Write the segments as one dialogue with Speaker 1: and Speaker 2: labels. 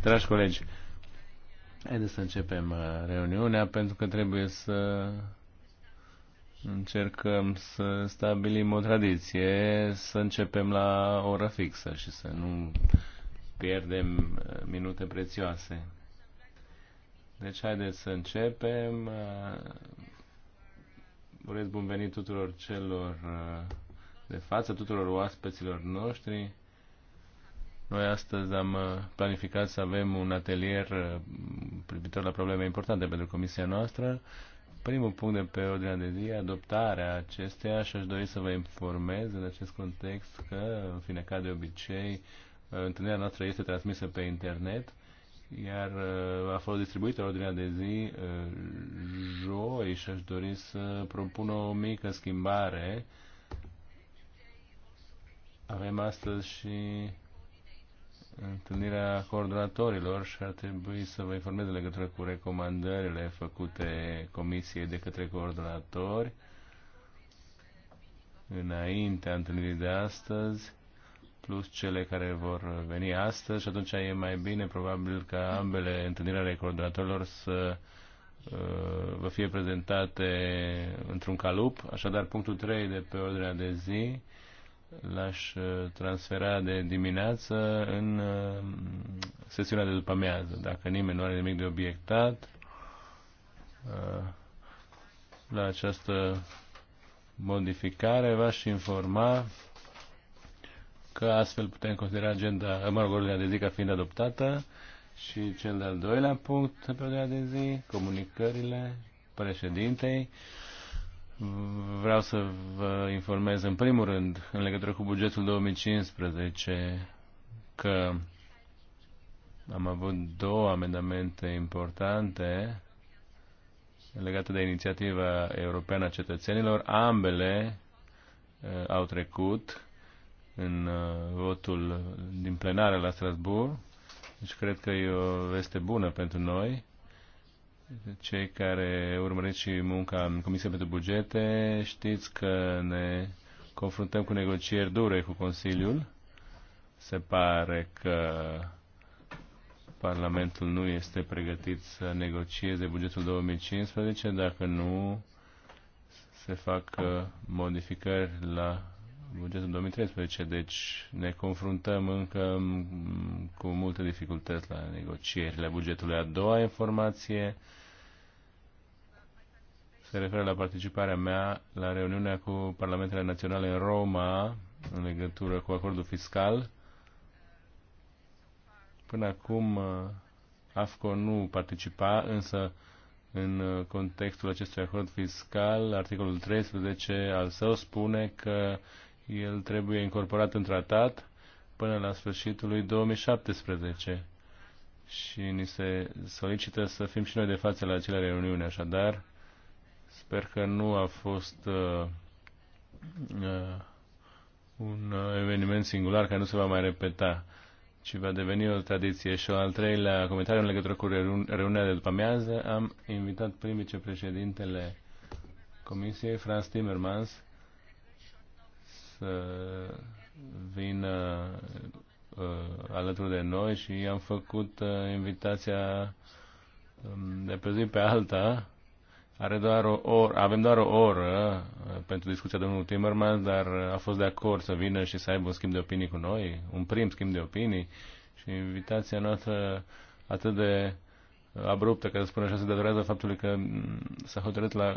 Speaker 1: Dragi colegi, haideți să începem uh, reuniunea pentru că trebuie să încercăm să stabilim o tradiție, să începem la oră fixă și să nu pierdem uh, minute prețioase. Deci haideți să începem. Uh, urez bun venit tuturor celor de față, tuturor oaspeților noștri. Noi astăzi am uh, planificat să avem un atelier uh, privitor la probleme importante pentru comisia noastră. Primul punct de pe ordinea de zi, adoptarea acesteia și aș dori să vă informez în acest context că, în fine, ca de obicei, uh, întâlnirea noastră este transmisă pe internet iar a fost distribuită ordinea de zi joi și aș dori să propun o mică schimbare. Avem astăzi și întâlnirea coordonatorilor și ar trebui să vă informez în legătură cu recomandările făcute Comisiei de către coordonatori înaintea întâlnirii de astăzi, plus cele care vor veni astăzi și atunci e mai bine probabil ca ambele întâlniri ale coordonatorilor să uh, vă fie prezentate într-un calup. Așadar, punctul 3 de pe ordinea de zi l-aș uh, transfera de dimineață în uh, sesiunea de după amiază. Dacă nimeni nu are nimic de obiectat uh, la această modificare, v-aș informa că astfel putem considera agenda, mă rog, ordinea de zi ca fiind adoptată și cel de-al doilea punct pe ordinea de zi, comunicările președintei. Vreau să vă informez în primul rând, în legătură cu bugetul 2015, că am avut două amendamente importante legate de inițiativa europeană a cetățenilor. Ambele uh, au trecut în uh, votul din plenară la Strasbourg. Deci cred că e o veste bună pentru noi cei care urmăriți și munca în Comisia pentru Bugete, știți că ne confruntăm cu negocieri dure cu Consiliul. Se pare că Parlamentul nu este pregătit să negocieze bugetul 2015, dacă nu se fac uh, modificări la bugetul 2013, deci ne confruntăm încă cu multe dificultăți la negocierile bugetului. A doua informație se referă la participarea mea la reuniunea cu Parlamentele Naționale în Roma în legătură cu acordul fiscal. Până acum uh, AFCO nu participa, însă în uh, contextul acestui acord fiscal, articolul 13 al său spune că el trebuie incorporat în tratat până la sfârșitul lui 2017 și ni se solicită să fim și noi de față la acele reuniuni, așadar Sper că nu a fost uh, uh, un eveniment singular care nu se va mai repeta, ci va deveni o tradiție. Și al treilea comentariu în legătură cu reuniunea de după amiază, am invitat prim vicepreședintele Comisiei, Franz Timmermans, să vină uh, alături de noi și am făcut uh, invitația um, de pe zi pe alta are doar o or, avem doar o oră uh, pentru discuția domnului Timmermans, dar uh, a fost de acord să vină și să aibă un schimb de opinii cu noi, un prim schimb de opinii și invitația noastră atât de uh, abruptă, ca să spun așa, se datorează faptului că mm, s-a hotărât la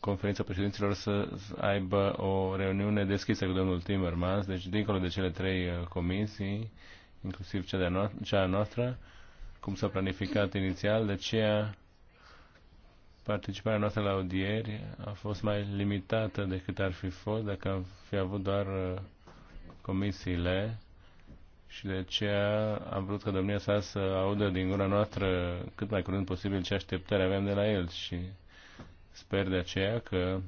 Speaker 1: conferința președinților să aibă o reuniune deschisă cu domnul Timmermans, deci dincolo de cele trei comisii, inclusiv cea, de a noastră, cea a noastră, cum s-a planificat inițial, de aceea participarea noastră la audieri a fost mai limitată decât ar fi fost dacă am fi avut doar uh, comisiile și de aceea am vrut ca domnia sa să audă din gura noastră cât mai curând posibil ce așteptări aveam de la el și sper de aceea că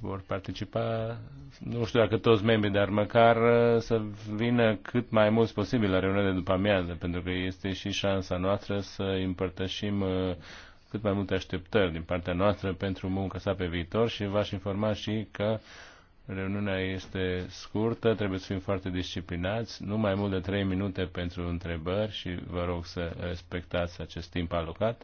Speaker 1: vor participa, nu știu dacă toți membrii, dar măcar uh, să vină cât mai mulți posibil la reuniunea de după amiază, pentru că este și șansa noastră să împărtășim uh, cât mai multe așteptări din partea noastră pentru munca sa pe viitor și v-aș informa și că reuniunea este scurtă, trebuie să fim foarte disciplinați, nu mai mult de 3 minute pentru întrebări și vă rog să respectați acest timp alocat.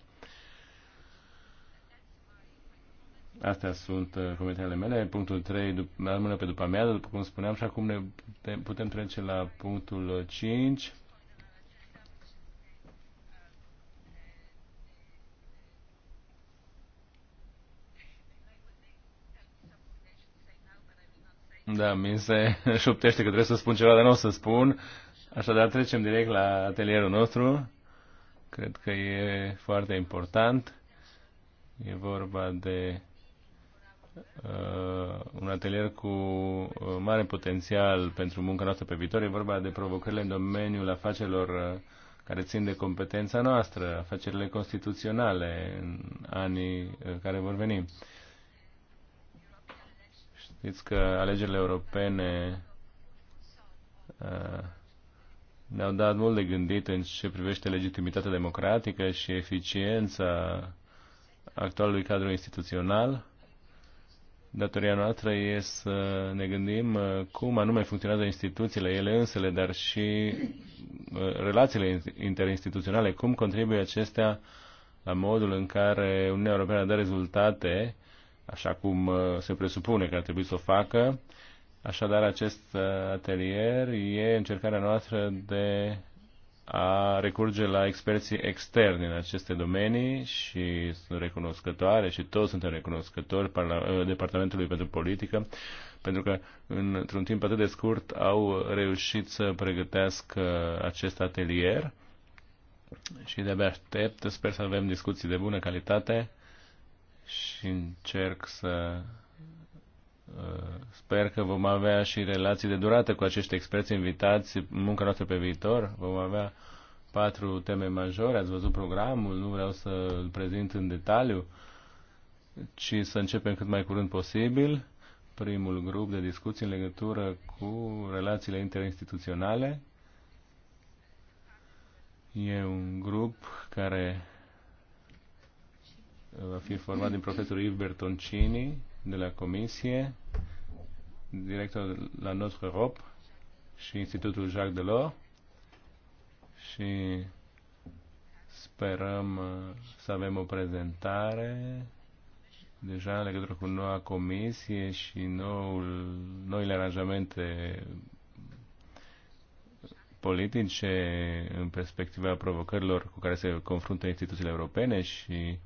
Speaker 1: Astea sunt uh, comentariile mele. Punctul 3 rămâne pe după amiază, după cum spuneam, și acum ne putem, putem trece la punctul 5. Uh, da, mi se șoptește că trebuie să spun ceva, dar nu o să spun. Așadar, trecem direct la atelierul nostru. Cred că e foarte important. E vorba de Uh, un atelier cu uh, mare potențial pentru munca noastră pe viitor. E vorba de provocările în domeniul afacerilor uh, care țin de competența noastră, afacerile constituționale în anii care vor veni. Știți că alegerile europene ne-au dat mult de gândit în ce privește legitimitatea democratică și eficiența actualului cadru instituțional datoria noastră e să ne gândim uh, cum anume funcționează instituțiile ele însele, dar și uh, relațiile interinstituționale, cum contribuie acestea la modul în care Uniunea Europeană dă rezultate, așa cum uh, se presupune că ar trebui să o facă. Așadar, acest atelier e încercarea noastră de a recurge la experții externi în aceste domenii și sunt recunoscătoare și toți suntem recunoscători Departamentului pentru Politică pentru că într-un timp atât de scurt au reușit să pregătească acest atelier și de-abia aștept, sper să avem discuții de bună calitate și încerc să Eh, sper că vom avea și relații de durată cu acești experți invitați în munca noastră pe viitor. Vom avea patru teme majore, ați văzut programul, nu vreau să îl prezint în detaliu, ci să începem cât mai curând posibil primul grup de discuții în legătură cu relațiile interinstituționale. E un grup care va fi format din profesorul Yves Bertoncini, de la Comisie, de la Notre Europe și Institutul Jacques Delors și sperăm uh, să avem o prezentare deja în legătură cu noua comisie și noul, noile aranjamente politice în perspectiva provocărilor cu care se confruntă instituțiile europene și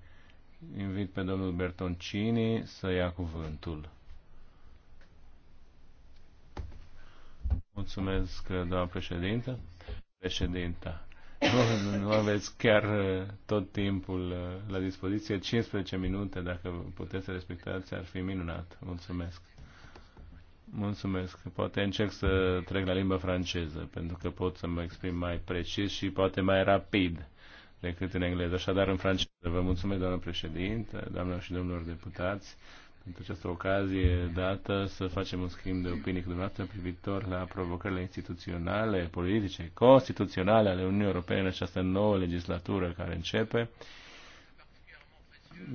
Speaker 1: invit pe domnul Bertoncini să ia cuvântul. Mulțumesc, doamna președintă. Președinta. Nu, nu aveți chiar uh, tot timpul uh, la dispoziție. 15 minute, dacă puteți să respectați, ar fi minunat. Mulțumesc. Mulțumesc. Poate încerc să trec la limba franceză, pentru că pot să mă exprim mai precis și poate mai rapid decât în engleză. Așadar, în franceză, vă mulțumesc, doamnă președinte, doamnelor și domnilor deputați, pentru această ocazie dată să facem un schimb de opinii cu dumneavoastră privitor la provocările instituționale, politice, constituționale ale Uniunii Europene în această nouă legislatură care începe.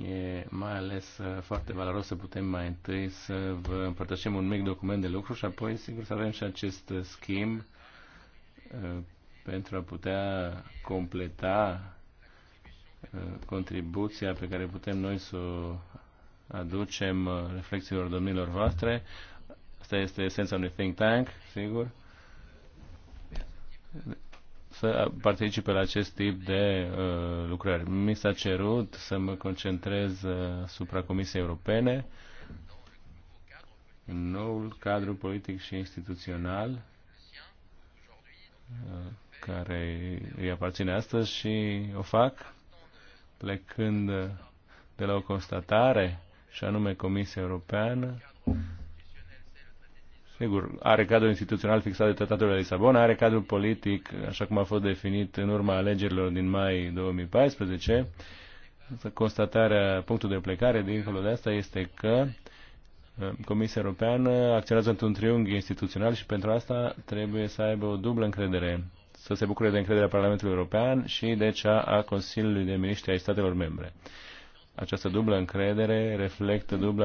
Speaker 1: E mai ales uh, foarte valoros să putem mai întâi să vă împărtășim un mic document de lucru și apoi, sigur, să avem și acest schimb uh, pentru a putea completa uh, contribuția pe care putem noi să o aducem uh, reflexiilor domnilor voastre. Asta este esența unui think tank, sigur. Să participe la acest tip de uh, lucrări. Mi s-a cerut să mă concentrez uh, asupra Comisiei Europene în noul cadru politic și instituțional care îi aparține astăzi și o fac plecând de la o constatare și anume Comisia Europeană Sigur, are cadrul instituțional fixat de Tratatul de la Lisabona, are cadrul politic, așa cum a fost definit în urma alegerilor din mai 2014. Constatarea, punctul de plecare dincolo de asta este că uh, Comisia Europeană acționează într-un triunghi instituțional și pentru asta trebuie să aibă o dublă încredere să se bucure de încrederea Parlamentului European și de deci, cea a Consiliului de Miniștri ai statelor membre. Această dublă încredere reflectă dubla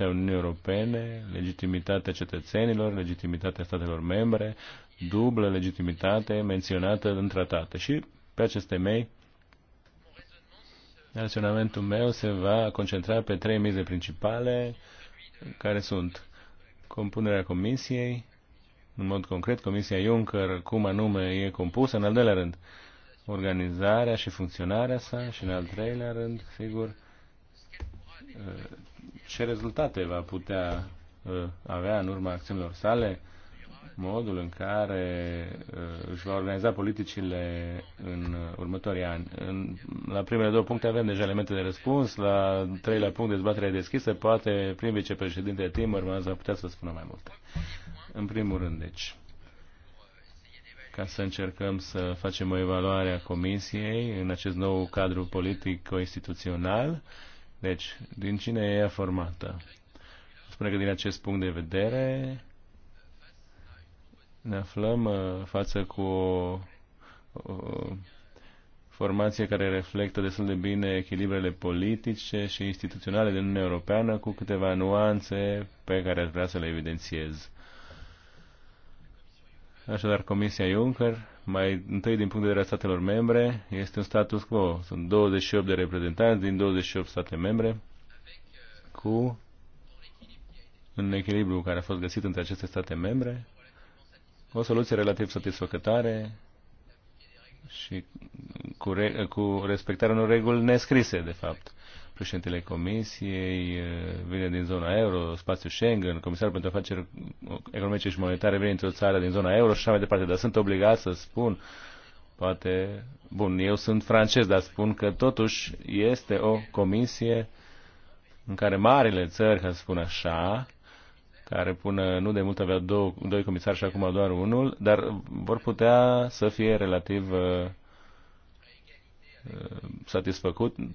Speaker 1: a Uniunii Europene, legitimitatea cetățenilor, legitimitatea statelor membre, dublă legitimitate menționată în tratate. Și pe aceste mei, raționamentul meu se va concentra pe trei mize principale, care sunt compunerea comisiei, în mod concret Comisia Juncker, cum anume e compusă, în al doilea rând organizarea și funcționarea sa și în al treilea rând, sigur, eh, ce rezultate va putea eh, avea în urma acțiunilor sale, modul în care eh, își va organiza politicile în următorii ani. În, la primele două puncte avem deja elemente de răspuns, la treilea punct dezbaterea deschisă, poate prin vicepreședinte Timmermans va putea să spună mai multe. În primul rând, deci, ca să încercăm să facem o evaluare a Comisiei în acest nou cadru politico-instituțional. Deci, din cine e ea formată? Spune că din acest punct de vedere ne aflăm uh, față cu o, o formație care reflectă destul de bine echilibrele politice și instituționale din Uniunea Europeană cu câteva nuanțe pe care aș vrea să le evidențiez. Așadar, Comisia Juncker, mai întâi din punct de vedere a statelor membre, este un status quo. Sunt 28 de reprezentanți din 28 state membre cu un echilibru care a fost găsit între aceste state membre, o soluție relativ satisfăcătoare și cu, re, cu respectarea unor reguli nescrise, de fapt președintele Comisiei eh, vine din zona euro, spațiu Schengen, comisarul pentru afaceri economice și monetare vine dintr-o țară din zona euro și așa mai departe, dar sunt obligat să spun, poate, bun, eu sunt francez, dar spun că totuși este o comisie în care marile țări, ca să spun așa, care până nu de mult avea două, doi comisari și acum doar unul, dar vor putea să fie relativ uh, satisfăcute,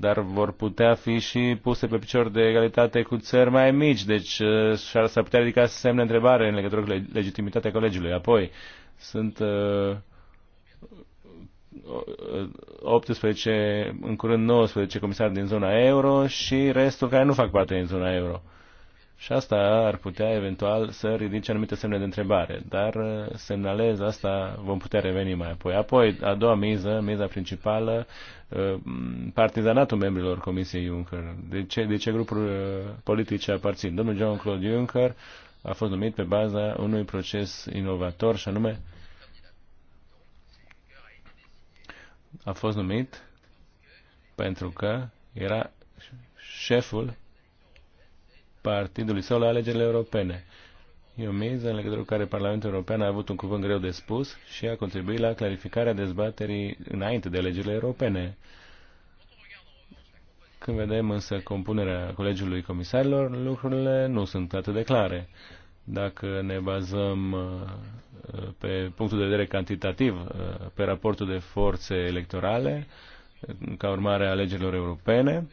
Speaker 1: dar vor putea fi și puse pe picior de egalitate cu țări mai mici, deci uh, și-ar s-ar putea ridica semne întrebare în legătură cu legitimitatea colegiului. Apoi, sunt 18, uh, în curând 19 comisari din zona euro și restul care nu fac parte din zona euro. Și asta ar putea eventual să ridice anumite semne de întrebare, dar uh, semnalez asta, vom putea reveni mai apoi. Apoi, a doua miză, miza principală, uh, partizanatul membrilor Comisiei Juncker. De ce, de ce grupuri uh, politice aparțin? Domnul Jean-Claude Juncker a fost numit pe baza unui proces inovator și anume a fost numit pentru că era șeful partidului său la alegerile europene. E o miză în legătură cu care Parlamentul European a avut un cuvânt greu de spus și a contribuit la clarificarea dezbaterii înainte de alegerile europene. Când vedem însă compunerea Colegiului Comisarilor, lucrurile nu sunt atât de clare. Dacă ne bazăm uh, pe punctul de vedere cantitativ, uh, pe raportul de forțe electorale, uh, ca urmare a alegerilor europene,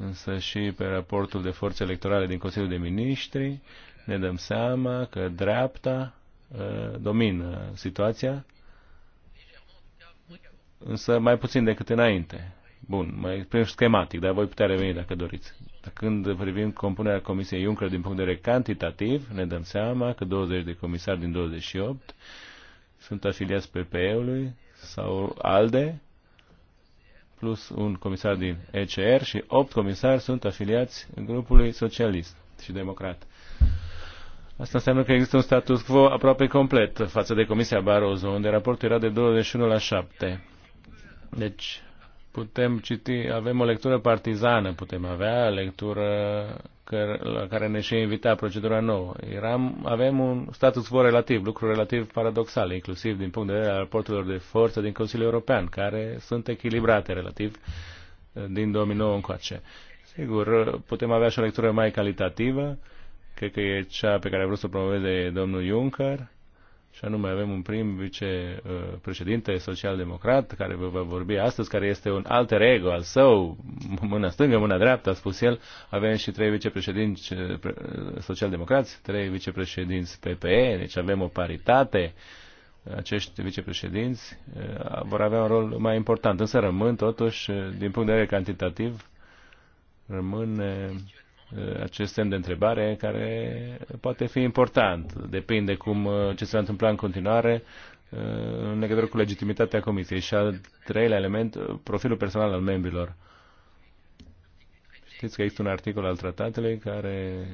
Speaker 1: însă și pe raportul de forțe electorale din Consiliul de Ministri, ne dăm seama că dreapta uh, domină situația, însă mai puțin decât înainte. Bun, mai exprim schematic, dar voi putea reveni dacă doriți. Dar când privim compunerea Comisiei Juncker din punct de vedere cantitativ, ne dăm seama că 20 de comisari din 28 sunt afiliați PPE-ului sau ALDE, plus un comisar din ECR și opt comisari sunt afiliați grupului socialist și democrat. Asta înseamnă că există un status quo aproape complet față de Comisia Barroso, unde raportul era de 21 la 7. Deci putem citi, avem o lectură partizană, putem avea lectură care, la care ne și invita procedura nouă. Eram, avem un status quo relativ, lucru relativ paradoxal, inclusiv din punct de vedere al raporturilor de forță din Consiliul European, care sunt echilibrate relativ eh, din 2009 încoace. Sigur, putem avea și o lectură mai calitativă, cred că e cea pe care a vrut să o promoveze domnul Juncker, și anume avem un prim vicepreședinte uh, social-democrat care vă va vorbi astăzi, care este un alter ego al său, mâna stângă, mâna dreaptă, a spus el. Avem și trei vicepreședinți uh, uh, social-democrați, trei vicepreședinți PPE, deci avem o paritate. Acești vicepreședinți vor avea un rol mai important, însă rămân totuși, din punct de vedere cantitativ, rămâne Uh, acest semn de întrebare care poate fi important. Depinde cum, uh, ce se va întâmpla în continuare uh, în legătură cu legitimitatea comisiei. Și al treilea element, profilul personal al membrilor. Știți că există un articol al tratatului care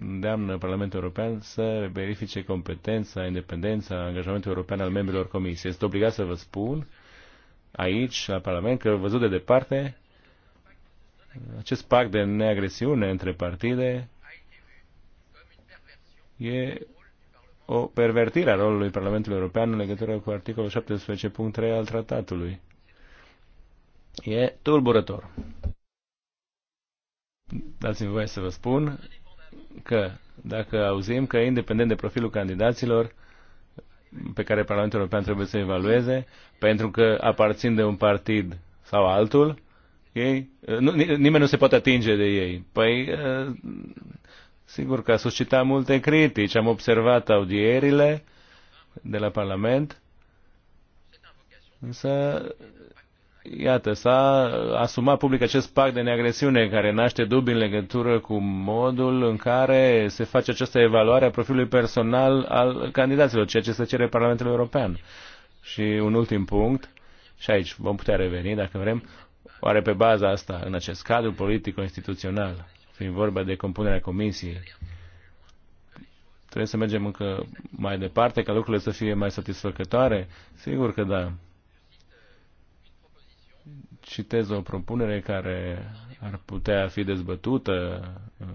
Speaker 1: îndeamnă Parlamentul European să verifice competența, independența, angajamentul european al membrilor comisiei. Este obligat să vă spun aici, la Parlament, că văzut de departe, acest pact de neagresiune între partide e o pervertire a rolului Parlamentului European în legătură cu articolul 17.3 al tratatului. E tulburător. Dați-mi voie să vă spun că dacă auzim că independent de profilul candidaților pe care Parlamentul European trebuie să evalueze, pentru că aparțin de un partid sau altul, ei, nimeni nu se poate atinge de ei. Păi, ă, sigur că a suscitat multe critici. Am observat audierile de la Parlament, însă, iată, s-a asumat public acest pact de neagresiune care naște dubii în legătură cu modul în care se face această evaluare a profilului personal al candidaților, ceea ce se cere Parlamentul European. Și un ultim punct, și aici vom putea reveni dacă vrem, Oare pe baza asta, în acest cadru politico-instituțional, fiind vorba de compunerea comisiei, trebuie să mergem încă mai departe ca lucrurile să fie mai satisfăcătoare? Sigur că da. Citez o propunere care ar putea fi dezbătută uh,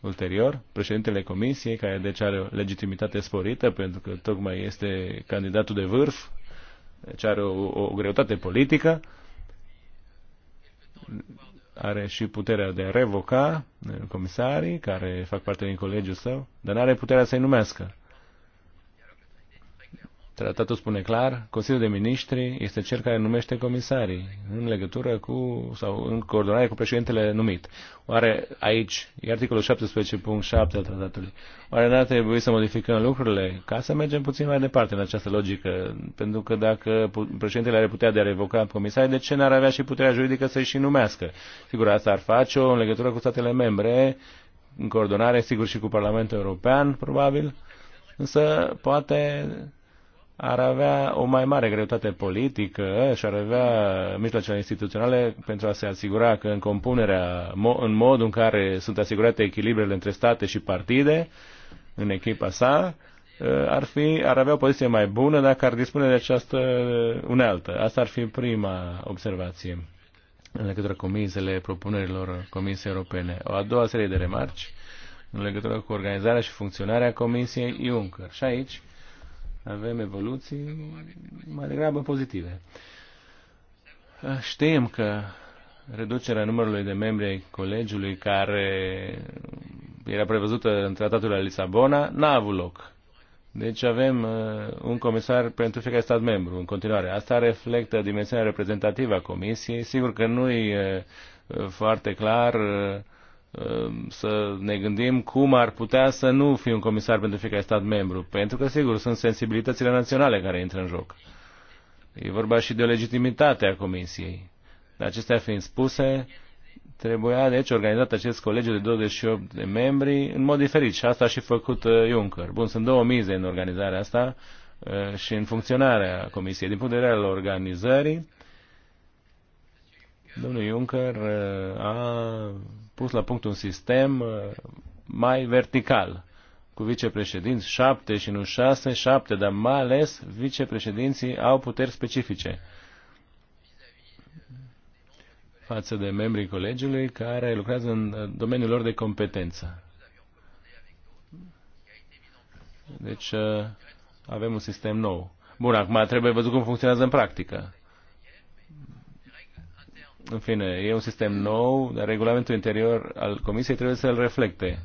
Speaker 1: ulterior, președintele Comisiei, care deci are o legitimitate sporită, pentru că tocmai este candidatul de vârf, deci are o, o greutate politică, are și puterea de a revoca eh, comisarii care fac parte din colegiul său, dar nu are puterea să-i numească. Tratatul spune clar, Consiliul de Ministri este cel care numește comisarii în legătură cu sau în coordonare cu președintele numit. Oare aici, e articolul 17.7 al tratatului, oare n-ar trebui să modificăm lucrurile ca să mergem puțin mai departe în această logică? Pentru că dacă președintele are puterea de a revoca comisarii, de ce n-ar avea și puterea juridică să-i și numească? Sigur, asta ar face-o în legătură cu statele membre, în coordonare, sigur, și cu Parlamentul European, probabil, însă poate ar avea o mai mare greutate politică și ar avea mijloacele instituționale pentru a se asigura că în compunerea, în modul în care sunt asigurate echilibrele între state și partide, în echipa sa, ar, fi, ar avea o poziție mai bună dacă ar dispune de această unealtă. Asta ar fi prima observație în legătură cu mizele propunerilor Comisiei Europene. O a doua serie de remarci în legătură cu organizarea și funcționarea Comisiei Juncker. Și aici avem evoluții mai degrabă pozitive. Știm că reducerea numărului de membri ai colegiului care era prevăzută în tratatul la Lisabona n-a avut loc. Deci avem uh, un comisar pentru fiecare stat membru în continuare. Asta reflectă dimensiunea reprezentativă a comisiei. Sigur că nu e uh, foarte clar uh, Ehm, să ne gândim cum ar putea să nu fie un comisar pentru fiecare stat membru, pentru că, sigur, sunt sensibilitățile naționale care intră în joc. E vorba și de o legitimitate a Comisiei. Dar acestea fiind spuse, trebuia, deci, organizat acest colegiu de 28 de membri în mod diferit și asta a și făcut eh, Juncker. Bun, sunt două mize în organizarea asta eh, și în funcționarea Comisiei. Din punct de vedere al organizării, domnul Juncker eh, a pus la punct un sistem uh, mai vertical, cu vicepreședinți șapte și nu șase, șapte, dar mai ales vicepreședinții au puteri specifice față de membrii colegiului care lucrează în uh, domeniul lor de competență. Deci uh, avem un sistem nou. Bun, acum trebuie văzut cum funcționează în practică în fine, e un sistem nou, dar regulamentul interior al Comisiei trebuie să-l reflecte.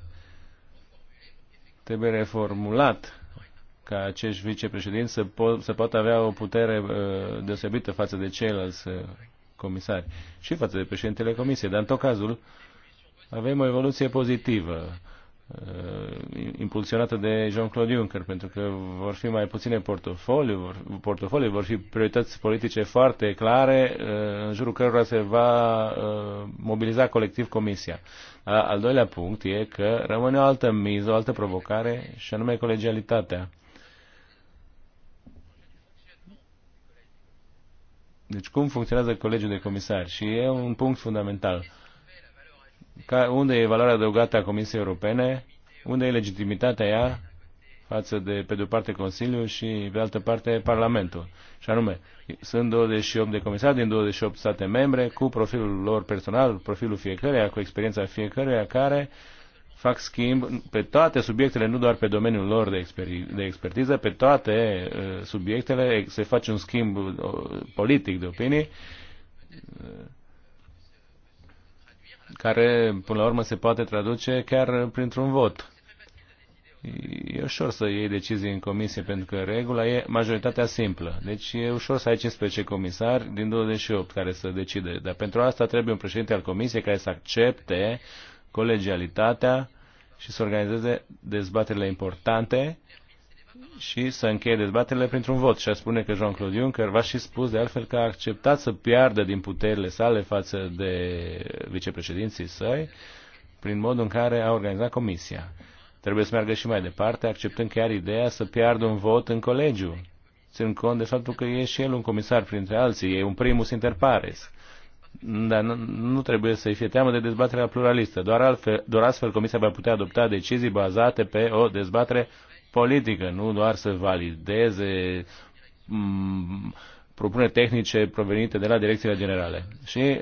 Speaker 1: Trebuie reformulat ca acești vicepreședinți să, po- să poată avea o putere uh, deosebită față de ceilalți uh, comisari și față de președintele Comisiei. Dar, în tot cazul, avem o evoluție pozitivă Uh, impulsionată de Jean-Claude Juncker, pentru că vor fi mai puține portofolii, vor, portofolii, vor fi priorități politice foarte clare, uh, în jurul cărora se va uh, mobiliza colectiv Comisia. Al doilea punct e că rămâne o altă miză, o altă provocare, și anume colegialitatea. Deci cum funcționează colegiul de comisari? Și e un punct fundamental ca, unde e valoarea adăugată a Comisiei Europene, unde e legitimitatea ea față de, pe de o parte, Consiliul și, pe altă parte, Parlamentul. Și anume, sunt 28 de comisari din 28 state membre cu profilul lor personal, profilul fiecăreia, cu experiența fiecăreia, care fac schimb pe toate subiectele, nu doar pe domeniul lor de, exper- de expertiză, pe toate uh, subiectele se face un schimb uh, politic de opinii. Uh, care până la urmă se poate traduce chiar printr-un vot. E ușor să iei decizii în comisie, pentru că regula e majoritatea simplă. Deci e ușor să ai 15 comisari din 28 care să decide. Dar pentru asta trebuie un președinte al comisiei care să accepte colegialitatea și să organizeze dezbaterile importante și să încheie dezbaterile printr-un vot. Și a spune că Jean-Claude Juncker v-a și spus de altfel că a acceptat să piardă din puterile sale față de vicepreședinții săi prin modul în care a organizat comisia. Trebuie să meargă și mai departe, acceptând chiar ideea să piardă un vot în colegiu, Țin cont de faptul că e și el un comisar printre alții, e un primus inter pares. Dar nu, nu trebuie să-i fie teamă de dezbaterea pluralistă. Doar, altfel, doar astfel Comisia va putea adopta decizii bazate pe o dezbatere politică, nu doar să valideze mm, propuneri tehnice provenite de la direcțiile generale. Și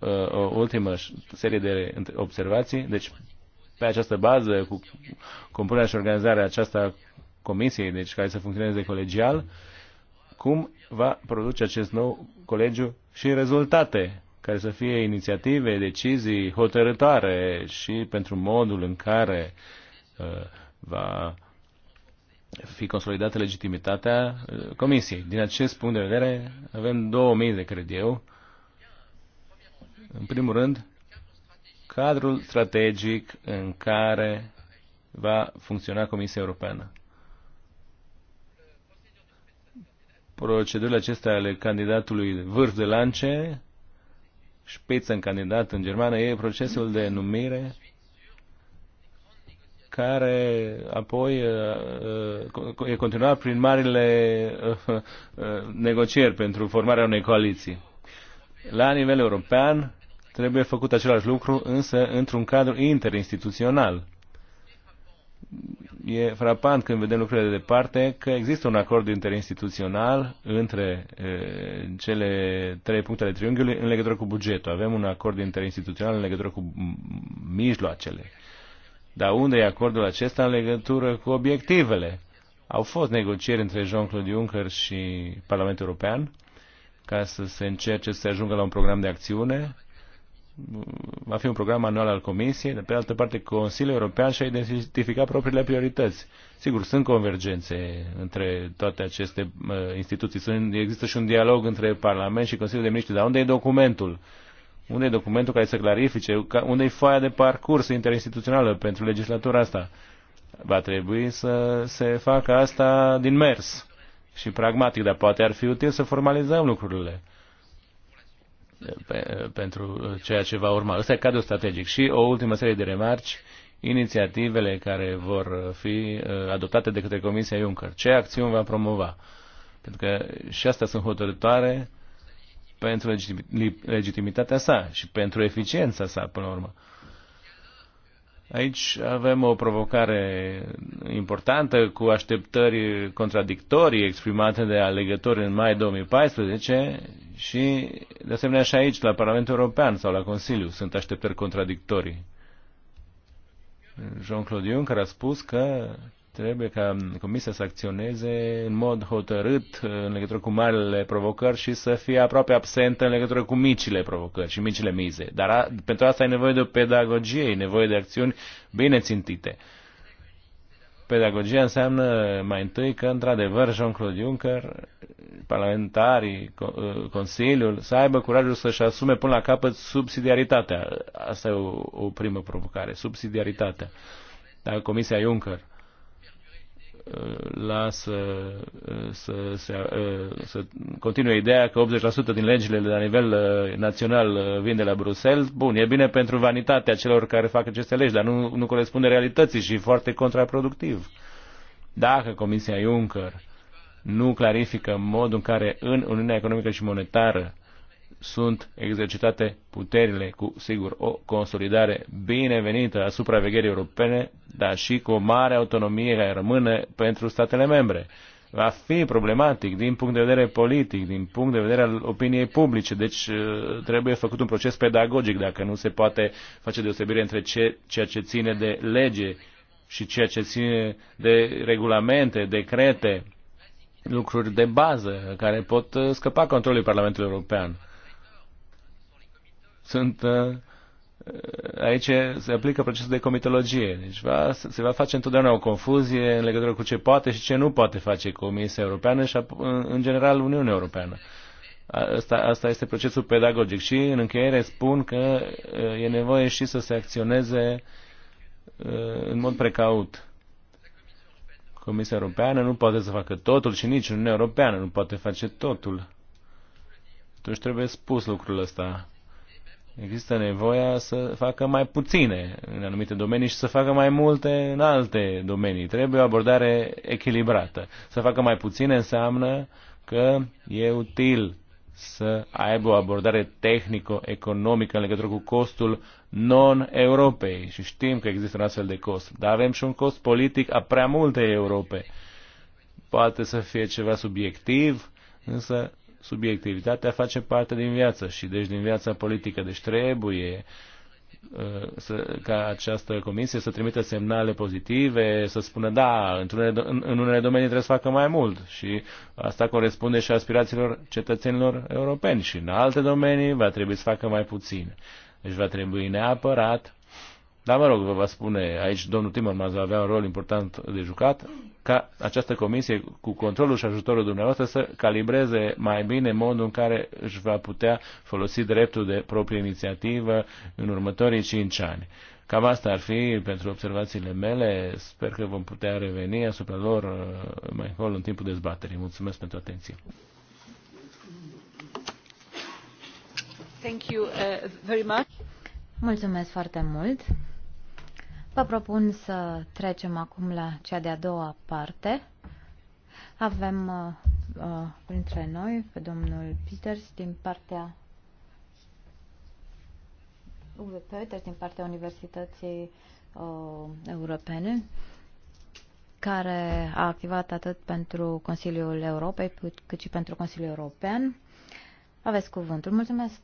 Speaker 1: uh, o ultimă serie de observații, deci pe această bază, cu compunerea și organizarea aceasta comisiei, deci care să funcționeze colegial, cum va produce acest nou colegiu și rezultate, care să fie inițiative, decizii hotărătoare și pentru modul în care uh, va fi consolidată legitimitatea uh, Comisiei. Din acest punct de vedere, avem două mize, cred eu. În primul rând, cadrul strategic în care va funcționa Comisia Europeană. Procedurile acestea ale candidatului vârf de lance, șpiță în candidat în germană, e procesul de numire care apoi uh, uh, e continuat prin marile uh, negocieri pentru formarea unei coaliții. La nivel european trebuie făcut același lucru, însă într-un cadru interinstituțional. E frapant când vedem lucrurile de departe că există un acord interinstituțional între e, cele trei puncte ale triunghiului în legătură cu bugetul. Avem un acord interinstituțional în legătură cu mijloacele dar unde e acordul acesta în legătură cu obiectivele? Au fost negocieri între Jean-Claude Juncker și Parlamentul European ca să se încerce să se ajungă la un program de acțiune. Va fi un program anual al Comisiei, de pe altă parte Consiliul European și-a identificat propriile priorități. Sigur, sunt convergențe între toate aceste uh, instituții, sunt, există și un dialog între Parlament și Consiliul de Ministri, dar unde e documentul? Uh, unde e documentul care să clarifice, unde e foaia de parcurs interinstituțională pentru legislatura asta. Va trebui să se facă asta din mers și pragmatic, dar poate ar fi util să formalizăm lucrurile pe, pentru ceea ce va urma. Ăsta e cadrul strategic. Și o ultimă serie de remarci, inițiativele care vor fi uh, adoptate de către Comisia Juncker. Ce acțiuni va promova? Pentru că și astea sunt hotărătoare pentru legitimitatea sa și pentru eficiența sa, până la urmă. Aici avem o provocare importantă cu așteptări contradictorii exprimate de alegători în mai 2014 și, de asemenea, și aici, la Parlamentul European sau la Consiliu, sunt așteptări contradictorii. Jean-Claude Juncker a spus că Trebuie ca Comisia să acționeze în mod hotărât în legătură cu marile provocări și să fie aproape absentă în legătură cu micile provocări și micile mize. Dar a, pentru asta e nevoie de o pedagogie, e nevoie de acțiuni bine țintite. Pedagogia înseamnă mai întâi că, într-adevăr, Jean-Claude Juncker, parlamentarii, ă, Consiliul, să aibă curajul să-și asume până la capăt subsidiaritatea. Asta e o, o primă provocare, subsidiaritatea. Dar Comisia Juncker lasă să, să, să continue ideea că 80% din legile la nivel uh, național uh, vin de la Bruxelles. Bun, e bine pentru vanitatea celor care fac aceste legi, dar nu, nu corespunde realității și foarte contraproductiv. Dacă Comisia Juncker nu clarifică modul în care în Uniunea Economică și Monetară sunt exercitate puterile cu, sigur, o consolidare binevenită a supravegherii europene, dar și cu o mare autonomie care rămâne pentru statele membre. Va fi problematic din punct de vedere politic, din punct de vedere al opiniei publice, deci uh, trebuie făcut un proces pedagogic dacă nu se poate face deosebire între ce, ceea ce ține de lege și ceea ce ține de regulamente, decrete, lucruri de bază care pot uh, scăpa controlului Parlamentului European sunt uh, aici se aplică procesul de comitologie. Deci va, se va face întotdeauna o confuzie în legătură cu ce poate și ce nu poate face Comisia Europeană și, în general, Uniunea Europeană. Asta, asta este procesul pedagogic și, în încheiere, spun că uh, e nevoie și să se acționeze uh, în mod precaut. Comisia Europeană nu poate să facă totul și nici Uniunea Europeană nu poate face totul. Atunci trebuie spus lucrul ăsta există nevoia să facă mai puține în anumite domenii și să facă mai multe în alte domenii. Trebuie o abordare echilibrată. Să facă mai puține înseamnă că e util să aibă o abordare tehnico-economică în legătură cu costul non-europei. Și știm că există un astfel de cost. Dar avem și un cost politic a prea multe Europe. Poate să fie ceva subiectiv, însă subiectivitatea face parte din viață și deci din viața politică. Deci trebuie uh, să, ca această comisie să trimită semnale pozitive, să spună da, în unele, în unele domenii trebuie să facă mai mult și asta corespunde și aspirațiilor cetățenilor europeni și în alte domenii va trebui să facă mai puțin. Deci va trebui neapărat dar mă rog, vă va spune aici, domnul Timmermans va avea un rol important de jucat ca această comisie, cu controlul și ajutorul dumneavoastră, să calibreze mai bine modul în care își va putea folosi dreptul de proprie inițiativă în următorii cinci ani. Cam asta ar fi pentru observațiile mele. Sper că vom putea reveni asupra lor uh, mai încolo în timpul dezbaterii. Mulțumesc pentru atenție.
Speaker 2: Thank you, uh, very much.
Speaker 3: Mulțumesc foarte mult. Vă propun să trecem acum la cea de-a doua parte. Avem uh, uh printre noi pe domnul Peters din partea Peters din partea Universității uh, Europene care a activat atât pentru Consiliul Europei cât și pentru Consiliul European. Aveți cuvântul. Mulțumesc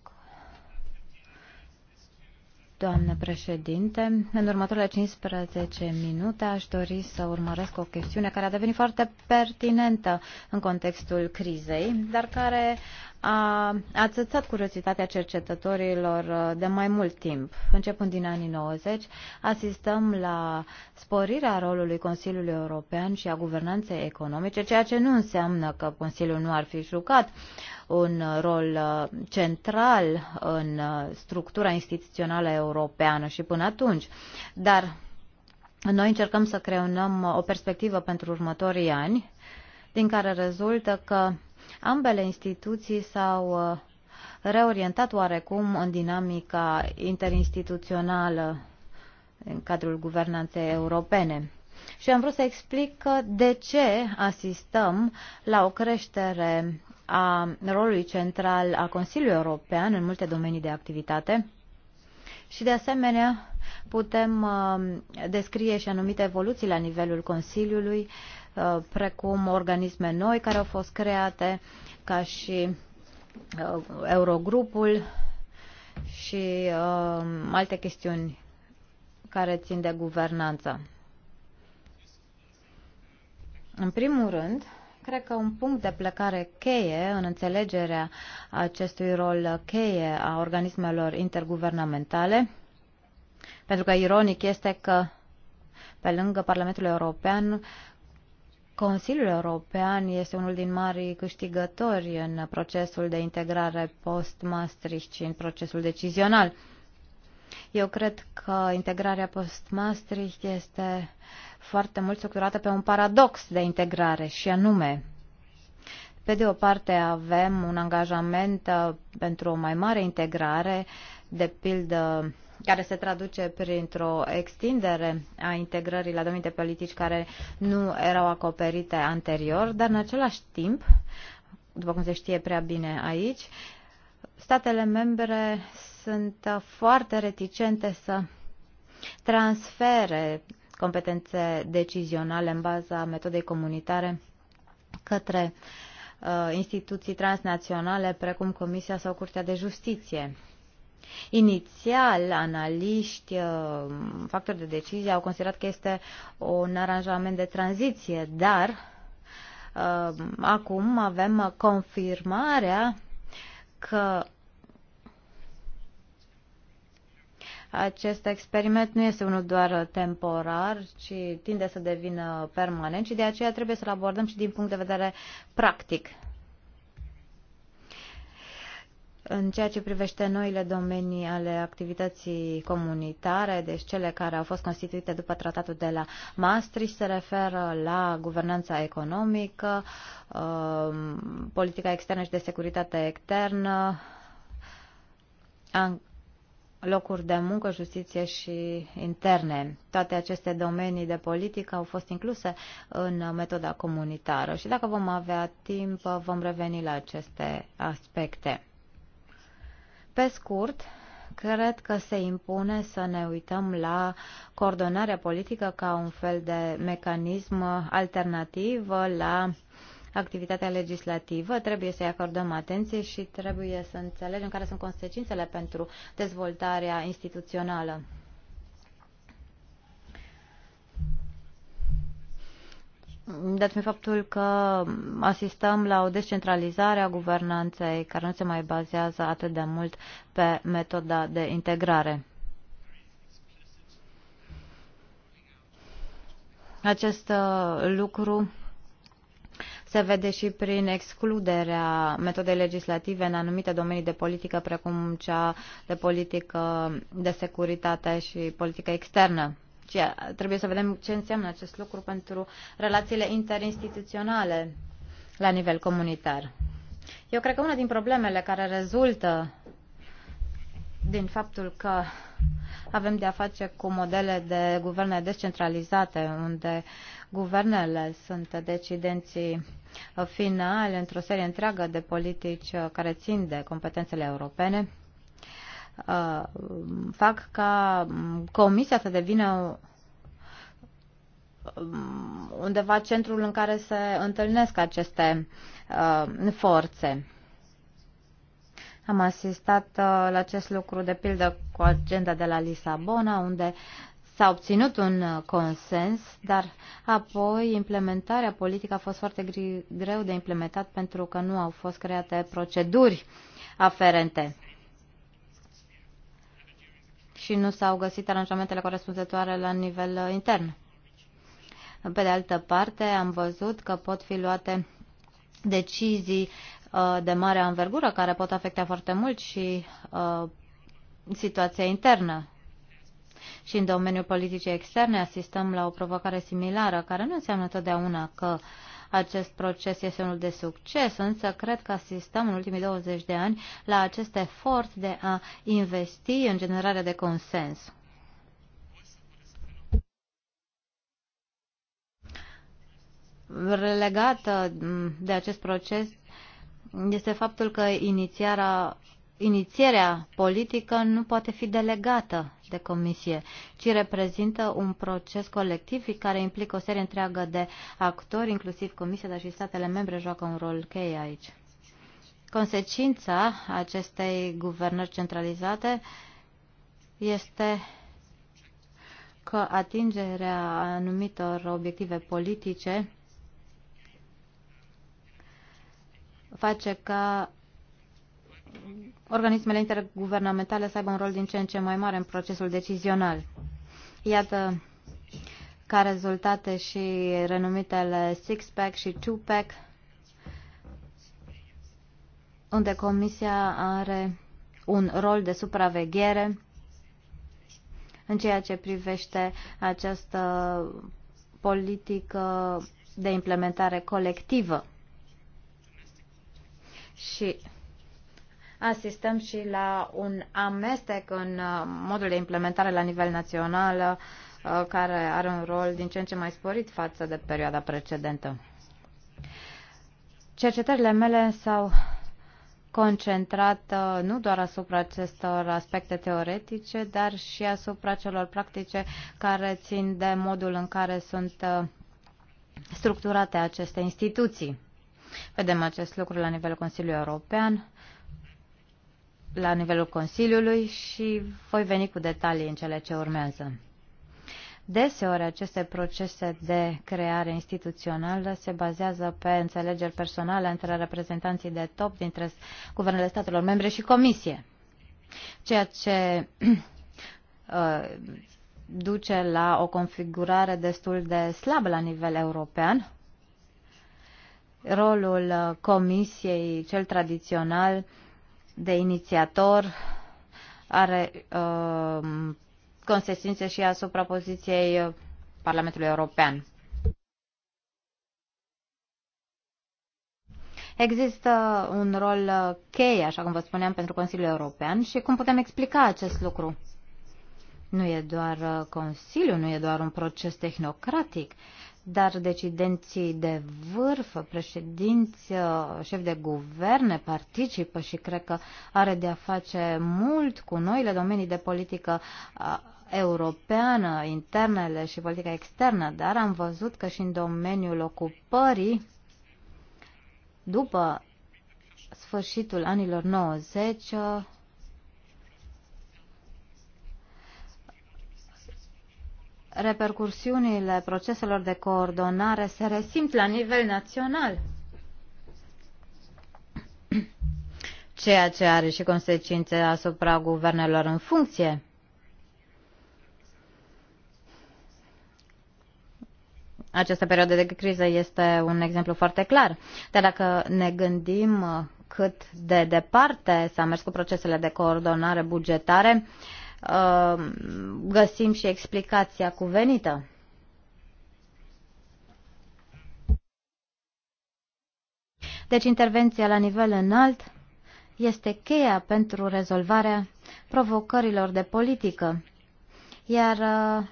Speaker 3: Doamnă președinte, în următoarele 15 minute aș dori să urmăresc o chestiune care a devenit foarte pertinentă în contextul crizei, dar care a ațățat curiozitatea cercetătorilor uh, de mai mult timp. Începând din anii 90, asistăm la sporirea rolului Consiliului European și a guvernanței economice, ceea ce nu înseamnă că Consiliul nu ar fi jucat un rol uh, central în uh, structura instituțională europeană și până atunci. Dar noi încercăm să creăm o perspectivă pentru următorii ani, din care rezultă că Ambele instituții s-au uh, reorientat oarecum în dinamica interinstituțională în cadrul guvernanței europene. Și am vrut să explic de ce asistăm la o creștere a rolului central a Consiliului European în multe domenii de activitate și, de asemenea, putem uh, descrie și anumite evoluții la nivelul Consiliului Uh, precum organisme noi care au fost create, ca și uh, Eurogrupul și uh, alte chestiuni care țin de guvernanță. În primul rând, cred că un punct de plecare cheie în înțelegerea acestui rol cheie a organismelor interguvernamentale, pentru că ironic este că pe lângă Parlamentul European, Consiliul European este unul din marii câștigători în procesul de integrare post-Maastricht și în procesul decizional. Eu cred că integrarea post-Maastricht este foarte mult structurată pe un paradox de integrare și anume pe de o parte avem un angajament uh, pentru o mai mare integrare, de pildă care se traduce printr-o extindere a integrării la domenii de politici care nu erau acoperite anterior, dar în același timp, după cum se știe prea bine aici, statele membre sunt foarte reticente să transfere competențe decizionale în baza metodei comunitare către uh, instituții transnaționale precum Comisia sau Curtea de Justiție. Inițial, analiști, uh, factori de decizie au considerat că este un aranjament de tranziție, dar uh, acum avem confirmarea că acest experiment nu este unul doar temporar, ci tinde să devină permanent și de aceea trebuie să-l abordăm și din punct de vedere practic. În ceea ce privește noile domenii ale activității comunitare, deci cele care au fost constituite după tratatul de la Maastricht, se referă la guvernanța economică, um, politica externă și de securitate externă, locuri de muncă, justiție și interne. Toate aceste domenii de politică au fost incluse în metoda comunitară și dacă vom avea timp, vom reveni la aceste aspecte. Pe scurt, cred că se impune să ne uităm la coordonarea politică ca un fel de mecanism alternativ la activitatea legislativă, trebuie să-i acordăm atenție și trebuie să înțelegem care sunt consecințele pentru dezvoltarea instituțională. dat fiind faptul că asistăm la o descentralizare a guvernanței care nu se mai bazează atât de mult pe metoda de integrare. Acest uh, lucru se vede și prin excluderea metodei legislative în anumite domenii de politică, precum cea de politică de securitate și politică externă. Și trebuie să vedem ce înseamnă acest lucru pentru relațiile interinstituționale la nivel comunitar. Eu cred că una din problemele care rezultă din faptul că avem de a face cu modele de guverne descentralizate, unde guvernele sunt decidenții finale într-o serie întreagă de politici care țin de competențele europene, Uh, fac ca um, comisia să devină um, undeva centrul în care se întâlnesc aceste uh, forțe. Am asistat uh, la acest lucru, de pildă, cu agenda de la Lisabona, unde s-a obținut un uh, consens, dar apoi implementarea politică a fost foarte greu de implementat pentru că nu au fost create proceduri aferente și nu s-au găsit aranjamentele corespunzătoare la nivel uh, intern. Pe de altă parte, am văzut că pot fi luate decizii uh, de mare anvergură care pot afecta foarte mult și uh, situația internă. Și în domeniul politicii externe asistăm la o provocare similară, care nu înseamnă totdeauna că uh, acest proces este unul de succes, însă cred că asistăm în ultimii 20 de ani la acest efort de a investi în generarea de consens. Relegată mm, de acest proces este faptul că inițiarea inițierea politică nu poate fi delegată de comisie, ci reprezintă un proces colectiv care implică o serie întreagă de actori, inclusiv comisia, dar și statele membre joacă un rol cheie aici. Consecința acestei guvernări centralizate este că atingerea anumitor obiective politice face ca organismele interguvernamentale să aibă un rol din ce în ce mai mare în procesul decizional. Iată ca rezultate și renumitele six-pack și two-pack, unde Comisia are un rol de supraveghere în ceea ce privește această politică de implementare colectivă. Și asistăm și la un amestec în uh, modul de implementare la nivel național uh, care are un rol din ce în ce mai sporit față de perioada precedentă. Cercetările mele s-au concentrat uh, nu doar asupra acestor aspecte teoretice, dar și asupra celor practice care țin de modul în care sunt structurate aceste instituții. Vedem acest lucru la nivelul Consiliului European, la nivelul Consiliului și voi veni cu detalii în cele ce urmează. Deseori aceste procese de creare instituțională se bazează pe înțelegeri personale între reprezentanții de top dintre guvernele statelor membre și comisie, ceea ce uh, duce la o configurare destul de slabă la nivel european. Rolul uh, comisiei, cel tradițional, de inițiator are uh, consecințe și asupra poziției uh, Parlamentului European. Există un rol uh, cheie, așa cum vă spuneam, pentru Consiliul European și cum putem explica acest lucru? Nu e doar uh, Consiliul, nu e doar un proces tehnocratic, dar decidenții de vârf, președinți, șef de guverne participă și cred că are de a face mult cu noile domenii de politică europeană, internele și politica externă, dar am văzut că și în domeniul ocupării, după sfârșitul anilor 90, repercursiunile proceselor de coordonare se resimt la nivel național, ceea ce are și consecințe asupra guvernelor în funcție. Această perioadă de criză este un exemplu foarte clar. Dar dacă ne gândim uh, cât de departe s-a mers cu procesele de coordonare bugetare, uh, Uh, găsim și explicația cuvenită? Deci intervenția la nivel înalt este cheia pentru rezolvarea provocărilor de politică, iar uh,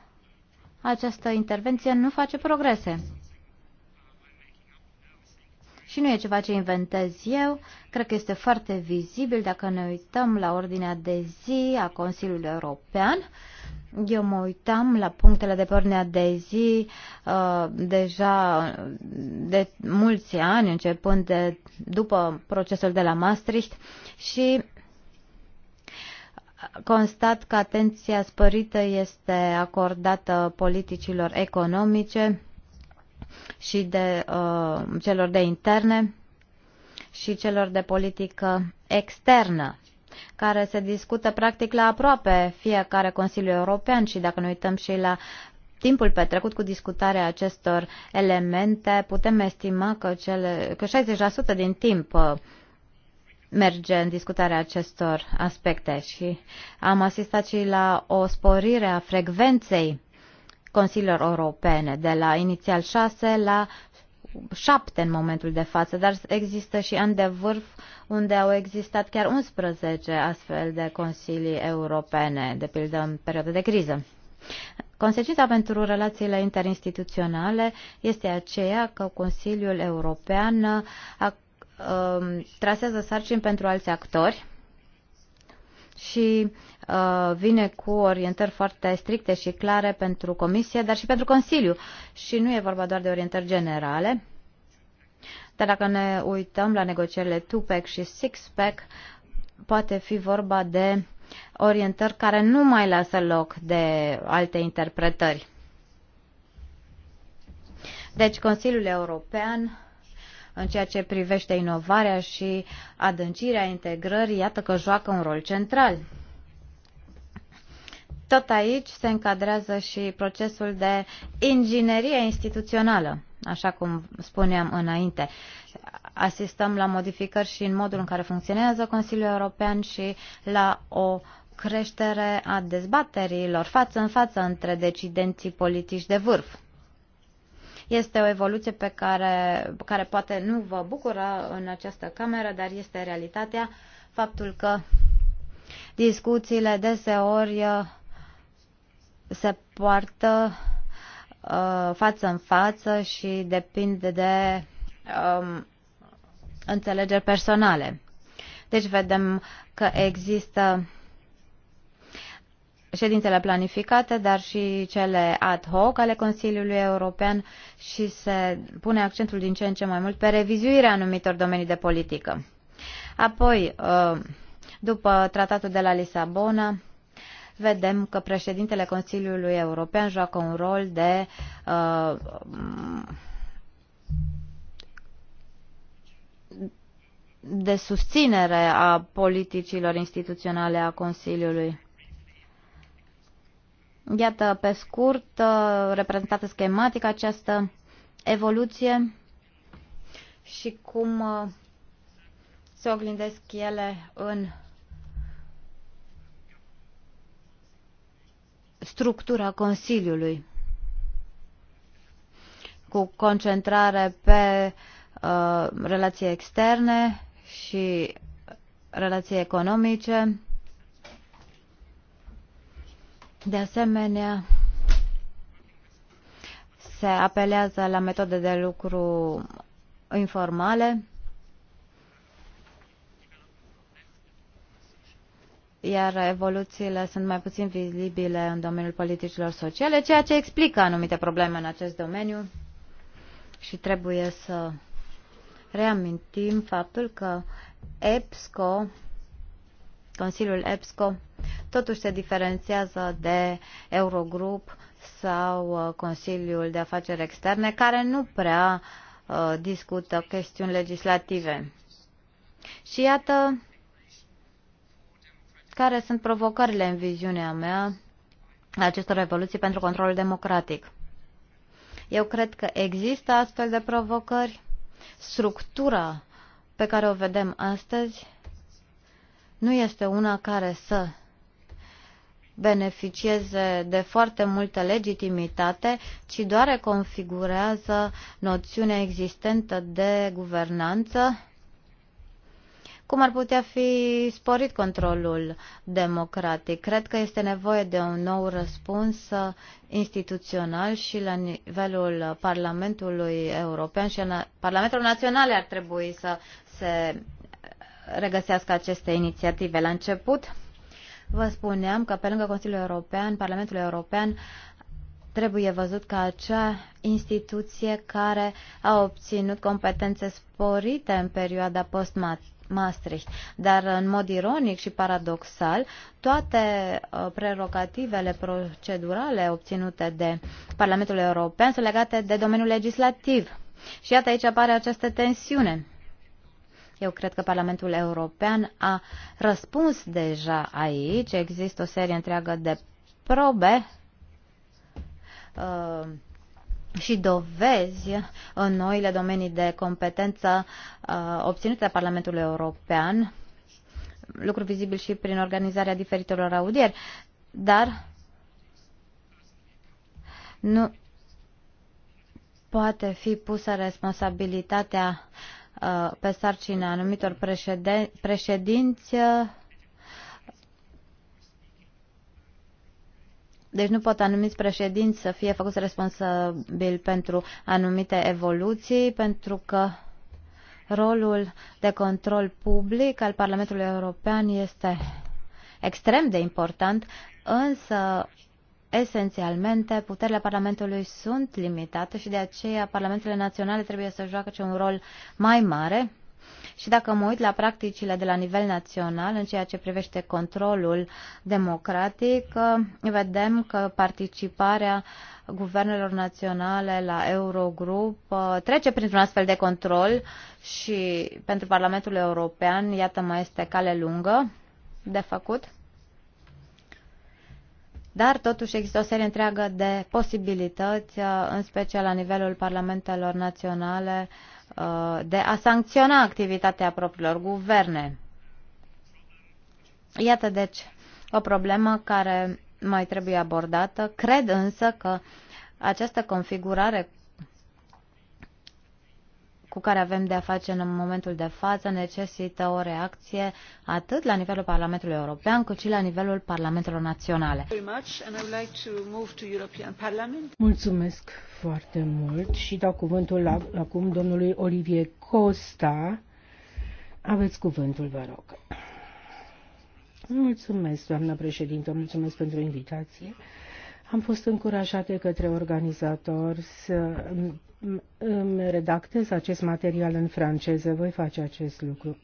Speaker 3: această intervenție nu face progrese și nu e ceva ce inventez eu, cred că este foarte vizibil dacă ne uităm la ordinea de zi a Consiliului European. Eu mă uitam la punctele de pe ordinea de zi uh, deja de mulți ani, începând de după procesul de la Maastricht și constat că atenția spărită este acordată politicilor economice, și de uh, celor de interne și celor de politică externă, care se discută practic la aproape fiecare Consiliu European și dacă ne uităm și la timpul petrecut cu discutarea acestor elemente, putem estima că, cele, că 60% din timp uh, merge în discutarea acestor aspecte și am asistat și la o sporire a frecvenței consiliilor europene, de la inițial șase la șapte în momentul de față, dar există și ani de vârf unde au existat chiar 11 astfel de consilii europene, de pildă în perioada de criză. Consecința pentru relațiile interinstituționale este aceea că Consiliul European a, uh, a, trasează sarcini pentru alți actori, și uh, vine cu orientări foarte stricte și clare pentru Comisie, dar și pentru Consiliu. Și nu e vorba doar de orientări generale, dar dacă ne uităm la negocierile 2-pack și 6-pack, poate fi vorba de orientări care nu mai lasă loc de alte interpretări. Deci Consiliul European în ceea ce privește inovarea și adâncirea integrării, iată că joacă un rol central. Tot aici se încadrează și procesul de inginerie instituțională, așa cum spuneam înainte. Asistăm la modificări și în modul în care funcționează Consiliul European și la o creștere a dezbaterilor față în față între decidenții politici de vârf. Este o evoluție pe care, care poate nu vă bucură în această cameră, dar este realitatea faptul că discuțiile deseori uh, se poartă uh, față în față și depinde de um, înțelegeri personale. Deci vedem că există ședințele planificate, dar și cele ad hoc ale Consiliului European și se pune accentul din ce în ce mai mult pe revizuirea anumitor domenii de politică. Apoi, ă, după tratatul de la Lisabona, vedem că președintele Consiliului European joacă un rol de ă, de susținere a politicilor instituționale a Consiliului. Iată, pe scurt, uh, reprezentată schematic această evoluție și cum uh, se oglindesc ele în structura Consiliului, cu concentrare pe uh, relații externe și relații economice, de asemenea, se apelează la metode de lucru informale, iar evoluțiile sunt mai puțin vizibile în domeniul politicilor sociale, ceea ce explică anumite probleme în acest domeniu și trebuie să reamintim faptul că EPSCO, Consiliul EPSCO, totuși se diferențiază de Eurogrup sau uh, Consiliul de Afaceri Externe, care nu prea uh, discută chestiuni legislative. Și iată care sunt provocările în viziunea mea acestor revoluții pentru controlul democratic. Eu cred că există astfel de provocări. Structura pe care o vedem astăzi nu este una care să beneficieze de foarte multă legitimitate, ci doar reconfigurează noțiunea existentă de guvernanță, cum ar putea fi sporit controlul democratic. Cred că este nevoie de un nou răspuns instituțional și la nivelul Parlamentului European și Parlamentul Național ar trebui să se regăsească aceste inițiative. La început, Vă spuneam că pe lângă Consiliul European, Parlamentul European trebuie văzut ca acea instituție care a obținut competențe sporite în perioada post-mat Maastricht. Dar, în mod ironic și paradoxal, toate uh, prerogativele procedurale obținute de Parlamentul European sunt legate de domeniul legislativ. Și iată aici apare această tensiune. Eu cred că Parlamentul European a răspuns deja aici. Există o serie întreagă de probe uh, și dovezi în noile domenii de competență uh, obținute de Parlamentul European, lucru vizibil și prin organizarea diferitelor audieri, dar nu poate fi pusă responsabilitatea Uh, pe sarcina anumitor președin președinți uh, Deci nu pot anumiți președinți să fie făcuți responsabil pentru anumite evoluții, pentru că rolul de control public al Parlamentului European este extrem de important, însă Esențialmente, puterile Parlamentului sunt limitate și de aceea Parlamentele Naționale trebuie să joace un rol mai mare și dacă mă uit la practicile de la nivel național în ceea ce privește controlul democratic, vedem că participarea guvernelor naționale la Eurogrup uh, trece printr-un astfel de control și pentru Parlamentul European, iată, mai este cale lungă de făcut. Dar totuși există o serie întreagă de posibilități, uh, în special la nivelul parlamentelor naționale, uh, de a sancționa activitatea propriilor guverne. Iată deci o problemă care mai trebuie abordată. Cred însă că această configurare cu care avem de a face în momentul de față necesită o reacție atât la nivelul Parlamentului European cât și la nivelul Parlamentelor Naționale.
Speaker 2: Mulțumesc foarte mult și dau cuvântul la, acum domnului Olivier Costa. Aveți cuvântul, vă rog. Mulțumesc, doamna președintă, mulțumesc pentru invitație. Uh, am fost încurajat de către organizator să îmi redactez acest material în franceză. Voi face acest lucru.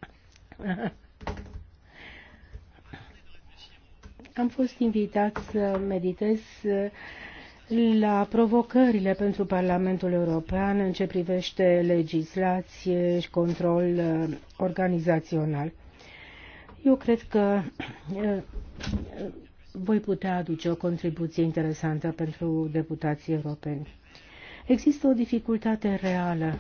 Speaker 2: Am fost invitat să meditez la provocările pentru Parlamentul European în ce privește legislație și control uh, organizațional. Eu cred că uh, voi putea aduce o contribuție interesantă pentru deputații europeni. Există o dificultate reală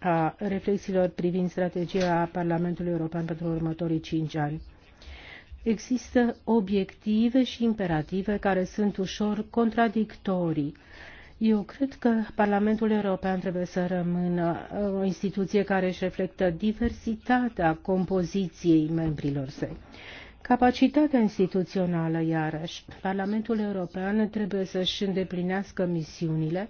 Speaker 2: a reflexiilor privind strategia Parlamentului European pentru următorii cinci ani. Există obiective și imperative care sunt ușor contradictorii. Eu cred că Parlamentul European trebuie să rămână uh, o instituție care își reflectă diversitatea compoziției membrilor săi. Capacitatea instituțională, iarăși, Parlamentul European trebuie să-și îndeplinească misiunile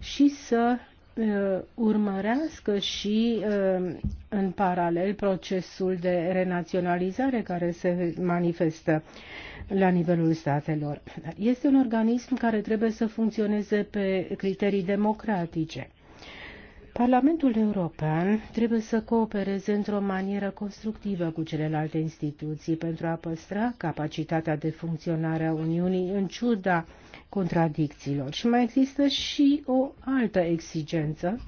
Speaker 2: și să uh, urmărească și uh, în paralel procesul de renaționalizare care se manifestă la nivelul statelor. Este un organism care trebuie să funcționeze pe criterii democratice. Parlamentul European trebuie să coopereze într-o manieră constructivă cu celelalte instituții pentru a păstra capacitatea de funcționare a Uniunii în ciuda contradicțiilor. Și mai există și o altă exigență.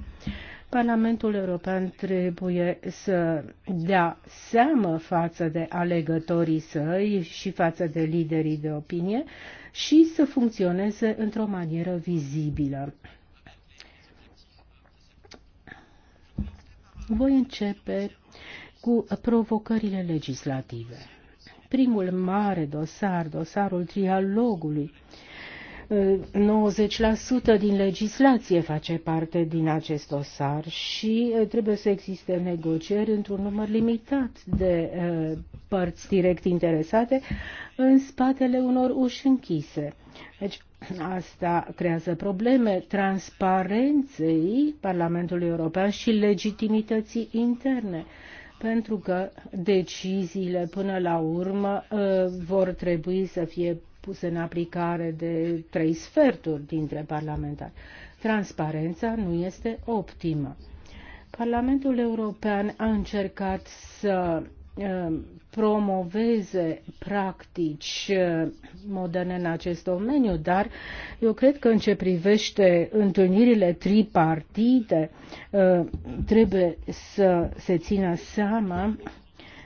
Speaker 2: Parlamentul European trebuie să dea seamă față de alegătorii săi și față de liderii de opinie și să funcționeze într-o manieră vizibilă. Voi începe cu provocările legislative. Primul mare dosar, dosarul trialogului, 90% din legislație face parte din acest dosar și trebuie să existe negocieri într-un număr limitat de părți direct interesate în spatele unor uși închise. Deci, asta creează probleme transparenței Parlamentului European și legitimității interne pentru că deciziile până la urmă vor trebui să fie puse în aplicare de trei sferturi dintre parlamentari. Transparența nu este optimă. Parlamentul European a încercat să eh, promoveze practici eh, moderne în acest domeniu, dar eu cred că în ce privește întâlnirile tripartite eh, trebuie să se țină seama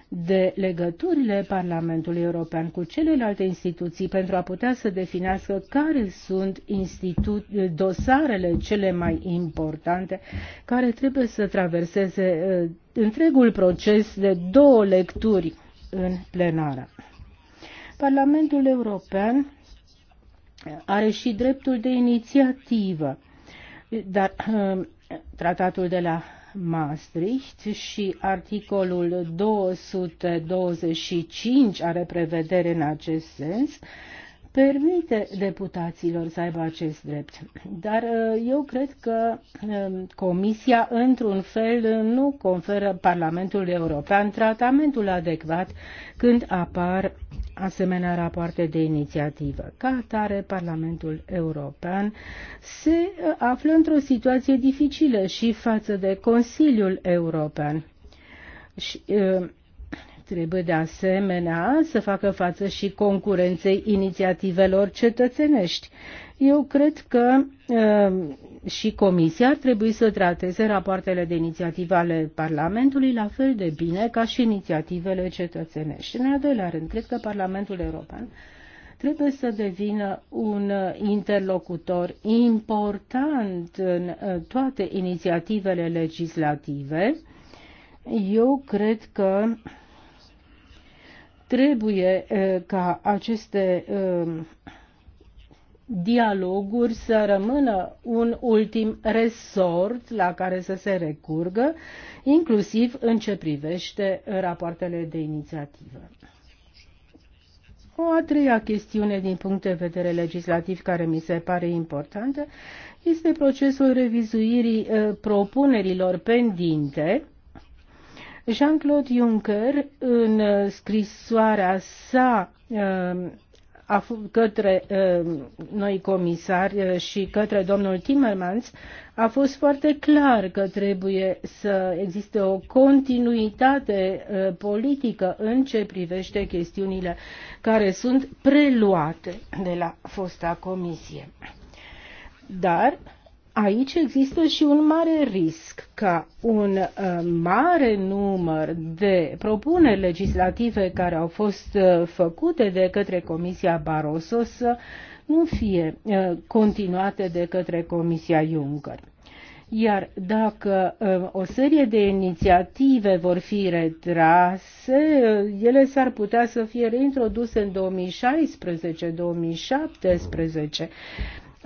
Speaker 2: de legăturile Parlamentului European cu celelalte instituții pentru a putea să definească care sunt dosarele cele mai importante care trebuie să traverseze uh, întregul proces de două lecturi în plenară. Parlamentul European are și dreptul de inițiativă, dar uh, tratatul de la Maastricht și articolul 225 are prevedere în acest sens permite deputaților să aibă acest drept. Dar uh, eu cred că um, Comisia, într-un fel, nu conferă Parlamentului European tratamentul adecvat când apar asemenea rapoarte de inițiativă. Ca atare, Parlamentul European se uh, află într-o situație dificilă și față de Consiliul European. Și, uh, Trebuie de asemenea să facă față și concurenței inițiativelor cetățenești. Eu cred că uh, și Comisia ar trebui să trateze rapoartele de inițiative ale Parlamentului la fel de bine ca și inițiativele cetățenești. În al doilea rând, cred că Parlamentul European trebuie să devină un interlocutor important în uh, toate inițiativele legislative. Eu cred că Trebuie eh, ca aceste eh, dialoguri să rămână un ultim resort la care să se recurgă, inclusiv în ce privește rapoartele de inițiativă. O a treia chestiune din punct de vedere legislativ care mi se pare importantă este procesul revizuirii eh, propunerilor pendinte Jean-Claude Juncker, în scrisoarea sa um, către um, noi comisari uh, și către domnul Timmermans, a fost foarte clar că trebuie să existe o continuitate uh, politică în ce privește chestiunile care sunt preluate de la fosta comisie. Dar aici există și un mare risc ca un uh, mare număr de propuneri legislative care au fost uh, făcute de către Comisia Barroso să nu fie uh, continuate de către Comisia Juncker. Iar dacă o serie de inițiative vor fi retrase, ele s-ar putea să fie reintroduse în 2016-2017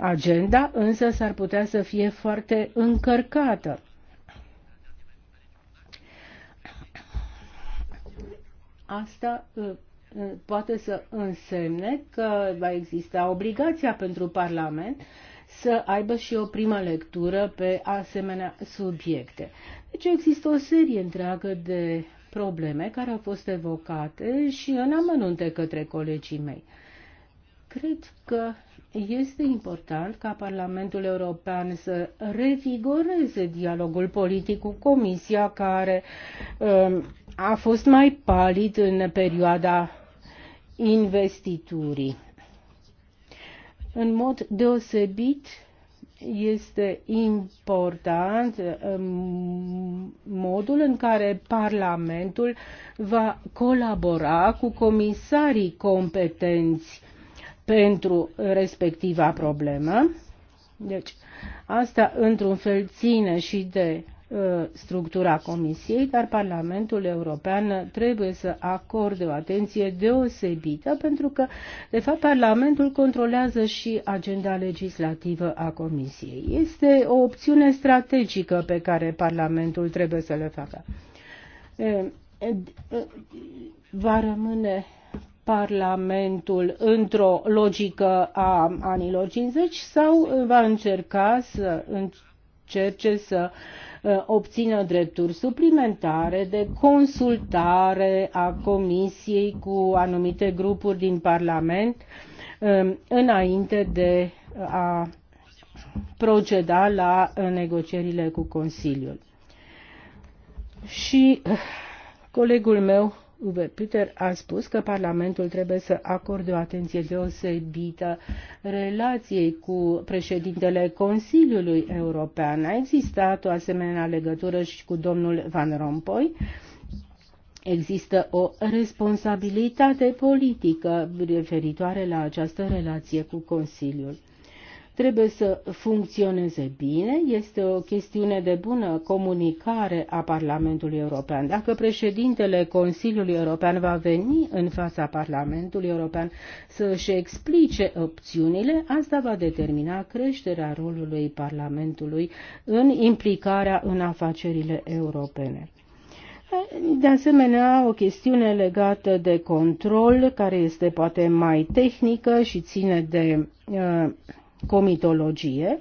Speaker 2: Agenda însă s-ar putea să fie foarte încărcată. Asta uh, uh, poate să însemne că va exista obligația pentru Parlament să aibă și o primă lectură pe asemenea subiecte. Deci există o serie întreagă de probleme care au fost evocate și în amănunte către colegii mei. Cred că este important ca Parlamentul European să revigoreze dialogul politic cu Comisia care um, a fost mai palid în perioada investiturii. În mod deosebit este important um, modul în care Parlamentul va colabora cu comisarii competenți pentru respectiva problemă. Deci, asta într-un fel ține și de uh, structura Comisiei, dar Parlamentul European trebuie să acorde o atenție deosebită pentru că, de fapt, Parlamentul controlează și agenda legislativă a Comisiei. Este o opțiune strategică pe care Parlamentul trebuie să le facă. Uh, uh, va rămâne Parlamentul într-o logică a anilor 50 sau va încerca să încerce să uh, obțină drepturi suplimentare de consultare a Comisiei cu anumite grupuri din Parlament um, înainte de a proceda la uh, negocierile cu Consiliul. Și uh, colegul meu, Uwe Peter a spus că Parlamentul trebuie să acorde o atenție deosebită relației cu președintele Consiliului European. A existat o asemenea legătură și cu domnul Van Rompuy. Există o responsabilitate politică referitoare la această relație cu Consiliul trebuie să funcționeze bine, este o chestiune de bună comunicare a Parlamentului European. Dacă președintele Consiliului European va veni în fața Parlamentului European să își explice opțiunile, asta va determina creșterea rolului Parlamentului în implicarea în afacerile europene. De asemenea, o chestiune legată de control, care este poate mai tehnică și ține de uh, comitologie,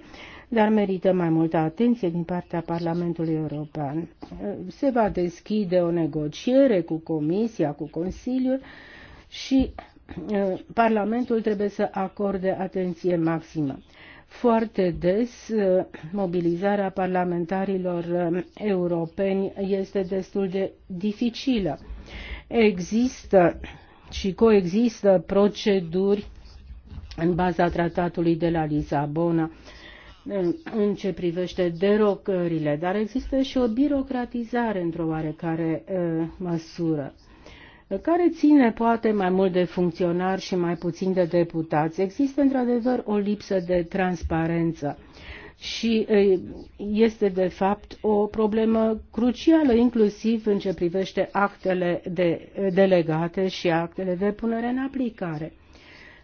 Speaker 2: dar merită mai multă atenție din partea Parlamentului European. Se va deschide o negociere cu Comisia, cu Consiliul și eh, Parlamentul trebuie să acorde atenție maximă. Foarte des eh, mobilizarea parlamentarilor eh, europeni este destul de dificilă. Există și coexistă proceduri în baza tratatului de la Lisabona în ce privește derocările, dar există și o birocratizare într-o oarecare măsură care ține poate mai mult de funcționari și mai puțin de deputați. Există într-adevăr o lipsă de transparență și este de fapt o problemă crucială inclusiv în ce privește actele de delegate și actele de punere în aplicare.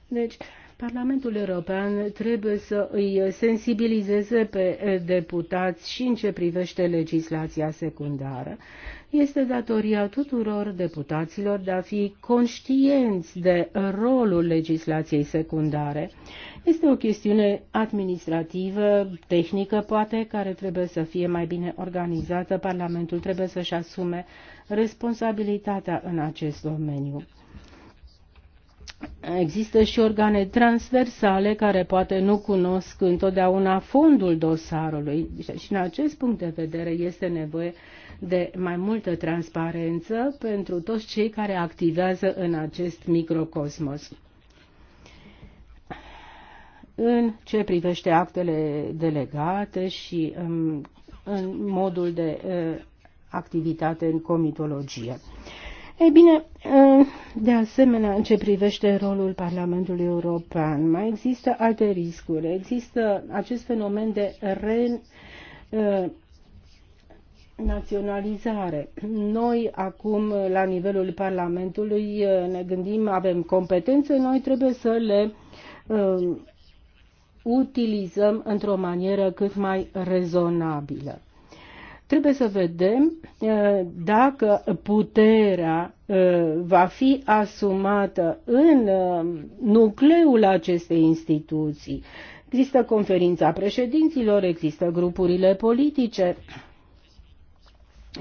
Speaker 2: Deci Parlamentul European trebuie să îi sensibilizeze pe deputați și în ce privește legislația secundară. Este datoria tuturor deputaților de a fi conștienți de rolul legislației secundare. Este o chestiune administrativă, tehnică poate, care trebuie să fie mai bine organizată. Parlamentul trebuie să-și asume responsabilitatea în acest domeniu. Există și organe transversale care poate nu cunosc întotdeauna fondul dosarului și în acest punct de vedere este nevoie de mai multă transparență pentru toți cei care activează în acest microcosmos. În ce privește actele delegate și în, um, în modul de uh, activitate în comitologie. Uh, ei bine, de asemenea, în ce privește rolul Parlamentului European, mai există alte riscuri. Există acest fenomen de re naționalizare. Noi acum, la nivelul Parlamentului, ne gândim, avem competențe, noi trebuie să le uh, utilizăm într-o manieră cât mai rezonabilă. Trebuie să vedem uh, dacă puterea uh, va fi asumată în uh, nucleul acestei instituții. Există conferința președinților, există grupurile politice,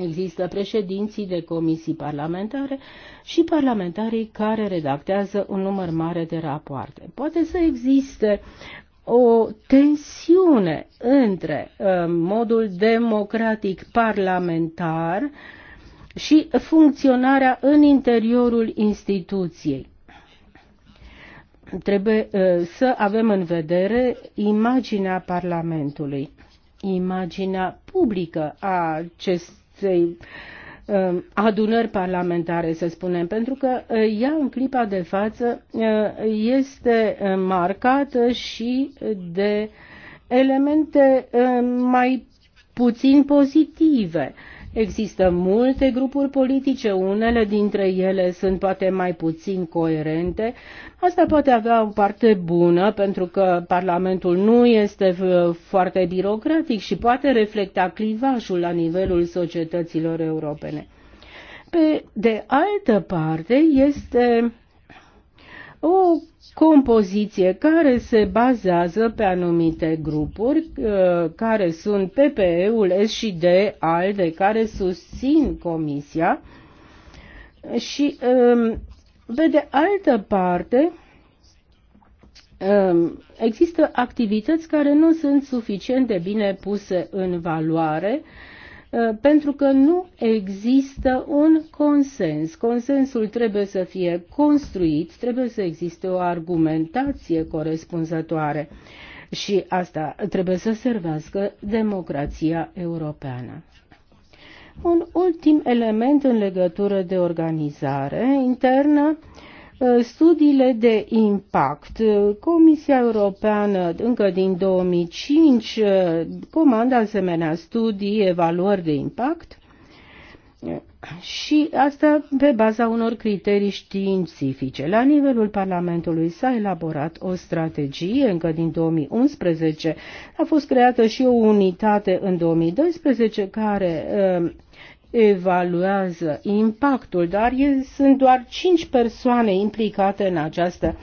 Speaker 2: Există președinții de comisii parlamentare și parlamentarii care redactează un număr mare de rapoarte. Poate să existe o tensiune între uh, modul democratic parlamentar și funcționarea în interiorul instituției trebuie uh, să avem în vedere imaginea Parlamentului, imaginea publică a acestei Um, adunări parlamentare, să spunem, pentru că uh, ea în clipa de față uh, este uh, marcată și de elemente mai puțin pozitive. Există multe grupuri politice, unele dintre ele sunt poate mai puțin coerente. Asta poate avea o parte bună pentru că Parlamentul nu este uh, foarte birocratic și poate reflecta clivajul la nivelul societăților europene. Pe de altă parte, este o compoziție care se bazează pe anumite grupuri uh, care sunt PPE-ul, și D, ALDE, care susțin Comisia și um, pe de altă parte um, există activități care nu sunt suficient de bine puse în valoare Uh, pentru că nu există un consens. Consensul trebuie să fie construit, trebuie să existe o argumentație corespunzătoare și asta trebuie să servească democrația europeană. Un ultim element în legătură de organizare internă Uh, studiile de impact. Uh, Comisia Europeană încă din 2005 uh, comandă asemenea studii, evaluări de impact și asta pe baza unor criterii științifice. La nivelul Parlamentului s-a elaborat o strategie încă din 2011. A fost creată și o unitate în 2012 care uh, evaluează impactul, dar sunt doar cinci persoane implicate în această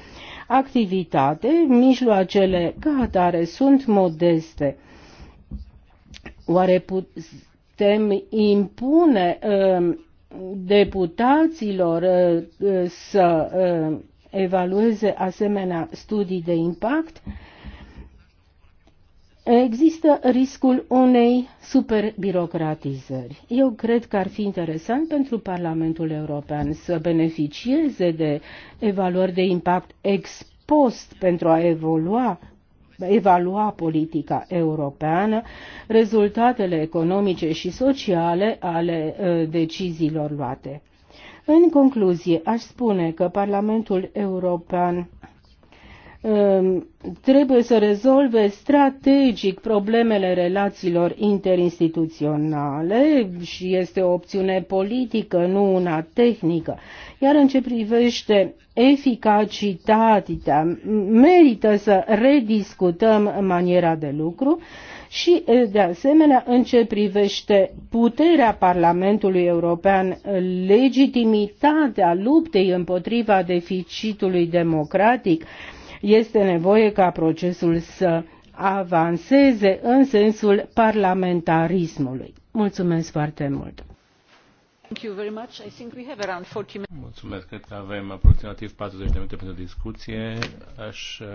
Speaker 2: activitate. Mijloacele ca atare sunt modeste. Oare putem impune uh, deputaților uh, să uh, evalueze asemenea studii de impact? Uh, Există riscul unei superbirocratizări. Eu cred că ar fi interesant pentru Parlamentul European să beneficieze de evaluări de impact ex post pentru a evolua evalua politica europeană, rezultatele economice și sociale ale ă, deciziilor luate. În concluzie, aș spune că Parlamentul European Ehm, trebuie să rezolve strategic problemele relațiilor interinstituționale și este o opțiune politică, nu una tehnică. Iar în ce privește eficacitatea, merită să rediscutăm maniera de lucru și, de asemenea, în ce privește puterea Parlamentului European, legitimitatea luptei împotriva deficitului democratic, este nevoie ca procesul să avanseze în sensul parlamentarismului. Mulțumesc foarte mult!
Speaker 1: Mulțumesc, cred că avem aproximativ 40 de minute pentru discuție. Aș uh,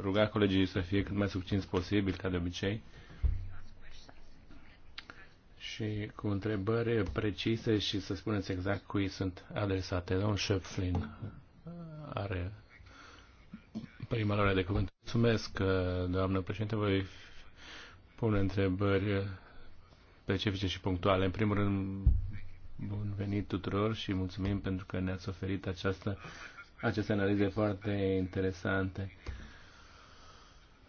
Speaker 1: ruga colegii să fie cât mai succinți posibil, ca de obicei și cu întrebări precise și să spuneți exact cui sunt adresate. Domnul Șepflin are prima lor de cuvânt. Mulțumesc, uh, doamnă președinte. Voi pune întrebări specifice și punctuale. În primul rând, bun venit tuturor și mulțumim pentru că ne-ați oferit această, aceste analize foarte interesante.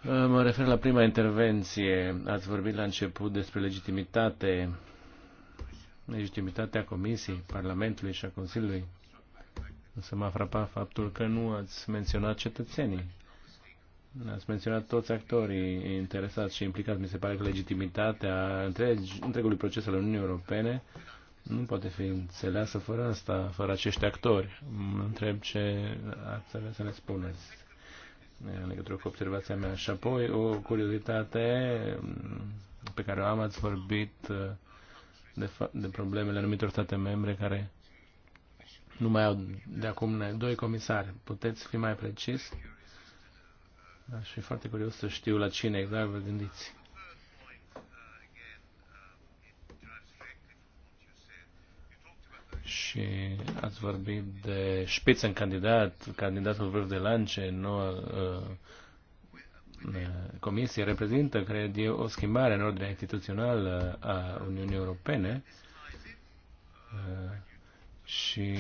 Speaker 1: Mă refer la prima intervenție. Ați vorbit la început despre legitimitate, legitimitatea Comisiei, Parlamentului și a Consiliului Însă m-a frapat faptul că nu ați menționat cetățenii. Ați menționat toți actorii interesați și implicați. Mi se pare că legitimitatea întreg, întregului proces al Uniunii Europene nu poate fi înțeleasă fără asta, fără acești actori. Mă întreb ce ați avea să ne spuneți în legătură cu observația mea. Și apoi o curiozitate pe care o am, ați vorbit uh, de, de problemele anumitor state membre care nu mai au de acum doi comisari. Puteți fi mai precis? Aș fi foarte curios să știu la cine exact vă gândiți. Și ați vorbit de în candidat, candidatul vârf de lance, noua uh, comisie, reprezintă, cred eu, o schimbare în ordinea instituțională a Uniunii Europene. Uh, și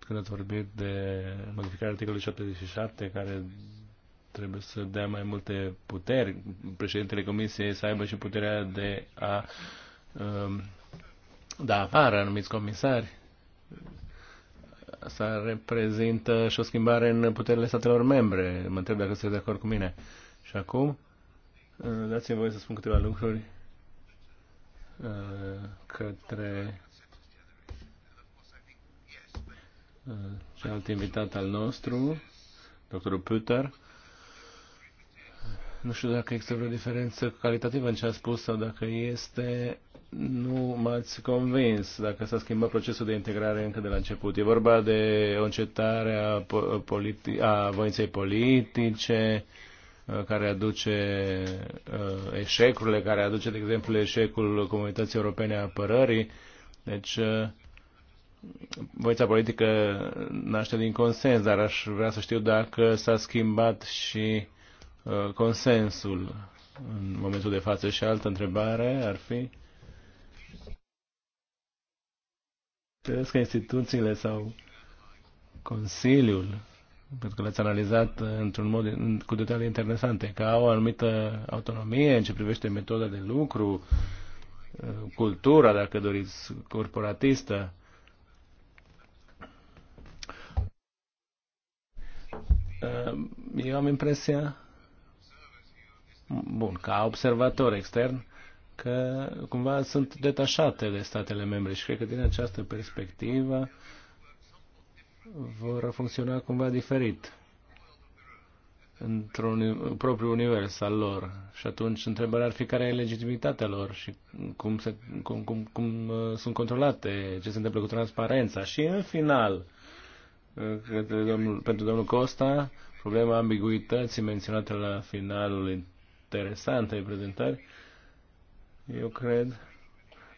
Speaker 1: când ați vorbit de modificarea articolului 77 care trebuie să dea mai multe puteri, președintele Comisiei să aibă și puterea de a um, da afară anumiți comisari. Asta reprezintă și o schimbare în puterile statelor membre. Mă întreb dacă sunteți de acord cu mine. Și acum, uh, dați-mi voie să spun câteva lucruri uh, către alt invitat al nostru, dr. Puter. Nu știu dacă există vreo diferență calitativă în ce a spus sau dacă este nu m-ați convins dacă s-a schimbat procesul de integrare încă de la început. E vorba de o încetare a, politi- a voinței politice uh, care aduce uh, eșecurile, care aduce, de exemplu, eșecul Comunității Europene a Apărării. Deci uh, voința politică naște din consens, dar aș vrea să știu dacă s-a schimbat și uh, consensul în momentul de față. Și altă întrebare ar fi... Credeți că instituțiile sau Consiliul, pentru că l-ați analizat într-un mod cu detalii interesante, că au o anumită autonomie în ce privește metoda de lucru, uh, cultura, dacă doriți, corporatistă, Uh, eu am impresia, bun, ca observator extern, că cumva sunt detașate de statele membre și cred că din această perspectivă vor funcționa cumva diferit într-un propriu univers al lor. Și atunci întrebarea ar fi care e legitimitatea lor și cum, se, cum, cum, cum uh, sunt controlate, ce se întâmplă cu transparența. Și în final, către domnul, pentru domnul Costa problema ambiguității menționată la finalul interesantei prezentări. Eu cred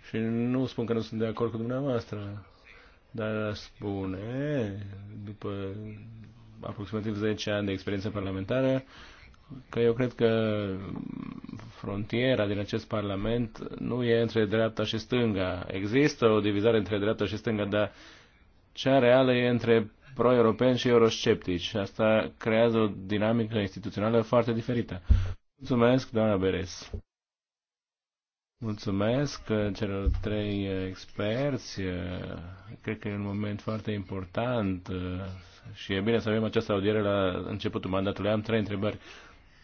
Speaker 1: și nu spun că nu sunt de acord cu dumneavoastră, dar spune, după aproximativ 10 ani de experiență parlamentară, că eu cred că frontiera din acest Parlament nu e între dreapta și stânga. Există o divizare între dreapta și stânga, dar cea reală e între pro-europeni și eurosceptici. Asta creează o dinamică instituțională foarte diferită. Mulțumesc, doamna Beres. Mulțumesc uh, celor trei uh, experți. Uh, cred că e un moment foarte important și e bine să avem această audiere la începutul mandatului. Am trei întrebări.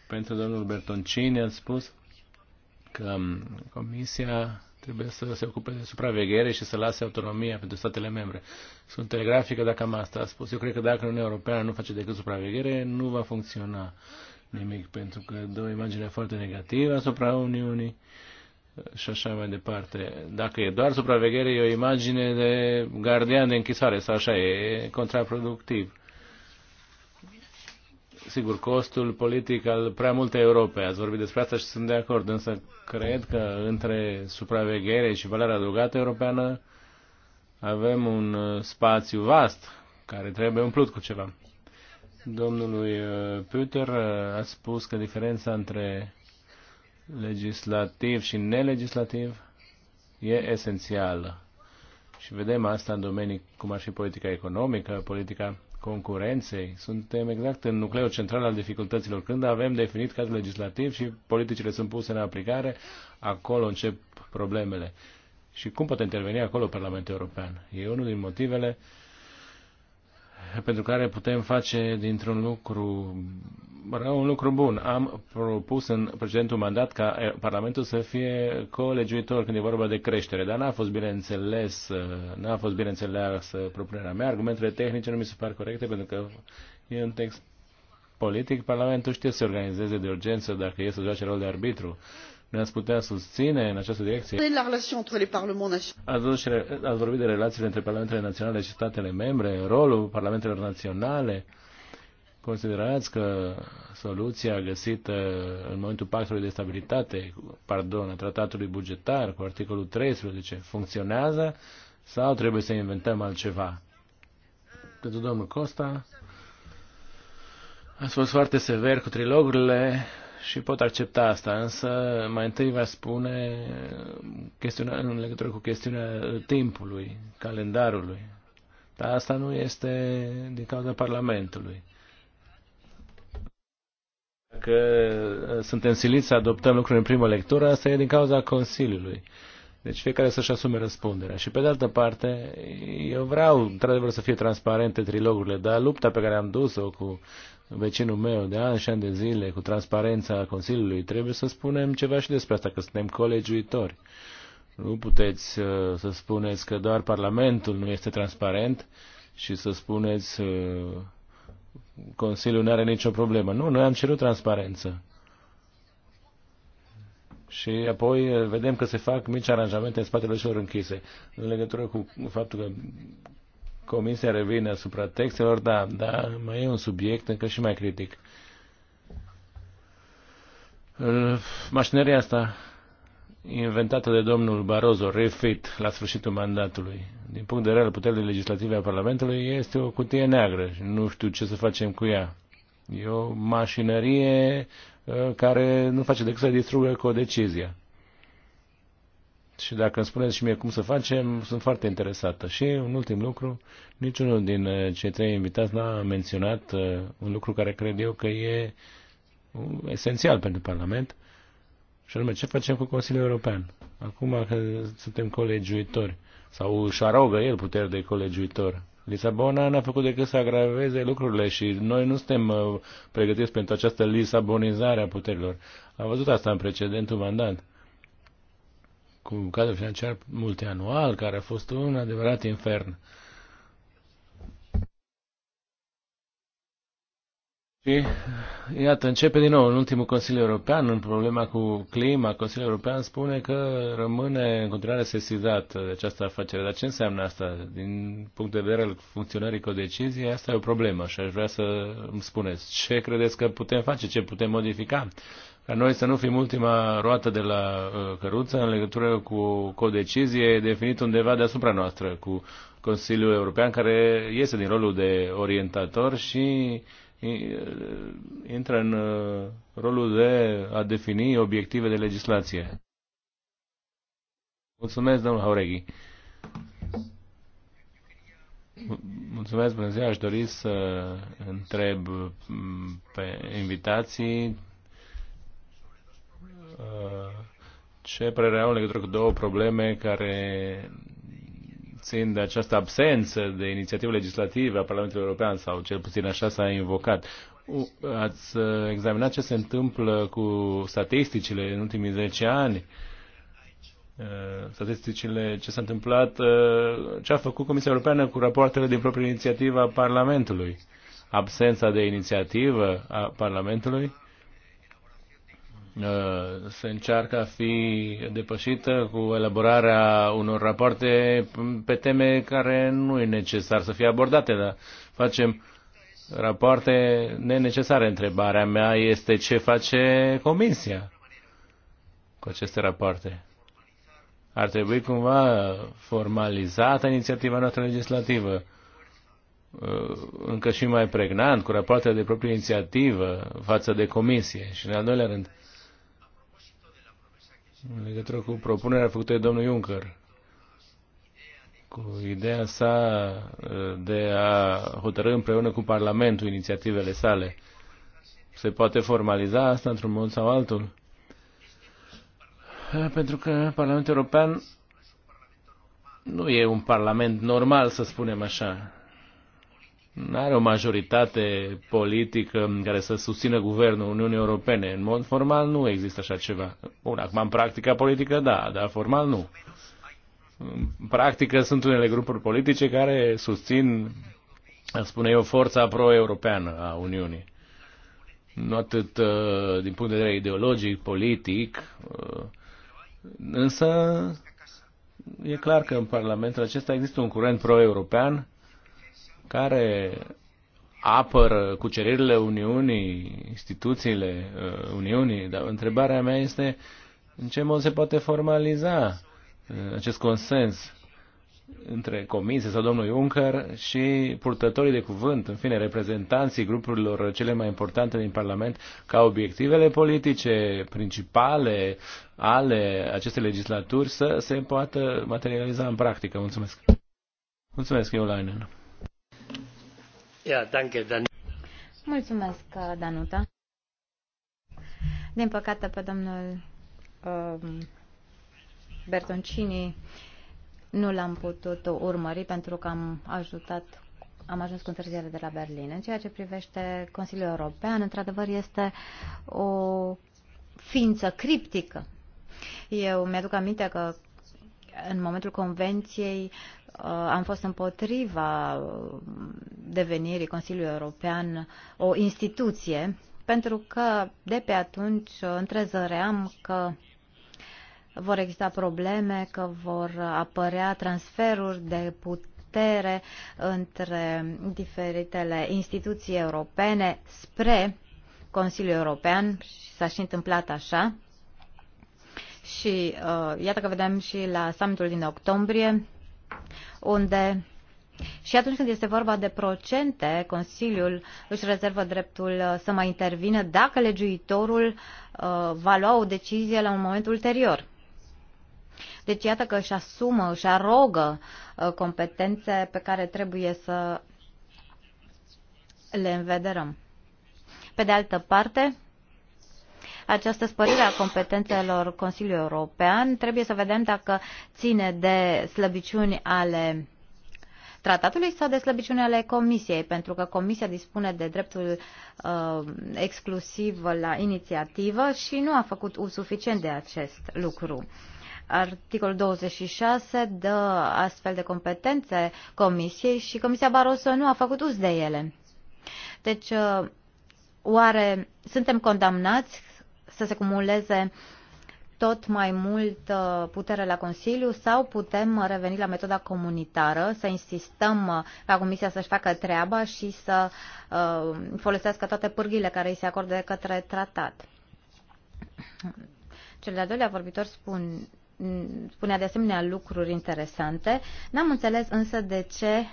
Speaker 1: Pentru domnul Bertoncini a spus că um, Comisia trebuie să se ocupe de supraveghere și să lase autonomia pentru statele membre. Sunt telegrafică dacă am asta spus. Eu cred că dacă Uniunea Europeană nu face decât supraveghere, nu va funcționa nimic, pentru că dă o imagine foarte negativă asupra Uniunii uh, și așa mai departe. Dacă e doar supraveghere, e o imagine de gardian de închisoare sau așa, e contraproductiv sigur, costul politic al prea multe Europe. Ați vorbit despre asta și sunt de acord, însă cred că între supraveghere și valoarea adăugată europeană avem un uh, spațiu vast care trebuie umplut cu ceva. Domnului uh, Peter uh, a spus că diferența între legislativ și nelegislativ e esențială. Și vedem asta în domenii cum ar fi politica economică, politica concurenței. Suntem exact în nucleul central al dificultăților. Când avem definit cadrul legislativ și politicile sunt puse în aplicare, acolo încep problemele. Și cum poate interveni acolo Parlamentul European? E unul din motivele uh, pentru care putem face dintr-un lucru un lucru bun. Am propus în precedentul mandat ca eh, Parlamentul să fie colegiuitor când e vorba de creștere, dar n-a fost bine înțeles, eh, n-a fost bine înțeleasă propunerea mea. Argumentele tehnice nu mi se par corecte pentru că e un text politic. Parlamentul știe să se organizeze de urgență dacă e să joace rol de arbitru ne-ați putea susține în această direcție?
Speaker 2: Ați,
Speaker 1: ați vorbit de relațiile între Parlamentele Naționale și statele membre, rolul Parlamentelor Naționale. Considerați că soluția găsită în momentul pactului de stabilitate, pardon, a tratatului bugetar cu articolul 13 funcționează sau trebuie să inventăm altceva? Pentru domnul Costa, ați fost foarte sever cu trilogurile, și pot accepta asta, însă mai întâi va spune chestiunea, în legătură cu chestiunea timpului, calendarului. Dar asta nu este din cauza Parlamentului. Dacă uh, suntem siliți să adoptăm lucruri în primă lectură, asta e din cauza Consiliului. Deci fiecare să-și asume răspunderea. Și pe de altă parte, eu vreau, într-adevăr, să fie transparente trilogurile, dar lupta pe care am dus-o cu vecinul meu de ani și ani de zile cu transparența Consiliului, trebuie să spunem ceva și despre asta, că suntem colegiuitori. Nu puteți uh, să spuneți că doar Parlamentul nu este transparent și să spuneți uh, Consiliul nu are nicio problemă. Nu, noi am cerut transparență. Și apoi uh, vedem că se fac mici aranjamente în spatele celor închise. În legătură cu faptul că Comisia revine asupra textelor, da, dar mai e un subiect încă și mai critic. Mașinăria asta inventată de domnul Barroso, refit, la sfârșitul mandatului, din punct de vedere al puterii legislative a Parlamentului, este o cutie neagră și nu știu ce să facem cu ea. E o mașinărie uh, care nu face decât să distrugă o decizie. Și dacă îmi spuneți și mie cum să facem, sunt foarte interesată. Și un ultim lucru, niciunul din uh, cei trei invitați n-a menționat uh, un lucru care cred eu că e uh, esențial pentru Parlament, și anume ce facem cu Consiliul European. Acum că suntem colegiuitori, sau își arogă el puterea de colegiuitor. Lisabona n-a făcut decât să agraveze lucrurile și noi nu suntem pregătiți pentru această lisabonizare a puterilor. Am văzut asta în precedentul mandat cu cadrul financiar multianual, care a fost un adevărat infern. Și iată, începe din nou în ultimul Consiliu European, în problema cu clima, Consiliul European spune că rămâne în continuare sesizat de această afacere. Dar ce înseamnă asta? Din punct de vedere al funcționării cu o decizie, asta e o problemă și aș vrea să îmi spuneți ce credeți că putem face, ce putem modifica ca noi să nu fim ultima roată de la uh, căruță în legătură cu, cu o decizie definită undeva deasupra noastră cu Consiliul European, care iese din rolul de orientator și uh, intră în uh, rolul de a defini obiective de legislație. Mulțumesc, domnul Haureghi. Mulțumesc, bună ziua. Aș dori să întreb mm, pe invitații Uh, ce părere au în legătură cu două probleme care țin de această absență de inițiativă legislativă a Parlamentului European, sau cel puțin așa s-a invocat. Ați uh, examinat ce se întâmplă cu statisticile în ultimii 10 ani, uh, statisticile, ce s-a întâmplat, ce a făcut Comisia Europeană cu rapoartele din proprie inițiativă a Parlamentului, absența de inițiativă a Parlamentului Uh, se încearcă a fi depășită cu elaborarea unor rapoarte pe teme care nu e necesar să fie abordate, dar facem rapoarte nenecesare. Întrebarea mea este ce face Comisia cu aceste rapoarte. Ar trebui cumva formalizată inițiativa noastră legislativă uh, încă și mai pregnant, cu rapoarte de proprie inițiativă față de comisie. Și în al doilea rând, în legătură cu propunerea făcută de domnul Juncker, cu ideea sa uh, de a hotărâ împreună cu Parlamentul inițiativele sale. Se poate formaliza asta într-un mod sau altul? Uh, pentru că Parlamentul European nu e un parlament normal, să spunem așa nu are o majoritate politică care să susțină guvernul Uniunii Europene. În mod formal nu există așa ceva. Bun, acum în practica politică da, dar formal nu. În practică sunt unele grupuri politice care susțin, spune eu, forța pro-europeană a Uniunii. Nu atât uh, din punct de vedere ideologic, politic, uh, însă e clar că în Parlamentul acesta există un curent pro-european care apără cuceririle Uniunii, instituțiile uh, Uniunii, dar întrebarea mea este în ce mod se poate formaliza uh, acest consens între comisie sau domnul Juncker și purtătorii de cuvânt, în fine, reprezentanții grupurilor cele mai importante din Parlament, ca obiectivele politice principale ale acestei legislaturi să se poată materializa în practică. Mulțumesc. Mulțumesc, Iulainen!
Speaker 3: Mulțumesc, uh, Danuta. Din păcate, pe domnul uh, Bertoncini nu l-am putut urmări pentru că am ajutat am ajuns cu întârziere de la Berlin. În ceea ce privește Consiliul European, într-adevăr, este o ființă criptică. Eu mi-aduc aminte că în momentul convenției Uh, am fost împotriva uh, devenirii Consiliului European o instituție, pentru că de pe atunci uh, întrezăream că vor exista probleme, că vor apărea transferuri de putere între diferitele instituții europene spre Consiliul European și s-a și întâmplat așa. Și uh, iată că vedem și la summitul din octombrie unde și atunci când este vorba de procente, Consiliul își rezervă dreptul uh, să mai intervină dacă legiuitorul uh, va lua o decizie la un moment ulterior. Deci iată că își asumă, își arogă uh, competențe pe care trebuie să le învederăm. Pe de altă parte, această spărire a competențelor Consiliului European. Trebuie să vedem dacă ține de slăbiciuni ale tratatului sau de slăbiciune ale Comisiei, pentru că Comisia dispune de dreptul uh, exclusiv la inițiativă și nu a făcut un suficient de acest lucru. Articolul 26 dă astfel de competențe Comisiei și Comisia Barroso nu a făcut uz de ele. Deci, uh, oare suntem condamnați să se cumuleze tot mai mult uh, putere la Consiliu sau putem reveni la metoda comunitară, să insistăm uh, ca Comisia să-și facă treaba și să uh, folosească toate pârghile care îi se acordă de către tratat. Cel de-al doilea vorbitor spun, spunea de asemenea lucruri interesante. N-am înțeles însă de ce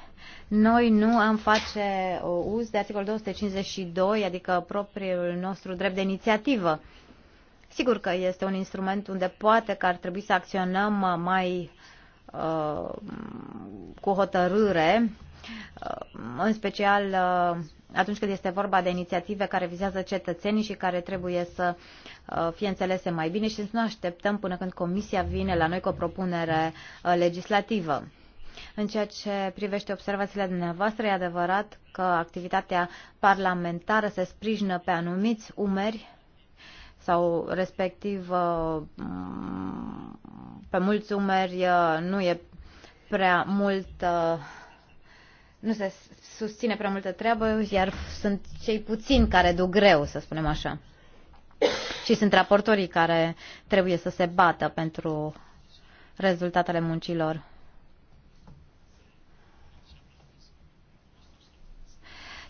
Speaker 3: noi nu am face uz de articolul 252, adică propriul nostru drept de inițiativă. Uh, Sigur că este un instrument unde poate că ar trebui să acționăm mai uh, cu hotărâre, uh, în special uh, atunci când este vorba de inițiative care vizează cetățenii și care trebuie să uh, fie înțelese mai bine și să nu așteptăm până când Comisia vine la noi cu o propunere uh, legislativă. În ceea ce privește observațiile dumneavoastră, e adevărat că activitatea parlamentară se sprijină pe anumiți umeri sau respectiv uh, mm, pe mulți umeri uh, nu e prea mult uh, nu se susține prea multă treabă, iar sunt cei puțini care duc greu, să spunem așa. Și sunt raportorii care trebuie să se bată pentru rezultatele muncilor.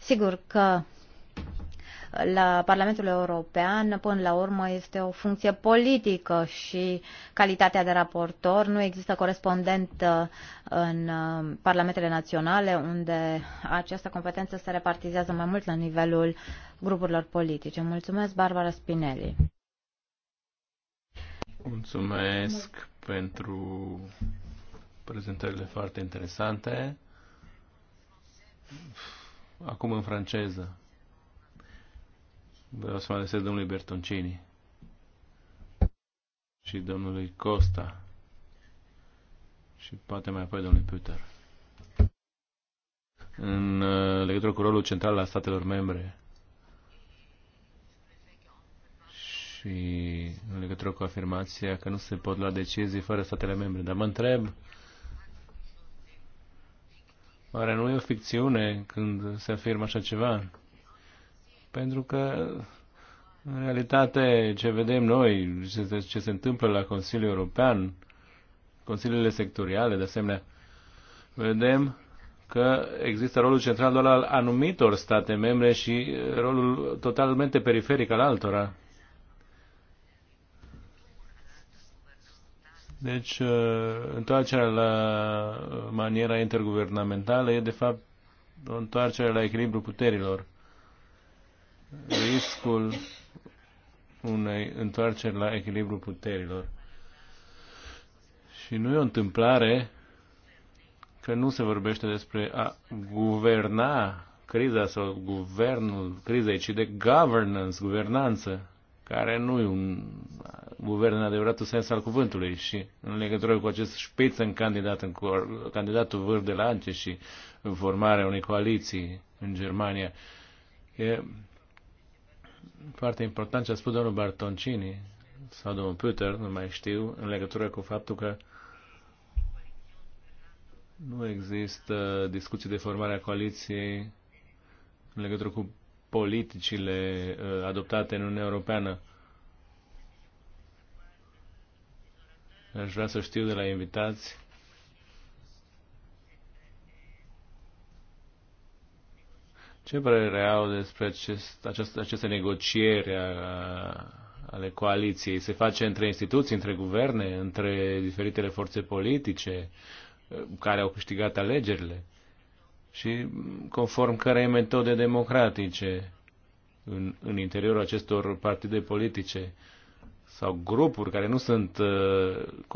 Speaker 3: Sigur că la Parlamentul European, până la urmă, este o funcție politică și calitatea de raportor nu există corespondent uh, în uh, Parlamentele Naționale, unde această competență se repartizează mai mult la nivelul grupurilor politice. Mulțumesc, Barbara Spinelli.
Speaker 1: Mulțumesc pentru prezentările foarte interesante. Acum în franceză. Vreau să mă adresez domnului Bertoncini și domnului Costa și poate mai apoi domnului Peter. În uh, legătură cu rolul central al statelor membre și în legătură cu afirmația că nu se pot lua decizii fără statele membre. Dar mă întreb, oare nu e o ficțiune când se afirmă așa ceva? Pentru că, în realitate, ce vedem noi, ce se, ce se întâmplă la Consiliul European, Consiliile sectoriale, de asemenea, vedem că există rolul central doar al anumitor state membre și rolul totalmente periferic al altora. Deci, uh, întoarcerea la maniera interguvernamentală e, de fapt, o întoarcere la echilibru puterilor riscul unei întoarceri la echilibru puterilor. Și nu e o întâmplare că nu se vorbește despre a guverna criza sau guvernul crizei, ci de governance, guvernanță, care nu e un guvern în adevăratul sens al cuvântului și în legătură cu acest șpiț în candidat, în candidatul vârf de lance și în formarea unei coaliții în Germania. E foarte important ce a spus domnul Bartoncini sau domnul Peter, nu mai știu, în legătură cu faptul că nu există discuții de formare a coaliției în legătură cu politicile uh, adoptate în Uniunea Europeană. Aș vrea să știu de la invitați Ce părere au despre acest, acest, aceste negocieri a, ale coaliției? Se face între instituții, între guverne, între diferitele forțe politice care au câștigat alegerile și conform cărei metode democratice în, în interiorul acestor partide politice sau grupuri care nu sunt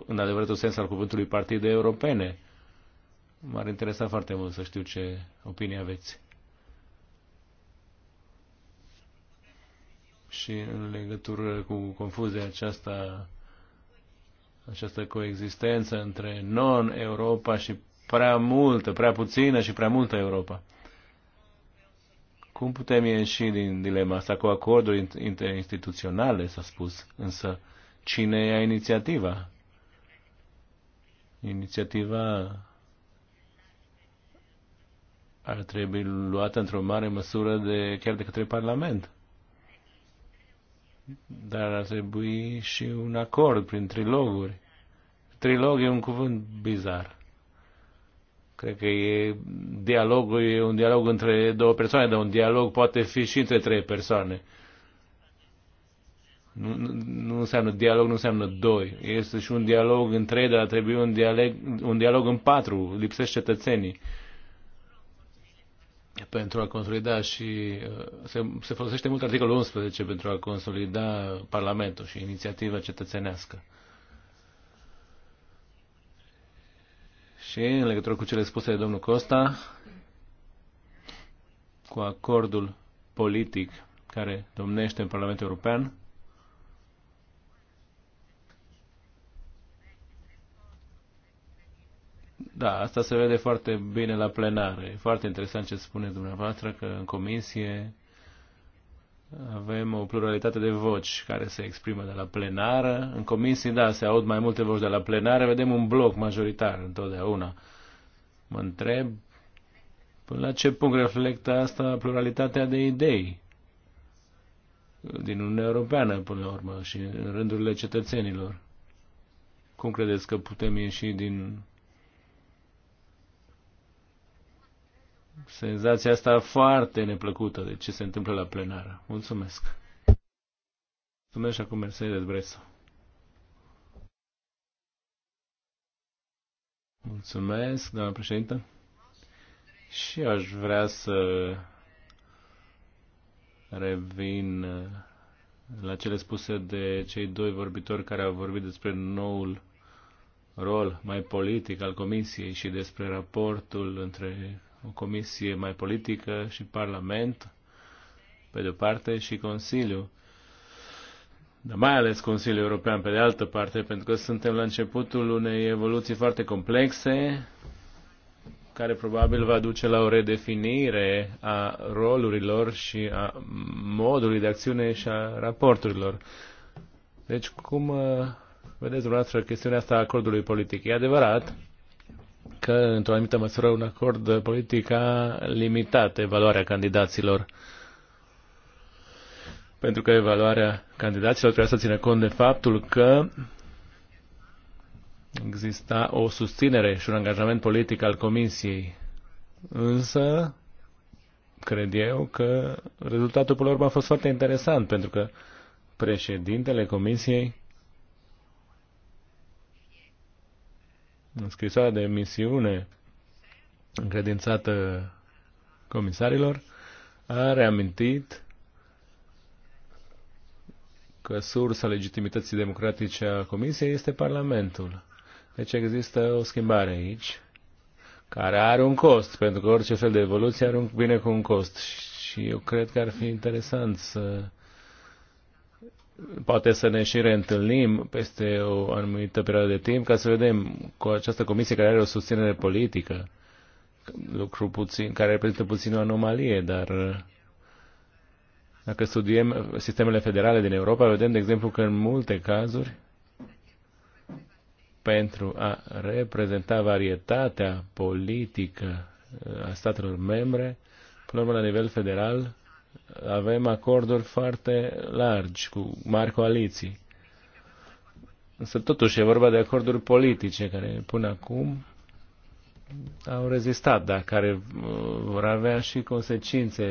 Speaker 1: în adevăratul sens al cuvântului partide europene. M-ar interesa foarte mult să știu ce opinie aveți. și în legătură cu confuzia aceasta, această coexistență între non-Europa și prea multă, prea puțină și prea multă Europa. Cum putem ieși din dilema asta cu acorduri interinstituționale, s-a spus, însă cine ia inițiativa? Inițiativa ar trebui luată într-o mare măsură de, chiar de către Parlament dar ar trebui și un acord prin triloguri. Trilog e un cuvânt bizar. Cred că e dialogul, e un dialog între două persoane, dar un dialog poate fi și între trei persoane. Nu, nu, nu înseamnă dialog, nu înseamnă doi. Este și un dialog în trei, dar trebuie un dialog, un dialog în patru. Lipsesc cetățenii pentru a consolida și uh, se, se folosește mult articolul 11 pentru a consolida Parlamentul și inițiativa cetățenească. Și în legătură cu cele spuse de domnul Costa, cu acordul politic care domnește în Parlamentul European, Da, asta se vede foarte bine la plenare. E foarte interesant ce spuneți dumneavoastră, că în comisie avem o pluralitate de voci care se exprimă de la plenară. În comisie, da, se aud mai multe voci de la plenară, vedem un bloc majoritar întotdeauna. Mă întreb până la ce punct reflectă asta pluralitatea de idei din Uniunea Europeană, până la urmă, și în rândurile cetățenilor. Cum credeți că putem ieși din senzația asta foarte neplăcută de ce se întâmplă la plenară. Mulțumesc! Mulțumesc și acum Mercedes Bresso? Mulțumesc, doamna președintă. Și aș vrea să revin uh, la cele spuse de cei doi vorbitori care au vorbit despre noul rol mai politic al Comisiei și despre raportul între o comisie mai politică și Parlament, pe de-o parte, și Consiliu. Dar mai ales Consiliul European, pe de altă parte, pentru că suntem la începutul unei evoluții foarte complexe, care probabil va duce la o redefinire a rolurilor și a modului de acțiune și a raporturilor. Deci, cum uh, vedeți dumneavoastră chestiunea asta a acordului politic? E adevărat că, într-o anumită măsură, un acord politic a limitat evaluarea candidaților. Pentru că evaluarea candidaților trebuia să țină cont de faptul că exista o susținere și un angajament politic al Comisiei. Însă, cred eu că rezultatul până la urmă a fost foarte interesant, pentru că președintele Comisiei scrisoarea de misiune încredințată comisarilor a reamintit că sursa legitimității democratice a Comisiei este Parlamentul. Deci există o schimbare aici, care are un cost, pentru că orice fel de evoluție are un, vine cu un cost. Și eu cred că ar fi interesant să poate să ne și reîntâlnim peste o anumită perioadă de timp ca să vedem cu această comisie care are o susținere politică, lucru puțin, care reprezintă puțin o anomalie, dar uh, dacă studiem sistemele federale din Europa, vedem, de exemplu, că în multe cazuri, pentru a reprezenta varietatea politică uh, a statelor membre, până la nivel federal, avem acorduri foarte largi, cu mari coaliții. Însă totuși e vorba de acorduri politice care până acum au rezistat, dar care uh, vor avea și consecințe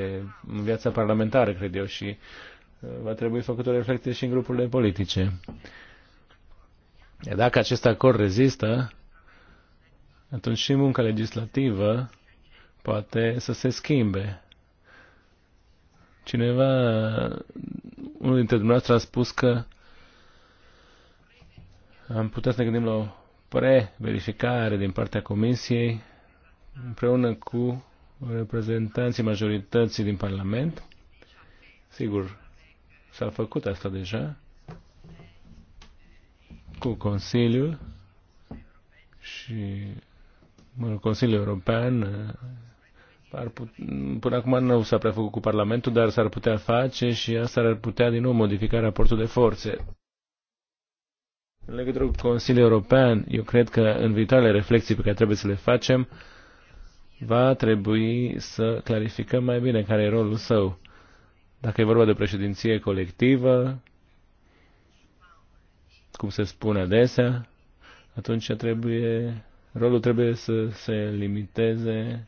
Speaker 1: în viața parlamentară, cred eu, și uh, va trebui făcut o reflecție și în grupurile politice. Dacă acest acord rezistă, atunci și munca legislativă poate să se schimbe Cineva, unul dintre dumneavoastră a spus că am putea să ne gândim la o pre-verificare din partea Comisiei împreună cu reprezentanții majorității din Parlament. Sigur, s-a făcut asta deja cu Consiliul și mă rog, Consiliul European ar put... Până acum nu s-a prea făcut cu Parlamentul, dar s-ar putea face și asta ar putea din nou modifica raportul de forțe. În legătură cu Consiliul European, eu cred că în viitoarele reflexii pe care trebuie să le facem, va trebui să clarificăm mai bine care e rolul său. Dacă e vorba de președinție colectivă, cum se spune adesea, atunci trebuie, rolul trebuie să se limiteze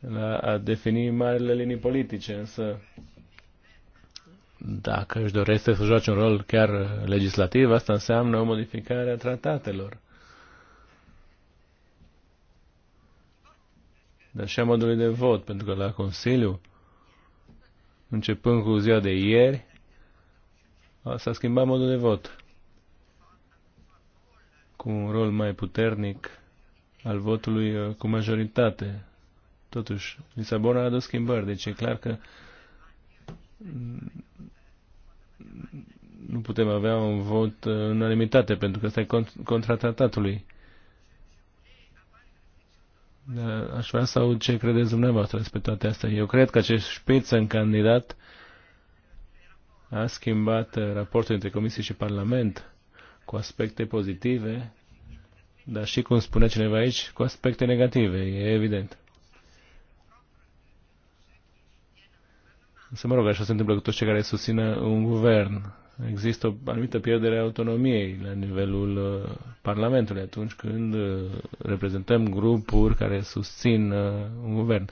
Speaker 1: la a defini marile linii politice, însă dacă își dorește să joace un rol chiar legislativ, asta înseamnă o modificare a tratatelor. Dar și a modului de vot, pentru că la Consiliu, începând cu ziua de ieri, s-a schimbat modul de vot cu un rol mai puternic al votului uh, cu majoritate Totuși, Lisabona a adus schimbări, deci e clar că nu putem avea un vot în uh, unanimitate, pentru că ăsta e contra tratatului. Dar uh, aș vrea să aud ce credeți dumneavoastră despre toate astea. Eu cred că acest șpiț în candidat a schimbat uh, raportul între Comisie și Parlament cu aspecte pozitive, dar și, cum spune cineva aici, cu aspecte negative, e evident. Să mă rog, așa se întâmplă cu toți cei care susțină un guvern. Există o anumită pierdere a autonomiei la nivelul uh, Parlamentului atunci când uh, reprezentăm grupuri care susțin uh, un guvern.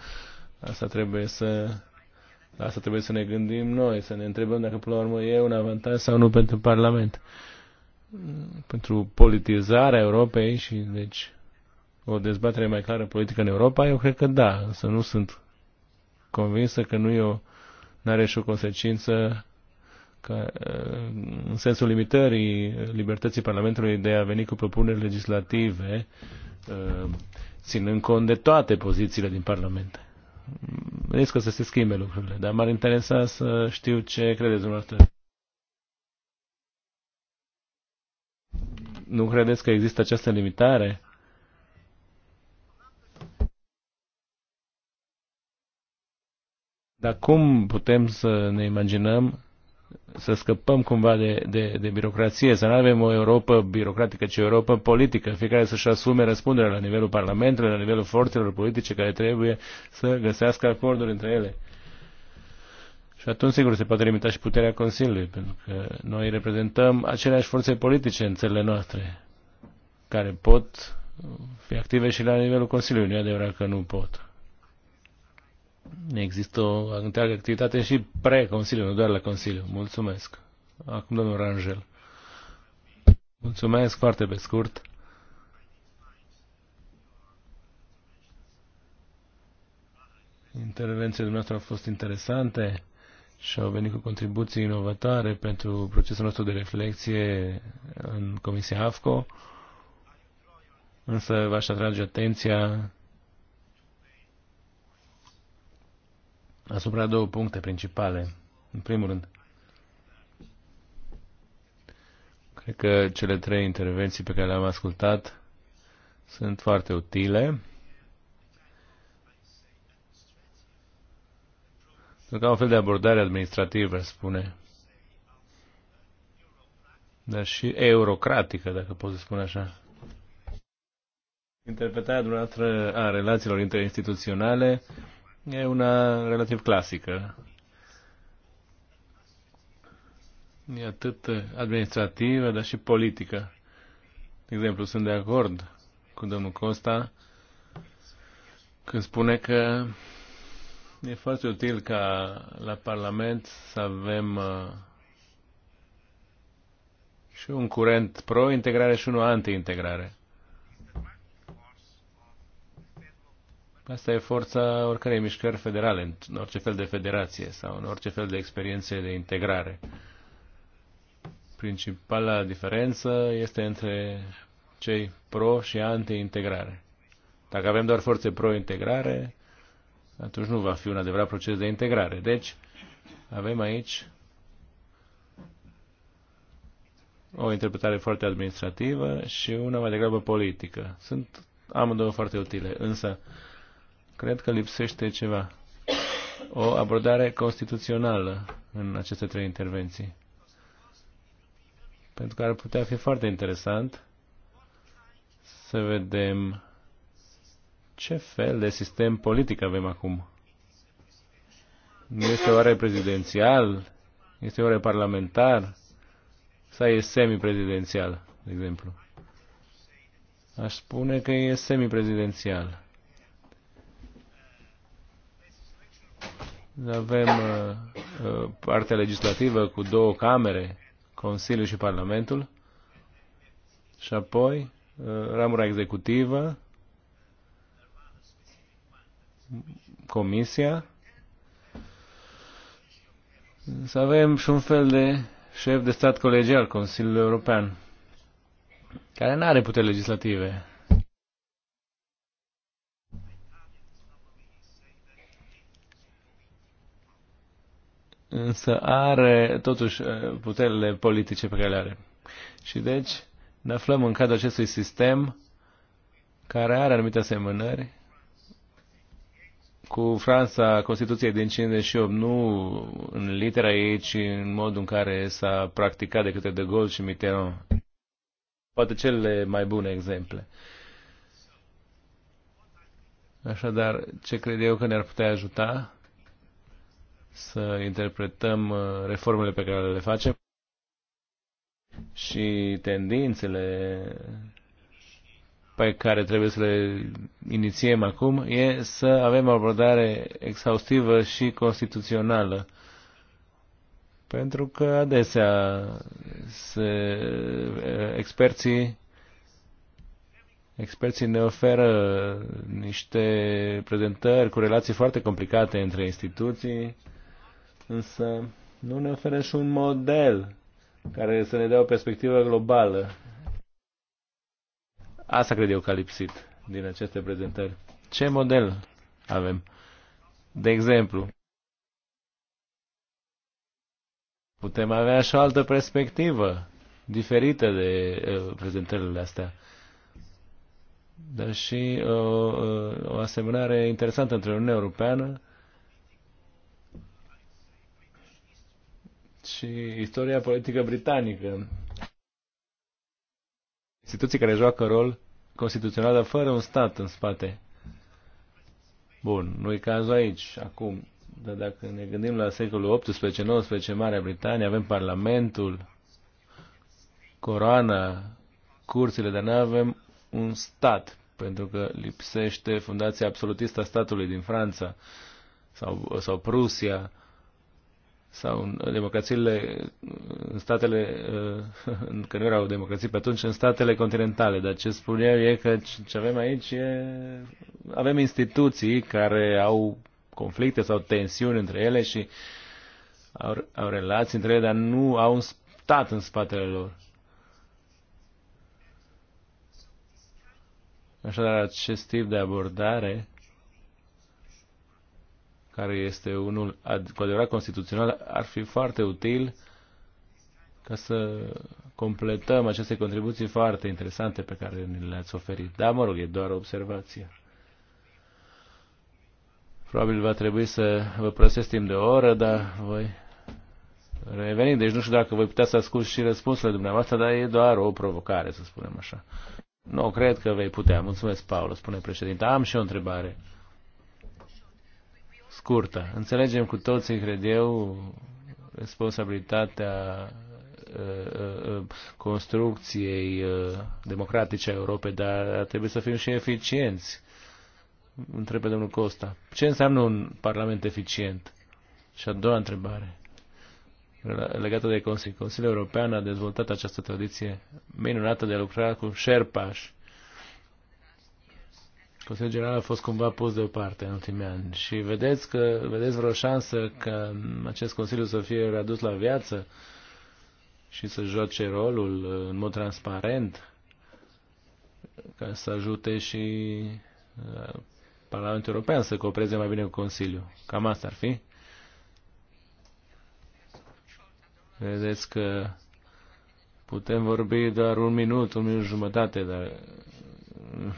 Speaker 1: Asta trebuie să asta trebuie să ne gândim noi, să ne întrebăm dacă până la urmă e un avantaj sau nu pentru Parlament. Pentru politizarea Europei și deci o dezbatere mai clară politică în Europa, eu cred că da, să nu sunt convinsă că nu e o n-are și o consecință ca, uh, în sensul limitării libertății Parlamentului de a veni cu propuneri legislative, uh, ținând cont de toate pozițiile din Parlament. Mm, Riscă să se schimbe lucrurile, dar m-ar interesa să știu ce credeți dumneavoastră. Nu credeți că există această limitare? Dar cum putem să ne imaginăm să scăpăm cumva de, de, de birocrație, să nu avem o Europa birocratică, ci o Europa politică, fiecare să-și asume răspunderea la nivelul parlamentului, la nivelul forțelor politice care trebuie să găsească acorduri între ele. Și atunci, sigur, se poate limita și puterea Consiliului, pentru că noi reprezentăm aceleași forțe politice în țările noastre, care pot fi active și la nivelul Consiliului. Nu e adevărat că nu pot există o întreagă activitate și pre-Consiliu, nu doar la Consiliu. Mulțumesc. Acum domnul Rangel. Mulțumesc foarte pe scurt. Intervențiile dumneavoastră au fost interesante și au venit cu contribuții inovatoare pentru procesul nostru de reflexie în Comisia AFCO, însă v-aș atrage atenția asupra două puncte principale. În primul rând, cred că cele trei intervenții pe care le-am ascultat sunt foarte utile. Sunt ca un fel de abordare administrativă, spune. Dar și eurocratică, dacă pot să spun așa. Interpretarea dumneavoastră a relațiilor interinstituționale e una relativ clasică. E atât administrativă, dar și politică. De exemplu, sunt de acord cu domnul Costa când spune că e foarte util ca la Parlament să avem uh, și un curent pro-integrare și unul anti-integrare. Asta e forța oricărei mișcări federale, în orice fel de federație sau în orice fel de experiențe de integrare. Principala diferență este între cei pro și anti-integrare. Dacă avem doar forțe pro-integrare, atunci nu va fi un adevărat proces de integrare. Deci, avem aici o interpretare foarte administrativă și una mai degrabă politică. Sunt amândouă foarte utile, însă cred că lipsește ceva. O abordare constituțională în aceste trei intervenții. Pentru că ar putea fi foarte interesant să vedem ce fel de sistem politic avem acum. Nu este oare prezidențial? Este oare parlamentar? Sau e semiprezidențial, de exemplu? Aș spune că e semiprezidențial. Avem uh, uh, partea legislativă cu două camere, Consiliul și Parlamentul, și apoi uh, ramura executivă, Comisia, să avem și un fel de șef de stat colegial, Consiliul European, care nu are puteri legislative. însă are totuși uh, puterile politice pe care le are. Și deci ne aflăm în cadrul acestui sistem care are anumite asemănări cu Franța Constituției din 58, nu în litera ei, ci în modul în care s-a practicat de câte De Gaulle și Mitterrand. Poate cele mai bune exemple. Așadar, ce cred eu că ne-ar putea ajuta să interpretăm uh, reformele pe care le facem și tendințele pe care trebuie să le inițiem acum e să avem o abordare exhaustivă și constituțională. Pentru că adesea se, experții, experții ne oferă niște prezentări cu relații foarte complicate între instituții însă nu ne oferă și un model care să ne dea o perspectivă globală. Asta cred eu că a lipsit din aceste prezentări. Ce model avem? De exemplu, putem avea și o altă perspectivă, diferită de uh, prezentările astea. Dar și uh, uh, o asemănare interesantă între Uniunea Europeană și istoria politică britanică. Instituții care joacă rol constituțional, dar fără un stat în spate. Bun, nu e cazul aici, acum. Dar dacă ne gândim la secolul 18-19, Marea Britanie, avem Parlamentul, coroana, curțile, dar nu avem un stat, pentru că lipsește fundația absolutistă a statului din Franța sau, sau Prusia sau în democrațiile, în statele, uh, că nu erau democrații pe atunci, în statele continentale. Dar ce spun eu e că ce avem aici e, avem instituții care au conflicte sau tensiuni între ele și au, au relații între ele, dar nu au un stat în spatele lor. Așadar, acest tip de abordare care este unul cu adevărat constituțional, ar fi foarte util ca să completăm aceste contribuții foarte interesante pe care ni le-ați oferit. Da, mă rog, e doar o observație. Probabil va trebui să vă prăsesc timp de o oră, dar voi reveni. Deci nu știu dacă voi putea să ascult și răspunsurile dumneavoastră, dar e doar o provocare, să spunem așa. Nu, cred că vei putea. Mulțumesc, Paul, spune președinte. Am și o întrebare scurtă. Înțelegem cu toții, cred eu, responsabilitatea uh, uh, uh, construcției democratice a Europei, dar trebuie să fim și eficienți. Întrebe domnul Costa. Ce înseamnă un parlament eficient? Și a doua întrebare legată de Consiliul. Consiliul European a dezvoltat această tradiție minunată de a lucra cu șerpași Consiliul General a fost cumva pus deoparte în ultimii ani și vedeți că vedeți vreo șansă că acest Consiliu să fie readus la viață și să joace rolul uh, în mod transparent ca să ajute și uh, Parlamentul European să coopereze mai bine cu Consiliul. Cam asta ar fi. Vedeți că putem vorbi doar un minut, un minut jumătate, dar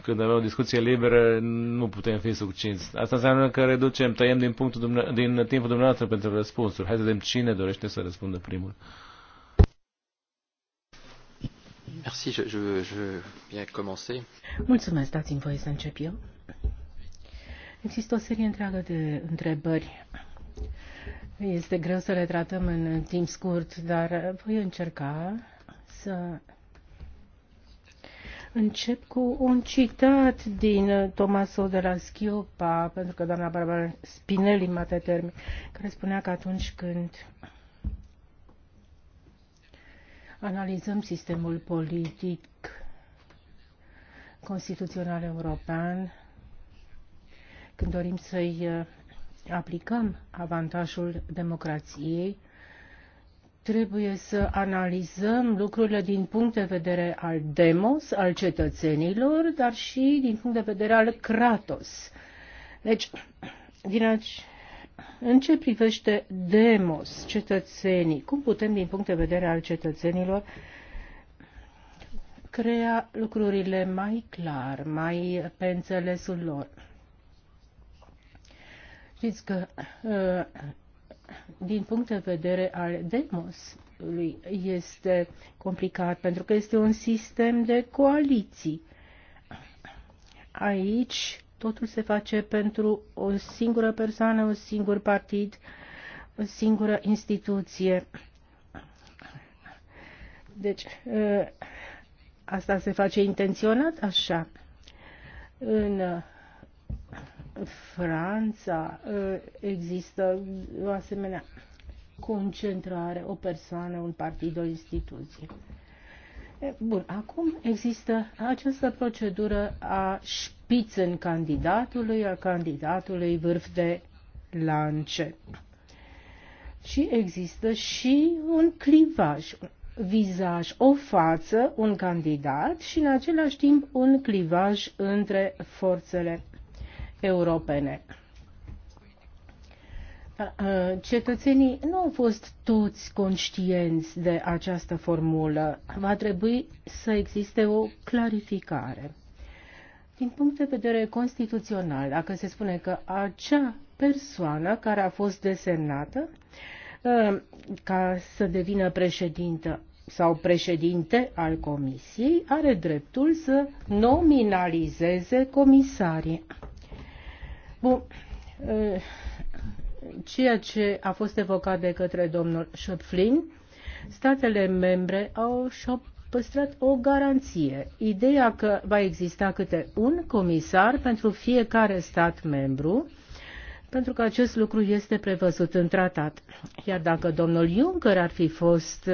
Speaker 1: când avem o discuție liberă, nu putem fi succinți. Asta înseamnă că reducem, tăiem din, punctul dumne- din timpul dumneavoastră pentru răspunsuri. Hai să vedem cine dorește să răspundă primul. Merci, je, je, je viens commencer.
Speaker 2: Mulțumesc, dați-mi voie să încep eu. Există o serie întreagă de întrebări. Este greu să le tratăm în timp scurt, dar voi încerca să Încep cu un citat din Tomaso de la Schiopa, pentru că doamna Barbara Spinelli m-a termin, care spunea că atunci când analizăm sistemul politic constituțional european, când dorim să-i uh, aplicăm avantajul democrației, trebuie să analizăm lucrurile din punct de vedere al demos, al cetățenilor, dar și din punct de vedere al kratos. Deci, din ace- în ce privește demos, cetățenii, cum putem din punct de vedere al cetățenilor crea lucrurile mai clar, mai pe înțelesul lor? Știți că uh, din punct de vedere al demos este complicat pentru că este un sistem de coaliții. Aici totul se face pentru o singură persoană, un singur partid, o singură instituție. Deci, ă, asta se face intenționat așa. În Franța ă, există o asemenea concentrare, o persoană, un partid, o instituție. Bun, acum există această procedură a șpițen candidatului, a candidatului vârf de lance. Și există și un clivaj, un vizaj, o față, un candidat și în același timp un clivaj între forțele europene. Cetățenii nu au fost toți conștienți de această formulă. Va trebui să existe o clarificare. Din punct de vedere constituțional, dacă se spune că acea persoană care a fost desemnată ca să devină președintă sau președinte al comisiei are dreptul să nominalizeze comisarii. Bun. Ceea ce a fost evocat de către domnul Schöpflin, statele membre au și-au păstrat o garanție, ideea că va exista câte un comisar pentru fiecare stat membru, pentru că acest lucru este prevăzut în tratat. Iar dacă domnul Juncker ar fi fost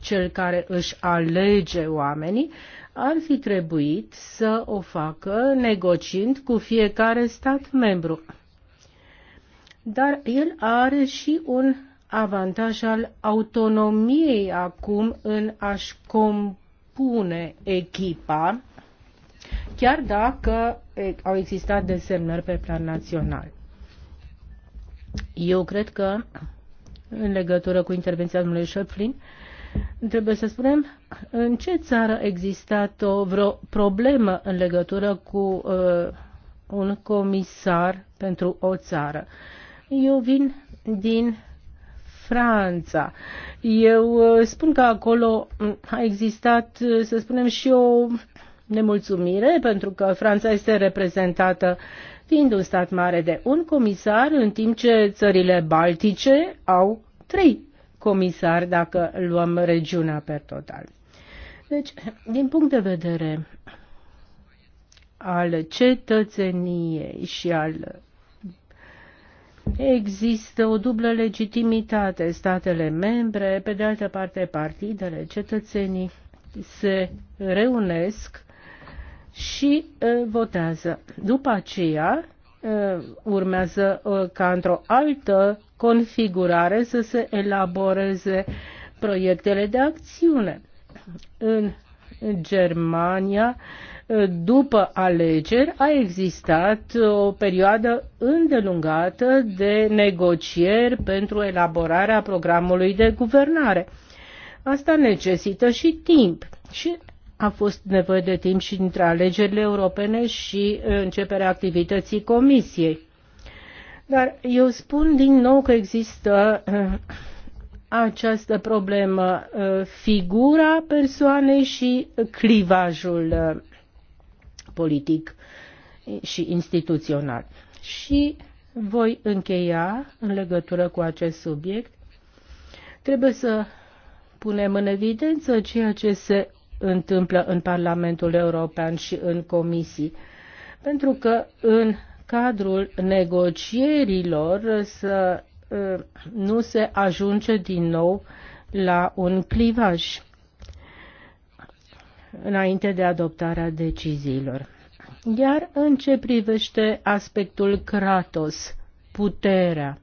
Speaker 2: cel care își alege oamenii, ar fi trebuit să o facă negociind cu fiecare stat membru. Dar el are și un avantaj al autonomiei acum în a-și compune echipa, chiar dacă au existat desemnări pe plan național. Eu cred că, în legătură cu intervenția domnului Schöpflin, trebuie să spunem în ce țară a existat o vreo problemă în legătură cu uh, un comisar pentru o țară. Eu vin din Franța. Eu uh, spun că acolo a existat, uh, să spunem, și o nemulțumire pentru că Franța este reprezentată fiind un stat mare de un comisar, în timp ce țările baltice au trei comisari dacă luăm regiunea pe total. Deci, din punct de vedere al cetățeniei și al Există o dublă legitimitate. Statele membre, pe de altă parte partidele, cetățenii se reunesc și uh, votează. După aceea uh, urmează uh, ca într-o altă configurare să se elaboreze proiectele de acțiune. În Germania, după alegeri, a existat o perioadă îndelungată de negocieri pentru elaborarea programului de guvernare. Asta necesită și timp. Și a fost nevoie de timp și dintre alegerile europene și începerea activității comisiei. Dar eu spun din nou că există uh, această problemă, uh, figura persoanei și clivajul uh, politic și instituțional. Și voi încheia în legătură cu acest subiect. Trebuie să punem în evidență ceea ce se întâmplă în Parlamentul European și în comisii. Pentru că în cadrul negocierilor să nu se ajunge din nou la un clivaj înainte de adoptarea deciziilor. Iar în ce privește aspectul Kratos, puterea,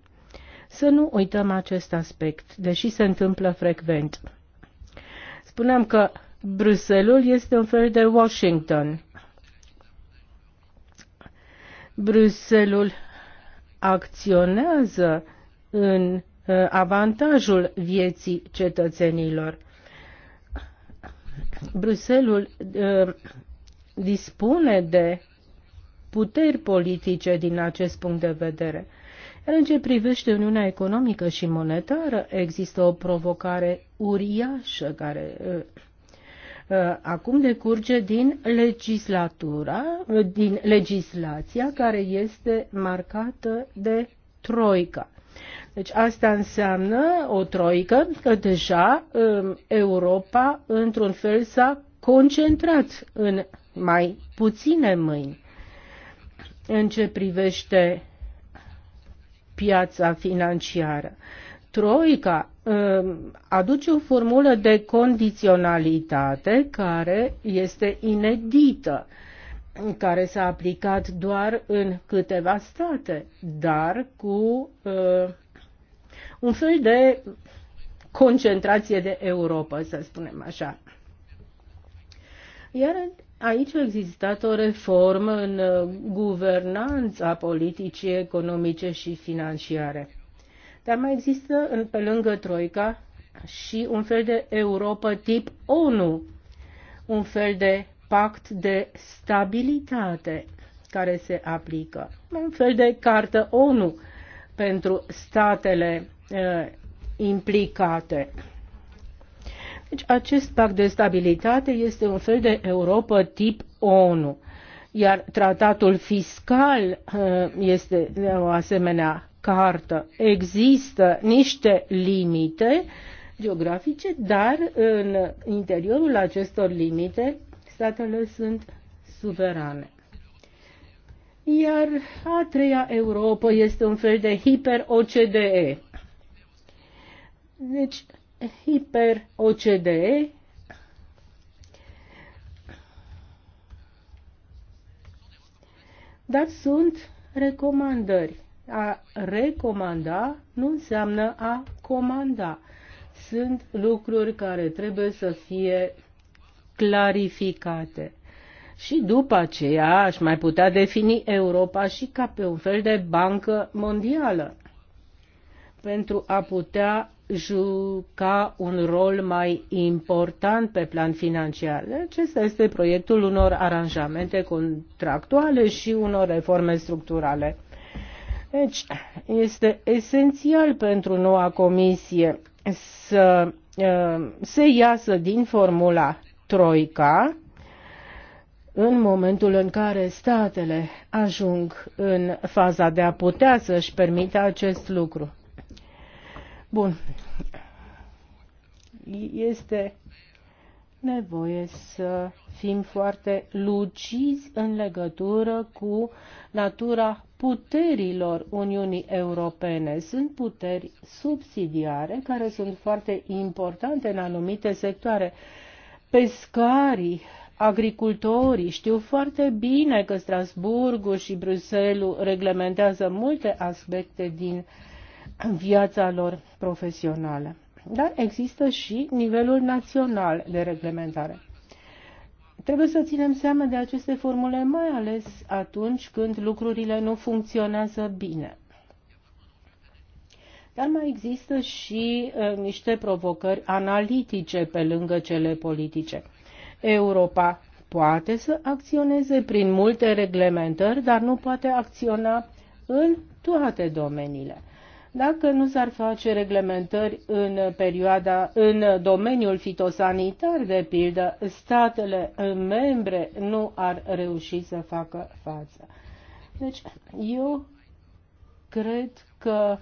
Speaker 2: să nu uităm acest aspect, deși se întâmplă frecvent. Spuneam că Bruselul este un fel de Washington Bruselul acționează în uh, avantajul vieții cetățenilor. Bruselul uh, dispune de puteri politice din acest punct de vedere. Iar în ce privește Uniunea Economică și Monetară, există o provocare uriașă care uh, Uh, acum decurge din legislatura, uh, din legislația care este marcată de troica. Deci asta înseamnă o troică că deja um, Europa într-un fel s-a concentrat în mai puține mâini. În ce privește piața financiară. Troica Um, aduce o formulă de condiționalitate care este inedită, care s-a aplicat doar în câteva state, dar cu uh, un fel de concentrație de Europa, să spunem așa. Iar aici a existat o reformă în uh, guvernanța politicii economice și financiare dar mai există, în, pe lângă Troica, și un fel de Europa tip ONU, un fel de pact de stabilitate care se aplică, un fel de cartă ONU pentru statele uh, implicate. Deci acest pact de stabilitate este un fel de Europa tip ONU, iar tratatul fiscal uh, este de o asemenea cartă. Există niște limite geografice, dar în interiorul acestor limite statele sunt suverane. Iar a treia Europa este un fel de hiper-OCDE. Deci, hiper-OCDE dar sunt recomandări a recomanda nu înseamnă a comanda. Sunt lucruri care trebuie să fie clarificate. Și după aceea aș mai putea defini Europa și ca pe un fel de bancă mondială pentru a putea juca un rol mai important pe plan financiar. Acesta deci, este proiectul unor aranjamente contractuale și unor reforme structurale. Deci, este esențial pentru noua comisie să uh, se iasă din formula Troica în momentul în care statele ajung în faza de a putea să-și permite acest lucru. Bun. Este nevoie să fim foarte lucizi în legătură cu natura puterilor Uniunii Europene. Sunt puteri subsidiare care sunt foarte importante în anumite sectoare. Pescarii, agricultorii știu foarte bine că Strasburgul și Bruxelles reglementează multe aspecte din viața lor profesională. Dar există și nivelul național de reglementare. Trebuie să ținem seama de aceste formule, mai ales atunci când lucrurile nu funcționează bine. Dar mai există și uh, niște provocări analitice pe lângă cele politice. Europa poate să acționeze prin multe reglementări, dar nu poate acționa în toate domeniile dacă nu s-ar face reglementări în perioada în domeniul fitosanitar de pildă, statele membre nu ar reuși să facă față. Deci eu cred că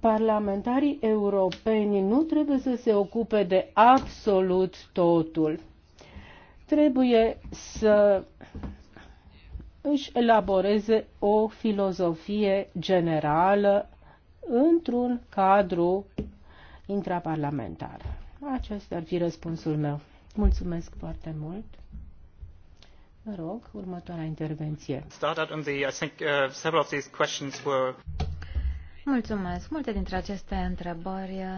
Speaker 2: parlamentarii europeni nu trebuie să se ocupe de absolut totul. Trebuie să își elaboreze o filozofie generală într-un cadru intraparlamentar. Acesta ar fi răspunsul meu. Mulțumesc foarte mult. Mă rog, următoarea intervenție.
Speaker 3: Uh, Mulțumesc. Multe dintre aceste întrebări uh,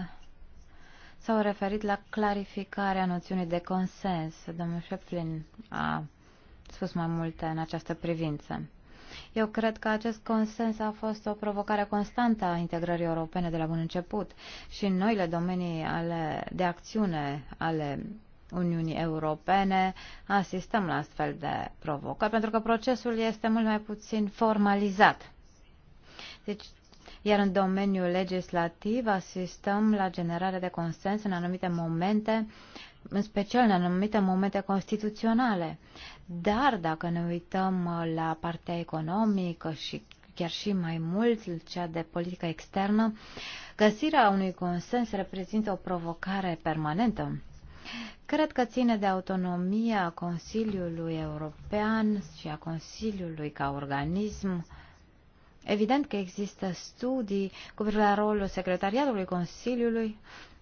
Speaker 3: s-au referit la clarificarea noțiunii de consens. Domnul Șeplin a spus mai multe în această privință. Eu cred că acest consens a fost o provocare constantă a integrării europene de la bun început și în noile domenii ale, de acțiune ale Uniunii Europene asistăm la astfel de provocări, pentru că procesul este mult mai puțin formalizat. Deci, iar în domeniul legislativ asistăm la generarea de consens în anumite momente în special în anumite momente constituționale. Dar dacă ne uităm uh, la partea economică și chiar și mai mult cea de politică externă, găsirea unui consens reprezintă o provocare permanentă. Cred că ține de autonomia Consiliului European și a Consiliului ca organism. Evident că există studii cu privire la rolul secretariatului Consiliului,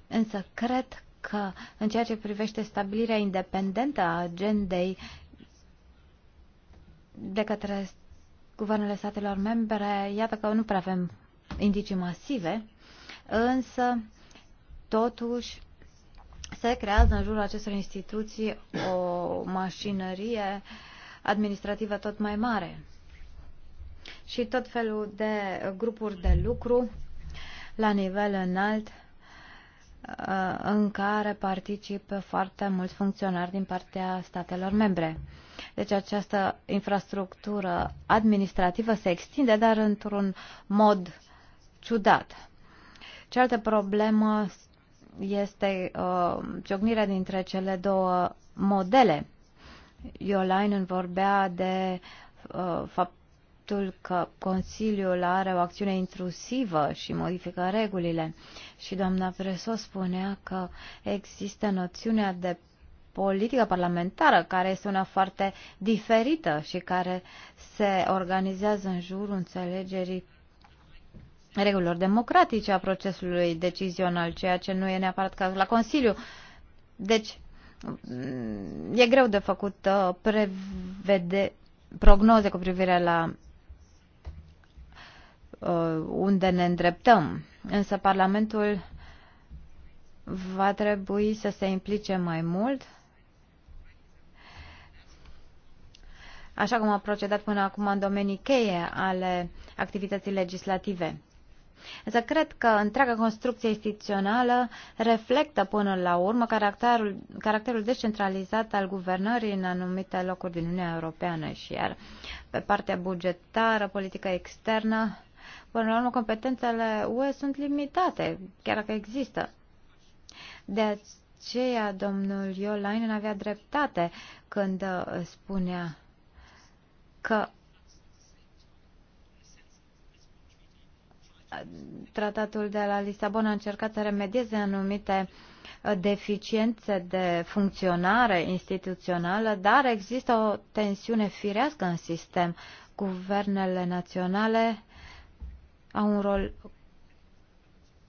Speaker 3: însă cred că în ceea ce privește stabilirea independentă a agendei de către guvernele statelor membre, iată că nu prea avem indicii masive, însă totuși se creează în jurul acestor instituții o mașinărie administrativă tot mai mare și tot felul de grupuri de lucru la nivel înalt Uh, în care participă foarte mulți funcționari din partea statelor membre. Deci această infrastructură administrativă se extinde, dar într-un mod ciudat. Cealaltă problemă este uh, ciocnirea dintre cele două modele. Iolainen vorbea de uh, fapt faptul că Consiliul are o acțiune intrusivă și modifică regulile. Și doamna Preso spunea că există noțiunea de politică parlamentară, care este una foarte diferită și care se organizează în jurul înțelegerii regulilor democratice a procesului decizional, ceea ce nu e neapărat cazul la Consiliu. Deci, mm, e greu de făcut uh, prevede, prognoze cu privire la Uh, unde ne îndreptăm. Însă Parlamentul va trebui să se implice mai mult, așa cum a procedat până acum în domenii cheie ale activității legislative. Însă cred că întreaga construcție instituțională reflectă până la urmă caracterul, caracterul descentralizat al guvernării în anumite locuri din Uniunea Europeană și iar pe partea bugetară, politică externă, Până la urmă, competențele UE sunt limitate, chiar dacă există. De aceea, domnul Iolainen avea dreptate când uh, spunea că uh, tratatul de la Lisabona a încercat să remedieze anumite uh, deficiențe de funcționare instituțională, dar există o tensiune firească în sistem. Guvernele naționale au un rol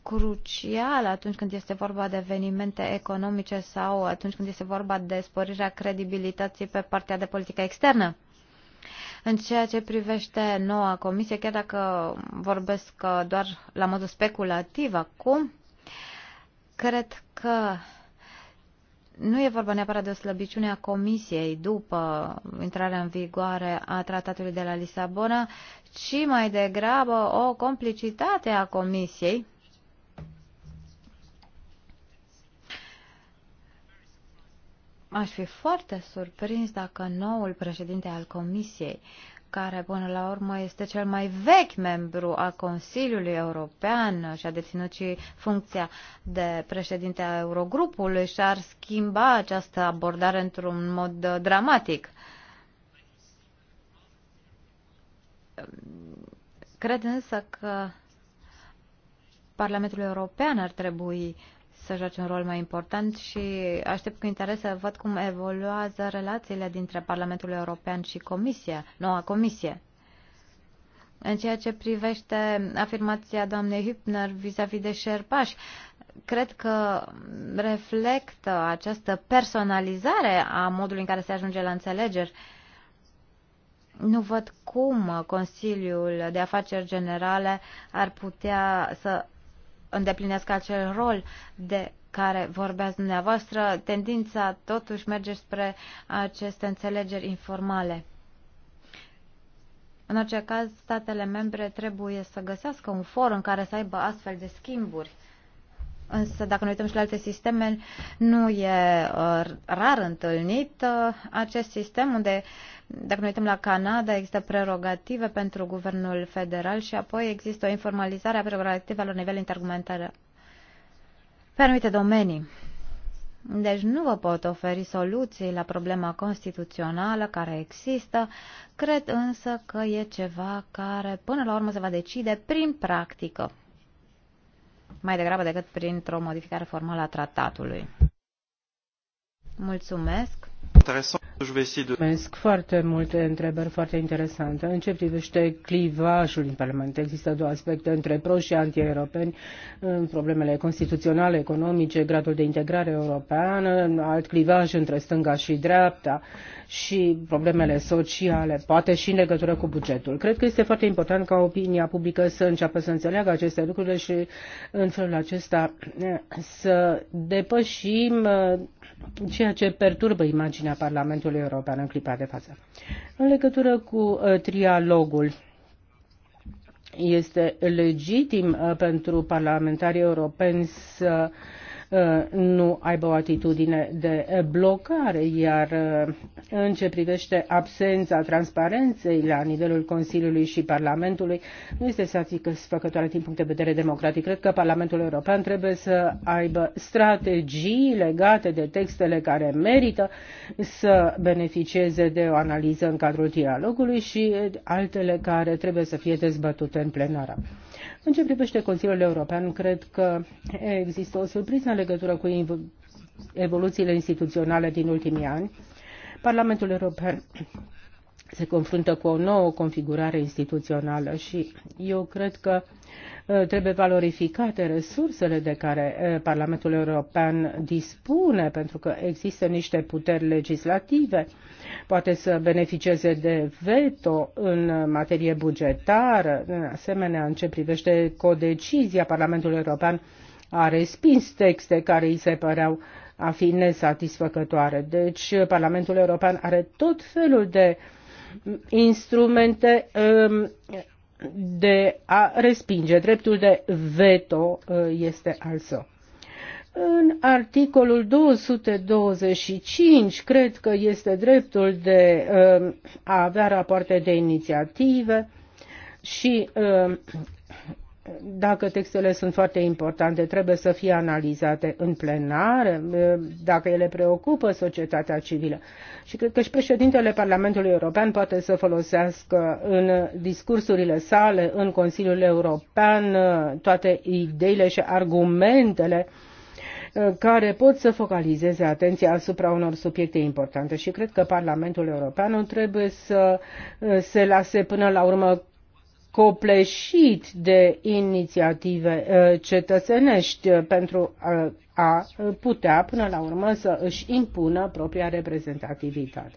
Speaker 3: crucial atunci când este vorba de evenimente economice sau atunci când este vorba de sporirea credibilității pe partea de politică externă. În ceea ce privește noua comisie, chiar dacă vorbesc uh, doar la modul speculativ acum, cred că nu e vorba neapărat de o slăbiciune a Comisiei după intrarea în vigoare a tratatului de la Lisabona, ci mai degrabă o complicitate a Comisiei Aș fi foarte surprins dacă noul președinte al Comisiei care până la urmă este cel mai vechi membru al Consiliului European și a deținut și funcția de președinte a Eurogrupului și ar schimba această abordare într-un mod uh, dramatic. Cred însă că Parlamentul European ar trebui uh, să joace un rol mai important și aștept cu interes să văd cum evoluează relațiile dintre Parlamentul European și Comisia, noua Comisie. În ceea ce privește afirmația doamnei Hübner vis-a-vis de șerpași, cred că reflectă această personalizare a modului în care se ajunge la înțelegeri. Nu văd cum Consiliul de Afaceri Generale ar putea să îndeplinesc acel rol de care vorbeați dumneavoastră, tendința totuși merge spre aceste înțelegeri informale. În orice caz, statele membre trebuie să găsească un for în care să aibă astfel de schimburi Însă, dacă ne uităm și la alte sisteme, nu e uh, rar întâlnit uh, acest sistem unde, dacă ne uităm la Canada, există prerogative pentru guvernul federal și apoi există o informalizare a prerogativelor la nivel intergumentar pe anumite domenii. Deci nu vă pot oferi soluții la problema constituțională care există, cred însă că e ceva care până la urmă se va decide prin practică mai degrabă decât printr-o modificare formală a tratatului. Mulțumesc! Interesant. Mulțumesc foarte multe întrebări foarte interesante. În ce
Speaker 2: privește clivajul în Parlament, există două aspecte între pro și anti-europeni, problemele constituționale, economice, gradul de integrare europeană, alt clivaj între stânga și dreapta și problemele sociale, poate și în legătură cu bugetul. Cred că este foarte important ca opinia publică să înceapă să înțeleagă aceste lucruri și în felul acesta să depășim uh, ceea ce perturbă imaginea Parlamentului Parlamentul European în clipa de față. În legătură cu uh, trialogul, este legitim uh, pentru parlamentarii europeni să uh, Uh, nu aibă o atitudine de blocare, iar uh, în ce privește absența transparenței la nivelul Consiliului și Parlamentului, nu este satisfăcătoare din punct de vedere democratic. Cred că Parlamentul European trebuie să aibă strategii legate de textele care merită să beneficieze de o analiză în cadrul dialogului și uh, altele care trebuie să fie dezbătute în plenară. În ce privește Consiliul European, cred că există o surpriză în legătură cu evoluțiile instituționale din ultimii ani. Parlamentul European se confruntă cu o nouă configurare instituțională și eu cred că Eh, trebuie valorificate resursele de care eh, Parlamentul European dispune, pentru că există niște puteri legislative. Poate să beneficieze de veto în materie bugetară, în asemenea în ce privește codecizia Parlamentului European a respins texte care îi se păreau a fi nesatisfăcătoare. Deci Parlamentul European are tot felul de instrumente ehm, de a respinge. Dreptul de veto uh, este al său. În articolul 225, cred că este dreptul de uh, a avea rapoarte de inițiative și uh, dacă textele sunt foarte importante, trebuie să fie analizate în plenar, eh, dacă ele preocupă societatea civilă. Și cred că și președintele Parlamentului European poate să folosească în discursurile sale, în Consiliul European, eh, toate ideile și argumentele eh, care pot să focalizeze atenția asupra unor subiecte importante și cred că Parlamentul European nu trebuie să se lase până la urmă copleșit de inițiative uh, cetățenești uh, pentru uh, a putea până la urmă să își impună propria reprezentativitate.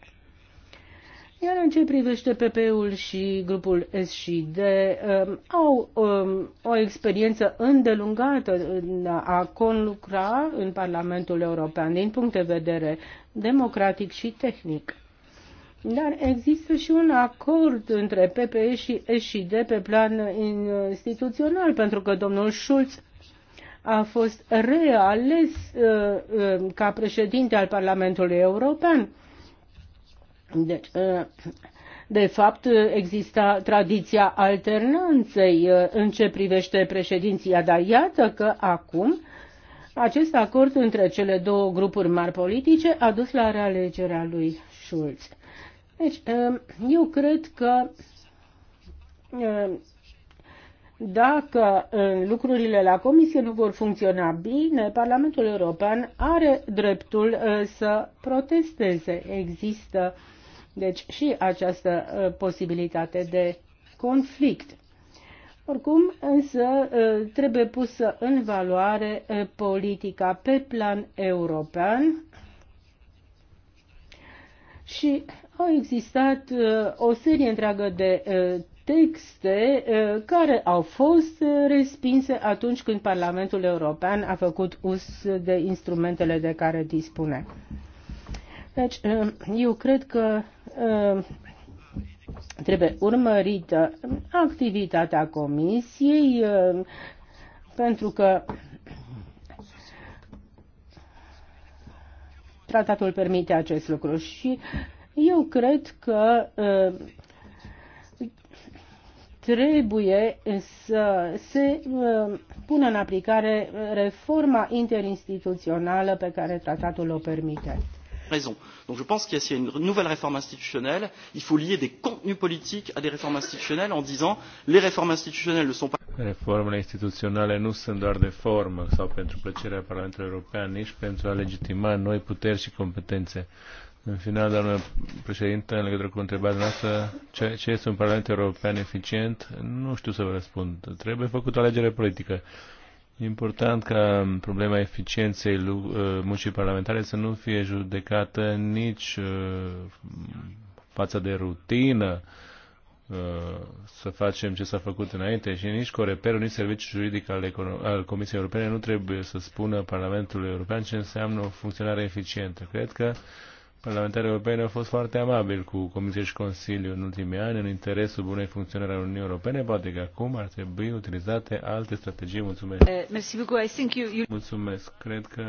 Speaker 2: Iar în ce privește PP-ul și grupul S și D, um, au um, o experiență îndelungată în a conlucra în Parlamentul European din punct de vedere democratic și tehnic. Dar există și un acord între PPE și SID pe plan instituțional, pentru că domnul Schulz a fost reales uh, uh, ca președinte al Parlamentului European. Deci, uh, de fapt, exista tradiția alternanței uh, în ce privește președinția, dar iată că acum acest acord între cele două grupuri mari politice a dus la realegerea lui Schulz. Deci, um, eu cred că um, dacă um, lucrurile la Comisie nu vor funcționa bine, Parlamentul European are dreptul uh, să protesteze. Există deci și această uh, posibilitate de conflict. Oricum, însă, uh, trebuie pusă în valoare politica pe plan european și au existat uh, o serie întreagă de uh, texte uh, care au fost respinse atunci când Parlamentul European a făcut us de instrumentele de care dispune. Deci, eu cred că trebuie urmărită activitatea Comisiei, pentru că tratatul permite acest lucru și eu cred că trebuie să se pună în aplicare reforma interinstituțională pe care tratatul o permite raison. Donc je pense qu'il y a une nouvelle réforme institutionnelle, il faut lier des contenus politiques à des réformes institutionnelles en disant les réformes institutionnelles ne sont
Speaker 1: pas. Reformele instituționale nu sunt doar de formă sau pentru plăcerea Parlamentului European, nici pentru a legitima noi puteri și competențe. În final, doamnă președintă, în legătură cu întrebarea noastră, ce, ce este un Parlament European eficient, nu știu să vă răspund. Trebuie făcut o alegere politică. E important ca problema eficienței uh, muncii parlamentare să nu fie judecată nici uh, față de rutină, uh, să facem ce s-a făcut înainte și nici Coreperul, nici Serviciul Juridic al, al Comisiei Europene nu trebuie să spună Parlamentului European ce înseamnă o funcționare eficientă. Cred că uh, parlamentarii europeni au fost foarte amabili cu Comisia și Consiliul în ultimii ani în interesul bunei funcționări a Uniunii Europene. Poate că acum ar trebui utilizate alte strategii. Mulțumesc! Eh,
Speaker 2: merci I think you, you...
Speaker 1: Mulțumesc! Cred că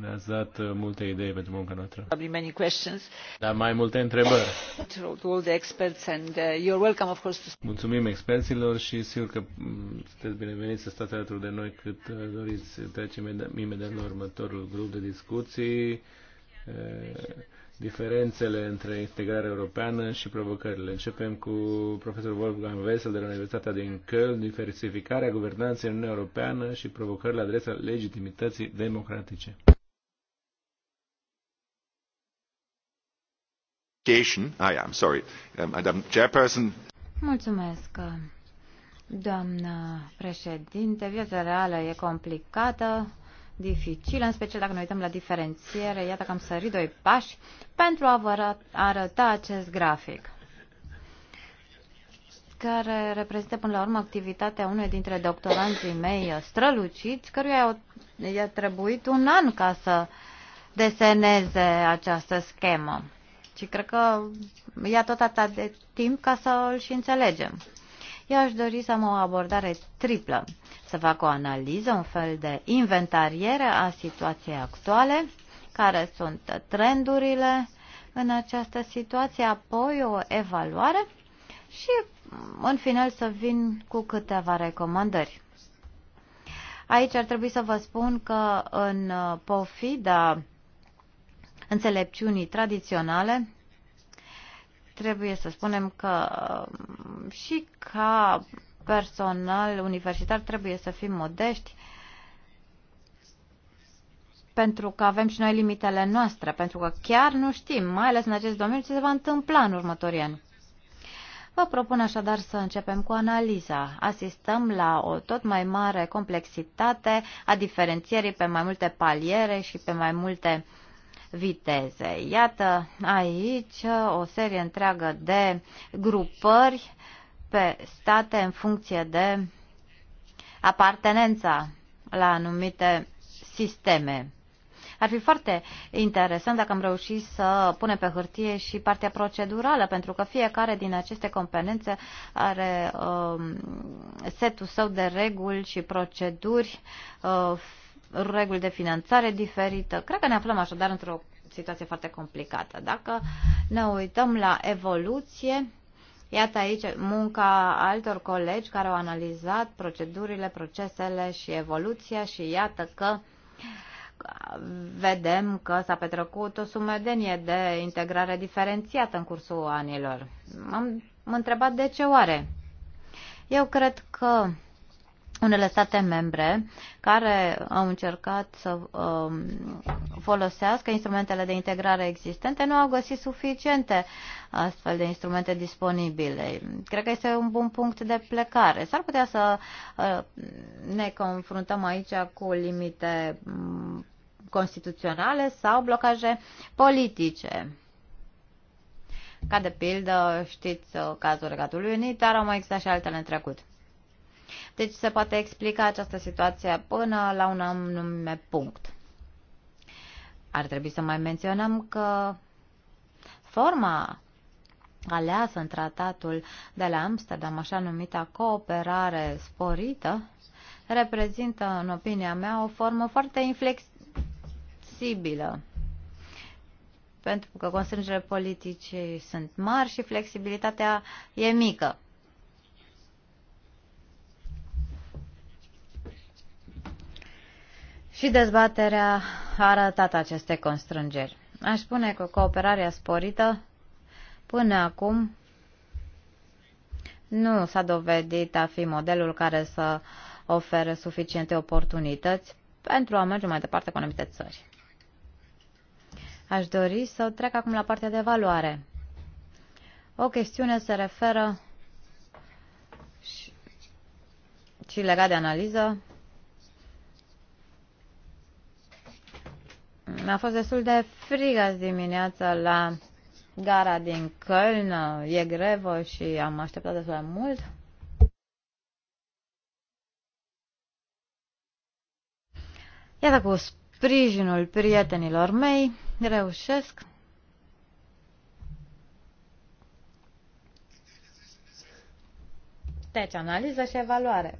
Speaker 1: ne-ați dat eh, multe idei pentru munca noastră. Many Dar mai multe întrebări.
Speaker 2: Eh,
Speaker 1: Mulțumim experților și sigur că mm, sunteți bineveniți să stați alături de noi cât doriți. Trecem imediat la următorul grup de discuții. Uh, diferențele între integrarea europeană și provocările. Începem cu profesorul Wolfgang Wessel de la Universitatea din Köln, diversificarea guvernanței în Uniunea Europeană și provocările adresa legitimității democratice.
Speaker 2: Ah, yeah, I'm sorry. Uh, Madam Chairperson.
Speaker 3: Mulțumesc, doamnă președinte. Viața reală e complicată dificilă, în special dacă ne uităm la diferențiere. Iată că am sărit doi pași pentru a vă arăta acest grafic care reprezintă până la urmă activitatea unui dintre doctoranții mei străluciți, căruia i-a trebuit un an ca să deseneze această schemă. Și cred că ia tot atât de timp ca să îl și înțelegem. Eu aș dori să am o abordare triplă, să fac o analiză, un fel de inventariere a situației actuale, care sunt trendurile în această situație, apoi o evaluare și în final să vin cu câteva recomandări. Aici ar trebui să vă spun că în pofida înțelepciunii tradiționale, Trebuie să spunem că um, și ca personal universitar trebuie să fim modești pentru că avem și noi limitele noastre, pentru că chiar nu știm, mai ales în acest domeniu, ce se va întâmpla în următorii ani. Vă propun așadar să începem cu analiza. Asistăm la o tot mai mare complexitate a diferențierii pe mai multe paliere și pe mai multe viteze. Iată aici o serie întreagă de grupări pe state în funcție de apartenența la anumite sisteme. Ar fi foarte interesant dacă am reușit să punem pe hârtie și partea procedurală, pentru că fiecare din aceste componențe are uh, setul său de reguli și proceduri uh, reguli de finanțare diferită. Cred că ne aflăm așadar într-o situație foarte complicată. Dacă ne uităm la evoluție, iată aici munca altor colegi care au analizat procedurile, procesele și evoluția și iată că vedem că s-a petrecut o sumedenie de integrare diferențiată în cursul anilor. M-am întrebat de ce oare. Eu cred că unele state membre care au încercat să um, folosească instrumentele de integrare existente nu au găsit suficiente astfel de instrumente disponibile. Cred că este un bun punct de plecare. S-ar putea să uh, ne confruntăm aici cu limite um, constituționale sau blocaje politice. Ca de pildă, știți uh, cazul Regatului Unit, dar au mai existat și altele în trecut. Deci se poate explica această situație până la un anume punct. Ar trebui să mai menționăm că forma aleasă în tratatul de la Amsterdam, așa numita cooperare sporită, reprezintă, în opinia mea, o formă foarte inflexibilă. Pentru că constrângerile politice sunt mari și flexibilitatea e mică. Și dezbaterea a arătat aceste constrângeri. Aș spune că cooperarea sporită până acum nu s-a dovedit a fi modelul care să ofere suficiente oportunități pentru a merge mai departe cu anumite țări. Aș dori să trec acum la partea de valoare. O chestiune se referă și, și legat de analiză A fost destul de frig azi dimineața la gara din Köln. E grevă și am așteptat destul de mult. Iată cu sprijinul prietenilor mei reușesc Deci, analiză și evaluare.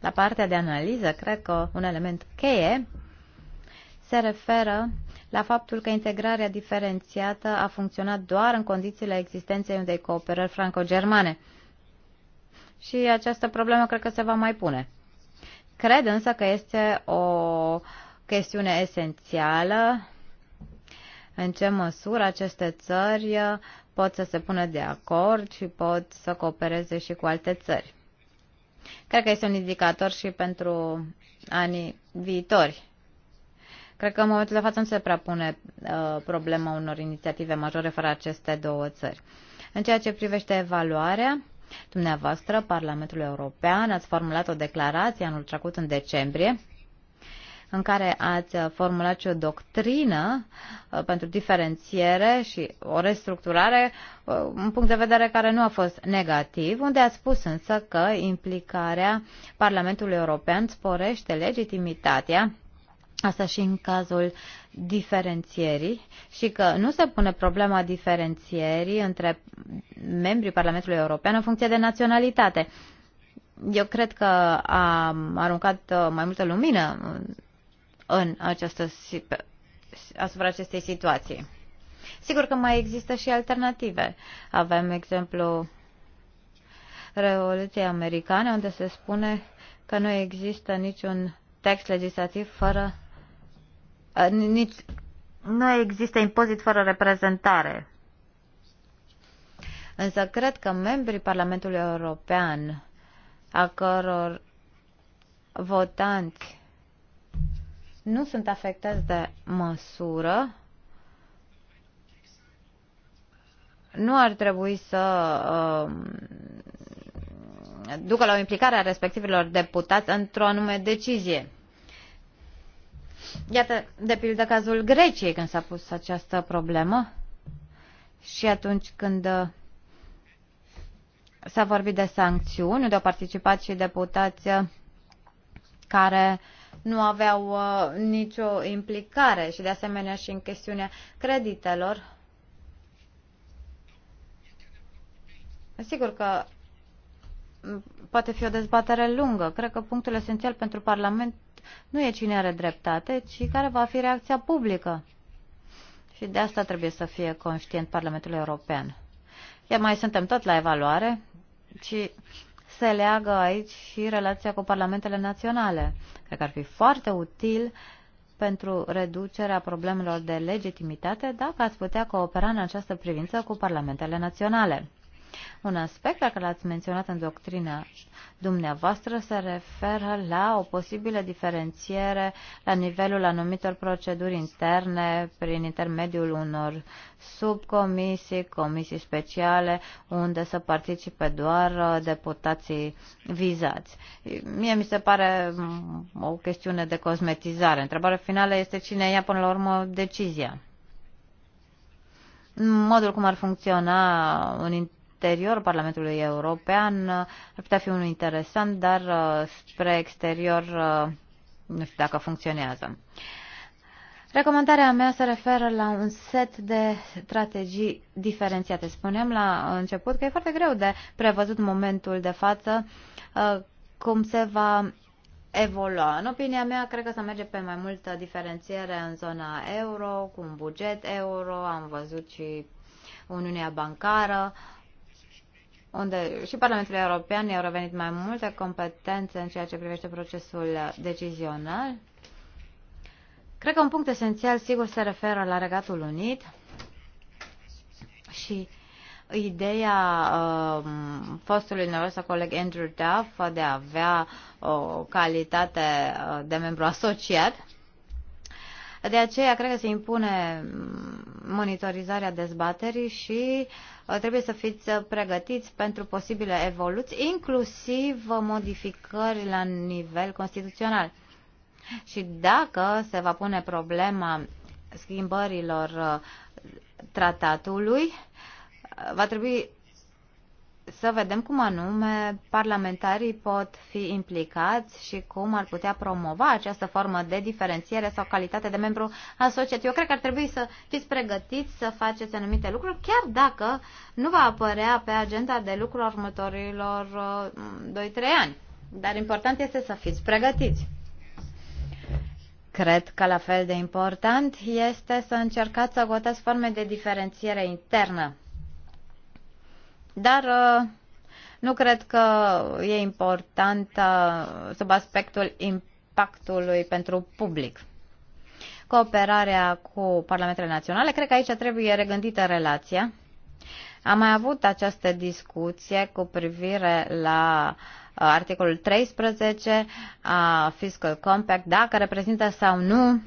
Speaker 3: La partea de analiză, cred că un element cheie se referă la faptul că integrarea diferențiată a funcționat doar în condițiile existenței unei cooperări franco-germane. Și această problemă cred că se va mai pune. Cred însă că este o chestiune esențială în ce măsură aceste țări pot să se pună de acord și pot să coopereze și cu alte țări. Cred că este un indicator și pentru anii viitori. Cred că în momentul de față nu se prea pune uh, problema unor inițiative majore fără aceste două țări. În ceea ce privește evaluarea, dumneavoastră, Parlamentul European, ați formulat o declarație anul trecut în decembrie în care ați uh, formulat și o doctrină uh, pentru diferențiere și o restructurare, uh, un punct de vedere care nu a fost negativ, unde ați spus însă că implicarea Parlamentului European sporește legitimitatea asta și în cazul diferențierii și că nu se pune problema diferențierii între membrii Parlamentului European în funcție de naționalitate. Eu cred că a aruncat uh, mai multă lumină în această, asupra acestei situații. Sigur că mai există și alternative. Avem exemplu Revoluției Americane, unde se spune că nu există niciun text legislativ fără Uh, nici, nu există impozit fără reprezentare. Însă cred că membrii Parlamentului European, a căror votanți nu sunt afectați de măsură, nu ar trebui să uh, ducă la o implicare a respectivilor deputați într-o anume decizie. Iată, de pildă, cazul Greciei când s-a pus această problemă și atunci când uh, s-a vorbit de sancțiuni, unde au participat și deputați uh, care nu aveau uh, nicio implicare și de asemenea și în chestiunea creditelor. Sigur că poate fi o dezbatere lungă. Cred că punctul esențial pentru Parlament nu e cine are dreptate, ci care va fi reacția publică. Și de asta trebuie să fie conștient Parlamentul European. Iar mai suntem tot la evaluare și se leagă aici și relația cu parlamentele naționale. Cred că ar fi foarte util pentru reducerea problemelor de legitimitate dacă ați putea coopera în această privință cu parlamentele naționale. Un aspect la care l-ați menționat în doctrina dumneavoastră se referă la o posibilă diferențiere la nivelul anumitor proceduri interne prin intermediul unor subcomisii, comisii speciale, unde să participe doar uh, deputații vizați. Mie mi se pare mm, o chestiune de cosmetizare. Întrebarea finală este cine ia până la urmă decizia modul cum ar funcționa un interior Parlamentului European ar putea fi unul interesant, dar uh, spre exterior uh, nu știu dacă funcționează. Recomandarea mea se referă la un set de strategii diferențiate. Spuneam la început că e foarte greu de prevăzut momentul de față uh, cum se va evolua. În opinia mea, cred că se merge pe mai multă diferențiere în zona euro, cu un buget euro, am văzut și Uniunea Bancară, uh, unde și Parlamentul European i-au revenit mai multe competențe în ceea ce privește procesul decizional. Cred că un punct esențial, sigur, se referă la Regatul Unit și ideea uh, fostului nostru coleg Andrew Duff de a avea o calitate uh, de membru asociat de aceea cred că se impune monitorizarea dezbaterii și uh, trebuie să fiți uh, pregătiți pentru posibile evoluții, inclusiv uh, modificări la nivel constituțional. Și dacă se va pune problema schimbărilor tratatului, va trebui să vedem cum anume parlamentarii pot fi implicați și cum ar putea promova această formă de diferențiere sau calitate de membru asociat. Eu cred că ar trebui să fiți pregătiți să faceți anumite lucruri, chiar dacă nu va apărea pe agenda de lucru următorilor 2-3 uh, ani. Dar important este să fiți pregătiți. Cred că la fel de important este să încercați să agotați forme de diferențiere internă dar uh, nu cred că e important uh, sub aspectul impactului pentru public. Cooperarea cu parlamentele naționale, cred că aici trebuie regândită relația. Am mai avut această discuție cu privire la uh, articolul 13 a Fiscal Compact, dacă reprezintă sau nu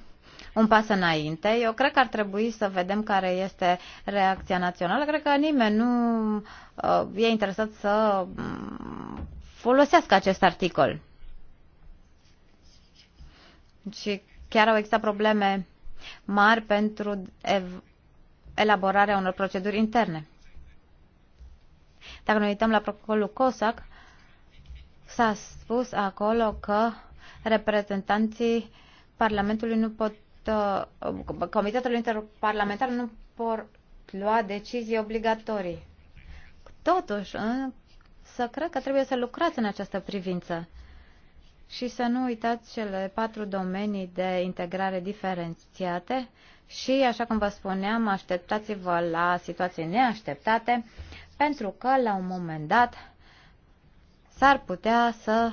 Speaker 3: un pas înainte. Eu cred că ar trebui să vedem care este reacția națională. Cred că nimeni nu uh, e interesat să mm, folosească acest articol. Și chiar au existat probleme mari pentru elaborarea unor proceduri interne. Dacă ne uităm la protocolul COSAC, s-a spus acolo că reprezentanții Parlamentului nu pot Comitetul Interparlamentar nu por, lua decizii obligatorii. Totuși, să cred că trebuie să lucrați în această privință și să nu uitați cele patru domenii de integrare diferențiate și, așa cum vă spuneam, așteptați-vă la situații neașteptate, pentru că, la un moment dat, s-ar putea să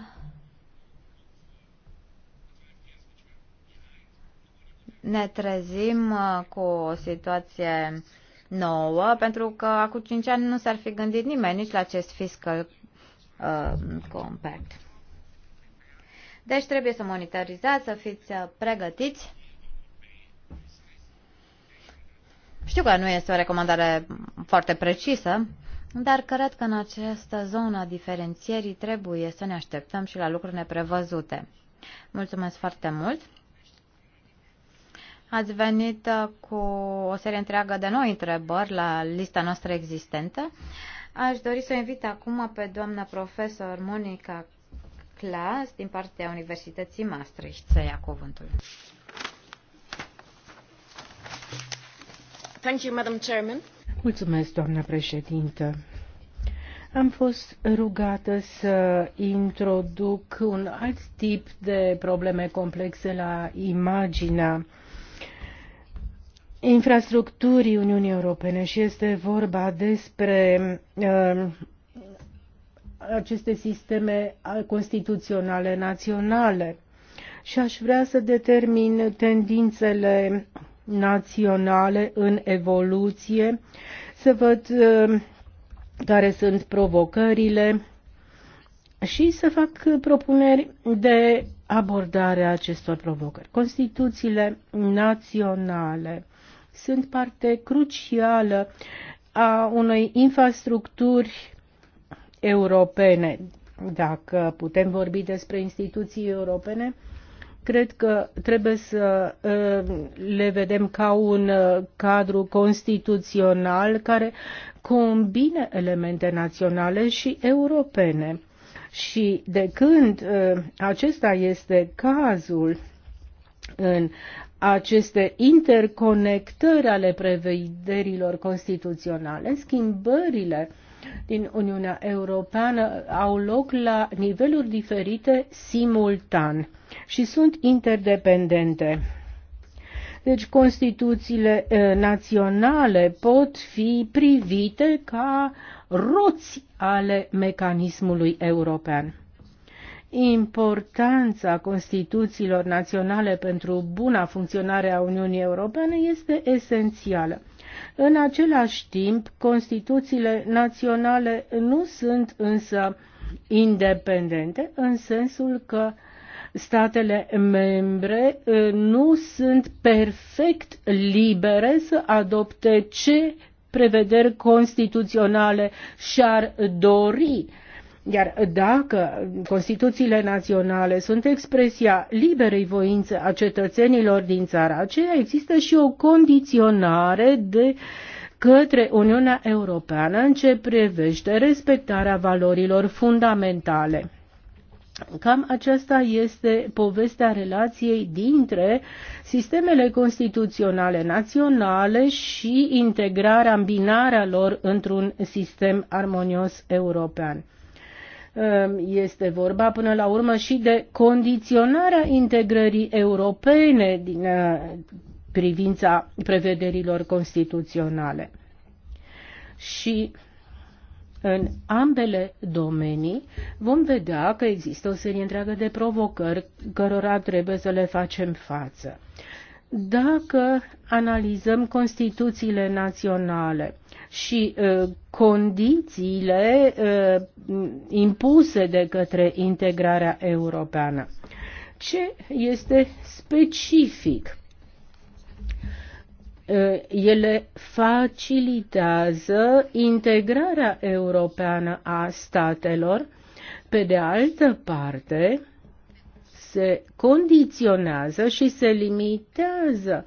Speaker 3: ne trezim uh, cu o situație nouă, pentru că acum 5 ani nu s-ar fi gândit nimeni nici la acest fiscal uh, compact. Deci trebuie să monitorizați, să fiți uh, pregătiți. Știu că nu este o recomandare foarte precisă, dar cred că în această zonă a diferențierii trebuie să ne așteptăm și la lucruri neprevăzute. Mulțumesc foarte mult! Ați venit uh, cu o serie întreagă de noi întrebări la lista noastră existentă. Aș dori să o invit acum pe doamna profesor Monica Clas din partea Universității Maastricht să ia cuvântul. Thank you, Madam Chairman.
Speaker 2: Mulțumesc, doamnă președintă. Am fost rugată să introduc un alt tip de probleme complexe la imaginea infrastructurii Uniunii Europene și este vorba despre uh, aceste sisteme constituționale naționale. Și aș vrea să determin tendințele naționale în evoluție, să văd uh, care sunt provocările și să fac propuneri de abordare a acestor provocări. Constituțiile naționale sunt parte crucială a unei infrastructuri europene. Dacă putem vorbi despre instituții europene, cred că trebuie să ă, le vedem ca un ă, cadru constituțional care combine elemente naționale și europene. Și de când ă, acesta este cazul în aceste interconectări ale prevederilor constituționale, schimbările din Uniunea Europeană au loc la niveluri diferite simultan și sunt interdependente. Deci Constituțiile eh, naționale pot fi privite ca roți ale mecanismului european importanța Constituțiilor naționale pentru buna funcționare a Uniunii Europene este esențială. În același timp, Constituțiile naționale nu sunt însă independente în sensul că statele membre eh, nu sunt perfect libere să adopte ce prevederi constituționale și-ar dori iar dacă Constituțiile naționale sunt expresia liberei voințe a cetățenilor din țara aceea, există și o condiționare de către Uniunea Europeană în ce privește respectarea valorilor fundamentale. Cam aceasta este povestea relației dintre sistemele constituționale naționale și integrarea, îmbinarea lor într-un sistem armonios european. Ehm, este vorba până la urmă și de condiționarea integrării europene din eh, privința prevederilor constituționale. Și în ambele domenii vom vedea că există o serie întreagă de provocări cărora trebuie să le facem față. Dacă analizăm constituțiile naționale, și uh, condițiile uh, impuse de către integrarea europeană. Ce este specific? Uh, ele facilitează integrarea europeană a statelor, pe de altă parte se condiționează și se limitează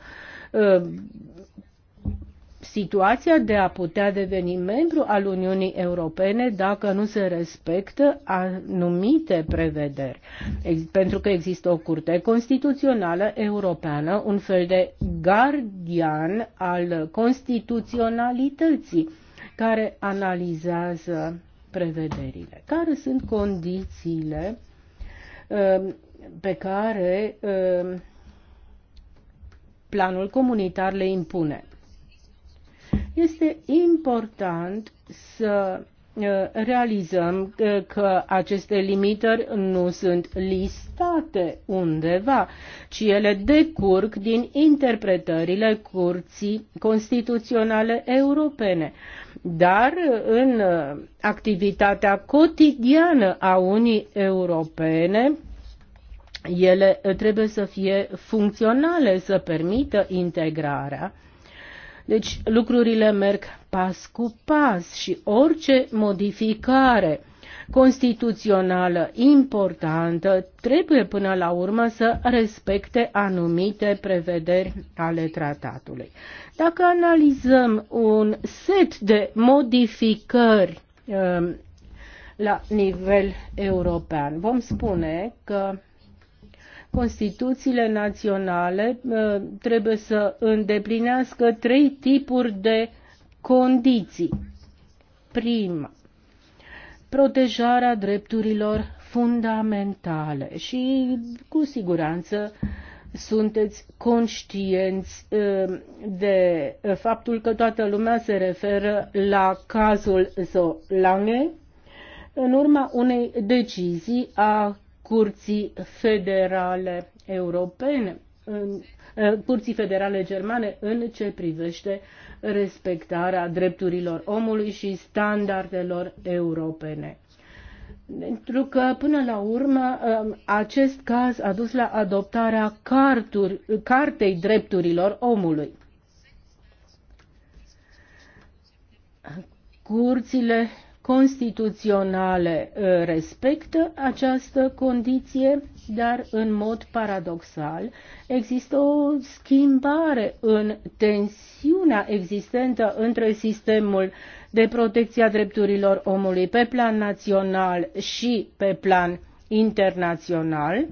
Speaker 2: situația de a putea deveni membru al Uniunii Europene dacă nu se respectă anumite prevederi. Pentru că există o curte constituțională europeană, un fel de gardian al constituționalității care analizează prevederile. Care sunt condițiile um, pe care um, planul comunitar le impune? Este important să uh, realizăm uh, că aceste limitări nu sunt listate undeva, ci ele decurg din interpretările Curții Constituționale Europene. Dar în uh, activitatea cotidiană a unii europene, ele trebuie să fie funcționale, să permită integrarea deci lucrurile merg pas cu pas și orice modificare constituțională importantă trebuie până la urmă să respecte anumite prevederi ale tratatului. Dacă analizăm un set de modificări um, la nivel european, vom spune că Constituțiile naționale uh, trebuie să îndeplinească trei tipuri de condiții. Prima, protejarea drepturilor fundamentale și cu siguranță sunteți conștienți uh, de faptul că toată lumea se referă la cazul Zolange în urma unei decizii a Curții Federale Europene, în, eh, Curții Federale Germane în ce privește respectarea drepturilor omului și standardelor europene. Pentru că, până la urmă, eh, acest caz a dus la adoptarea carturi, Cartei Drepturilor Omului. Curțile constituționale uh, respectă această condiție, dar în mod paradoxal există o schimbare în tensiunea existentă între sistemul de protecție a drepturilor omului pe plan național și pe plan internațional.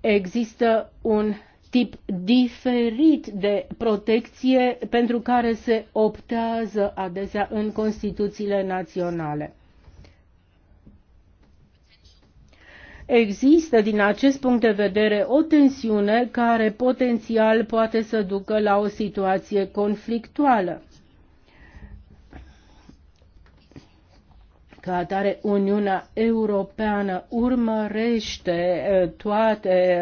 Speaker 2: Există un tip diferit de protecție pentru care se optează adesea în Constituțiile naționale. Există din acest punct de vedere o tensiune care potențial poate să ducă la o situație conflictuală. Ca atare, Uniunea Europeană urmărește toate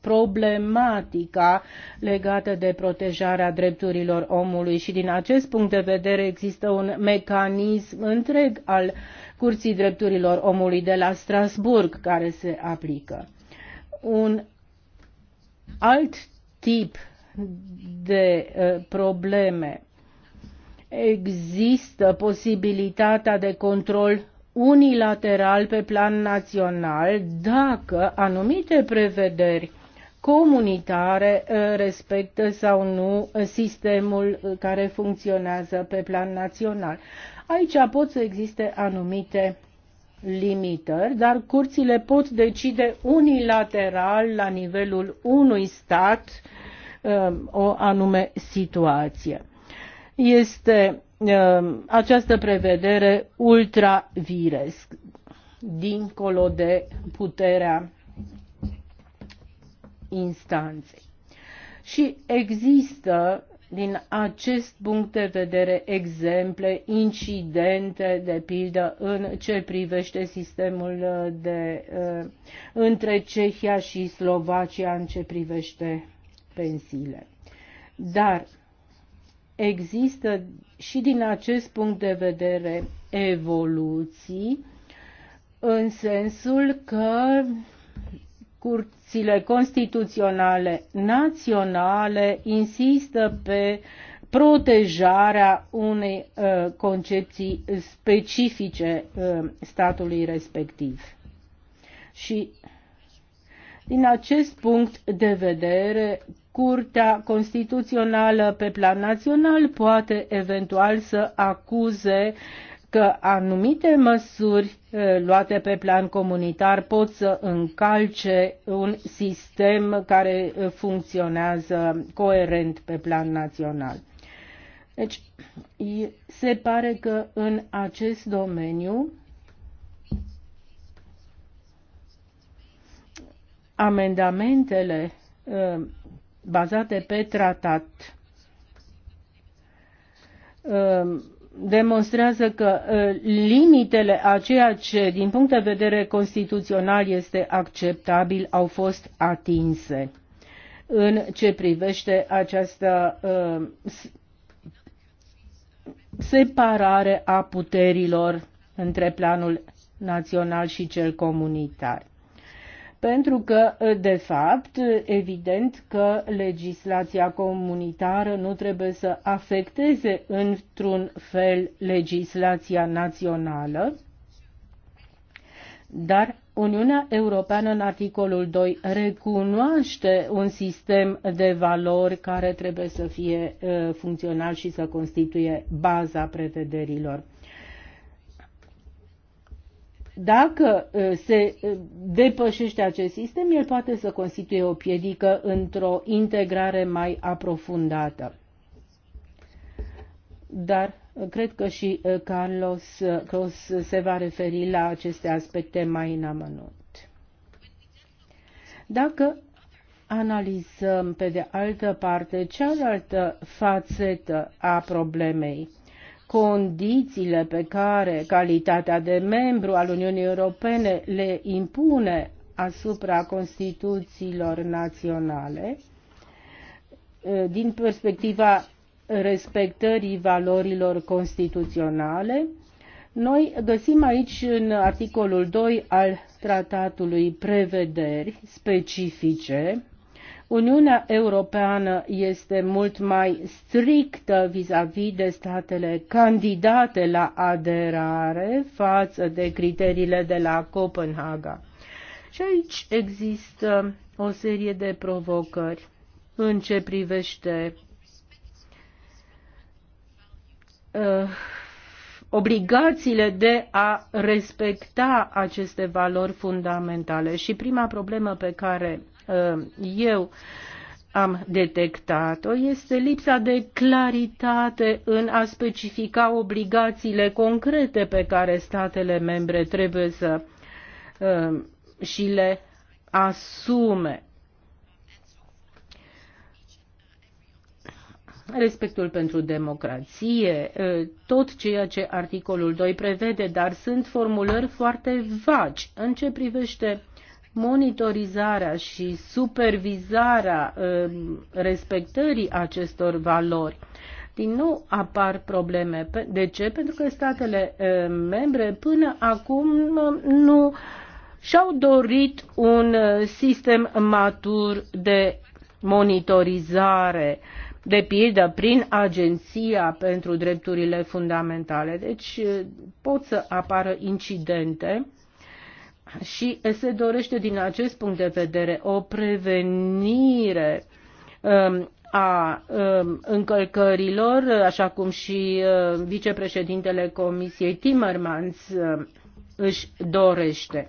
Speaker 2: problematica legată de protejarea drepturilor omului și din acest punct de vedere există un mecanism întreg al Curții Drepturilor Omului de la Strasburg care se aplică. Un alt tip de probleme există posibilitatea de control unilateral pe plan național dacă anumite prevederi comunitare uh, respectă sau nu uh, sistemul uh, care funcționează pe plan național. Aici pot să existe anumite limitări, dar curțile pot decide unilateral la nivelul unui stat o anume situație este um, această prevedere ultra vires dincolo de puterea instanței. Și există, din acest punct de vedere, exemple, incidente, de pildă, în ce privește sistemul de, uh, între Cehia și Slovacia, în ce privește pensiile. Dar există și din acest punct de vedere evoluții, în sensul că curțile constituționale naționale insistă pe protejarea unei uh, concepții specifice uh, statului respectiv. Și din acest punct de vedere, Curtea Constituțională pe plan național poate eventual să acuze că anumite măsuri eh, luate pe plan comunitar pot să încalce un sistem care eh, funcționează coerent pe plan național. Deci, se pare că în acest domeniu amendamentele uh, bazate pe tratat uh, demonstrează că uh, limitele a ceea ce, din punct de vedere constituțional, este acceptabil, au fost atinse în ce privește această separare a puterilor între planul național și cel comunitar pentru că, ă, de fapt, ă, evident că legislația comunitară nu trebuie să afecteze într-un fel legislația națională, dar Uniunea Europeană în articolul 2 recunoaște un sistem de valori care trebuie să fie ă, funcțional și să constituie baza prevederilor. Dacă uh, se uh, depășește acest sistem, el poate să constituie o piedică într-o integrare mai aprofundată. Dar uh, cred că și Carlos Cross se va referi la aceste aspecte mai în amănunt. Dacă analizăm pe de altă parte cealaltă fațetă a problemei, condițiile pe care calitatea de membru al Uniunii Europene le impune asupra Constituțiilor naționale, din perspectiva respectării valorilor constituționale, noi găsim aici în articolul 2 al tratatului prevederi specifice Uniunea Europeană este mult mai strictă vis-a-vis -vis de statele candidate la aderare față de criteriile de la Copenhaga. Și aici există o serie de provocări în ce privește uh, obligațiile de a respecta aceste valori fundamentale. Și prima problemă pe care Uh, eu am detectat-o este lipsa de claritate în a specifica obligațiile concrete pe care statele membre trebuie să uh, și le asume. respectul pentru democrație, uh, tot ceea ce articolul 2 prevede, dar sunt formulări foarte vagi în ce privește monitorizarea și supervizarea um, respectării acestor valori. Din nou apar probleme. De ce? Pentru că statele um, membre până acum um, nu și-au dorit un uh, sistem matur de monitorizare, de pildă prin Agenția pentru Drepturile Fundamentale. Deci uh, pot să apară incidente și se dorește din acest punct de vedere o prevenire um, a um, încălcărilor, așa cum și um, vicepreședintele Comisiei Timmermans își dorește.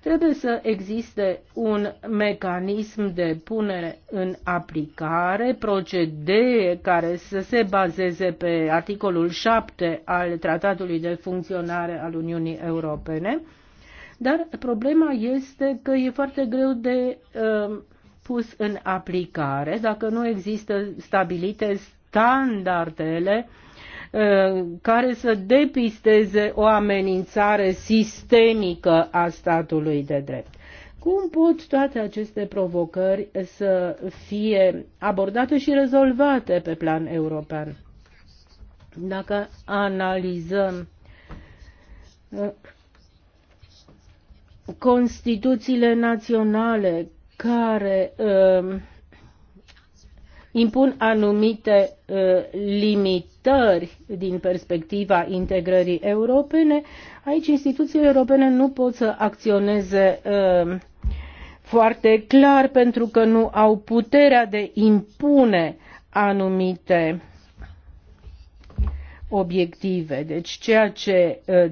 Speaker 2: Trebuie să existe un mecanism de punere în aplicare, procedee care să se bazeze pe articolul 7 al Tratatului de Funcționare al Uniunii Europene, dar problema este că e foarte greu de uh, pus în aplicare dacă nu există stabilite standardele uh, care să depisteze o amenințare sistemică a statului de drept. Cum pot toate aceste provocări să fie abordate și rezolvate pe plan european? Dacă analizăm uh, Constituțiile naționale care uh, impun anumite uh, limitări din perspectiva integrării europene, aici instituțiile europene nu pot să acționeze uh, foarte clar pentru că nu au puterea de impune anumite obiective. Deci ceea ce uh,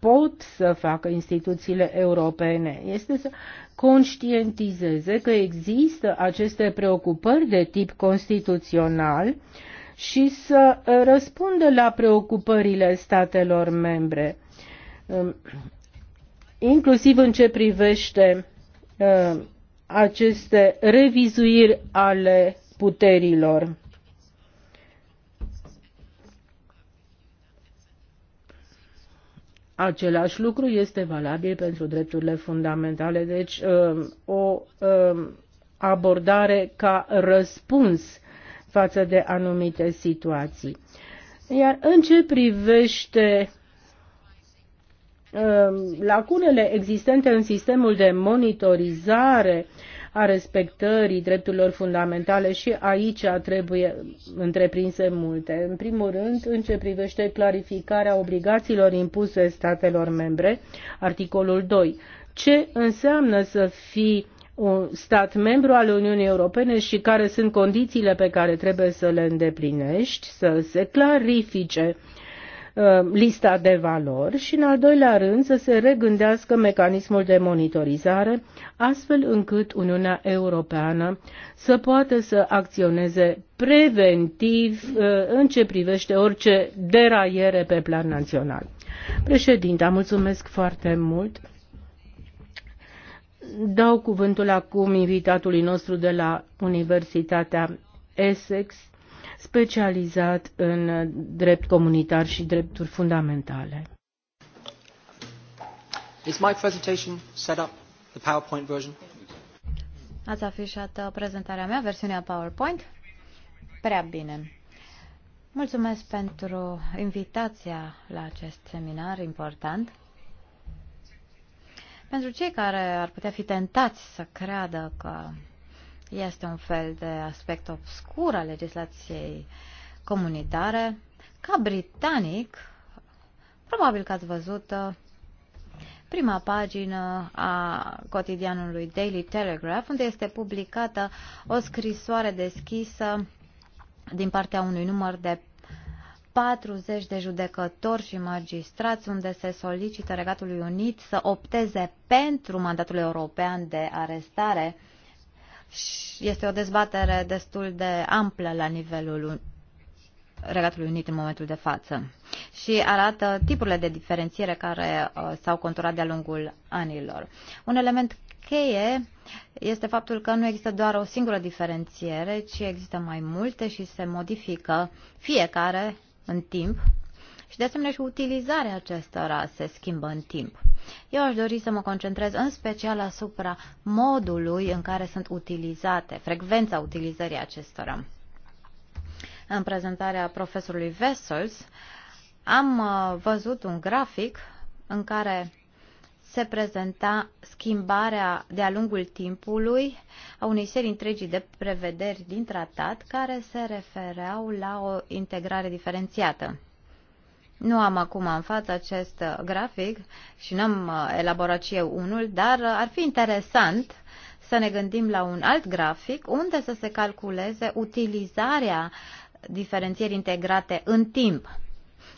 Speaker 2: pot să facă instituțiile europene este să conștientizeze că există aceste preocupări de tip constituțional și să răspundă la preocupările statelor membre, um, inclusiv în ce privește uh, aceste revizuiri ale puterilor. Același lucru este valabil pentru drepturile fundamentale, deci um, o um, abordare ca răspuns față de anumite situații. Iar în ce privește um, lacunele existente în sistemul de monitorizare a respectării drepturilor fundamentale și aici trebuie întreprinse multe. În primul rând, în ce privește clarificarea obligațiilor impuse statelor membre, articolul 2. Ce înseamnă să fii un stat membru al Uniunii Europene și care sunt condițiile pe care trebuie să le îndeplinești, să se clarifice uh, Uh, lista de valori și, în al doilea rând, să se regândească mecanismul de monitorizare, astfel încât Uniunea Europeană să poată să acționeze preventiv uh, în ce privește orice deraiere pe plan național. Președinte, mulțumesc foarte mult. Dau cuvântul acum invitatului nostru de la Universitatea Essex, specializat în drept comunitar și drepturi fundamentale. Is my presentation set up the PowerPoint version?
Speaker 3: Ați afișat uh, prezentarea mea, versiunea PowerPoint? Prea bine. Mulțumesc pentru invitația la acest seminar important. Pentru cei care ar putea fi tentați să creadă că este un fel de aspect obscur al legislației comunitare. Ca britanic, probabil că ați văzut uh, prima pagină a cotidianului Daily Telegraph, unde este publicată o scrisoare deschisă din partea unui număr de 40 de judecători și magistrați unde se solicită Regatului Unit să opteze pentru mandatul european de arestare și este o dezbatere destul de amplă la nivelul Regatului Unit în momentul de față și arată tipurile de diferențiere care uh, s-au conturat de-a lungul anilor. Un element cheie este faptul că nu există doar o singură diferențiere, ci există mai multe și se modifică fiecare în timp și de asemenea și utilizarea acestora se schimbă în timp. Eu aș dori să mă concentrez în special asupra modului în care sunt utilizate, frecvența utilizării acestora. În prezentarea profesorului Vessels am uh, văzut un grafic în care se prezenta schimbarea de-a lungul timpului a unei serii întregi de prevederi din tratat care se refereau la o integrare diferențiată. Nu am acum în față acest uh, grafic și n-am uh, elaborat și eu unul, dar uh, ar fi interesant să ne gândim la un alt grafic unde să se calculeze utilizarea diferențierii integrate în timp.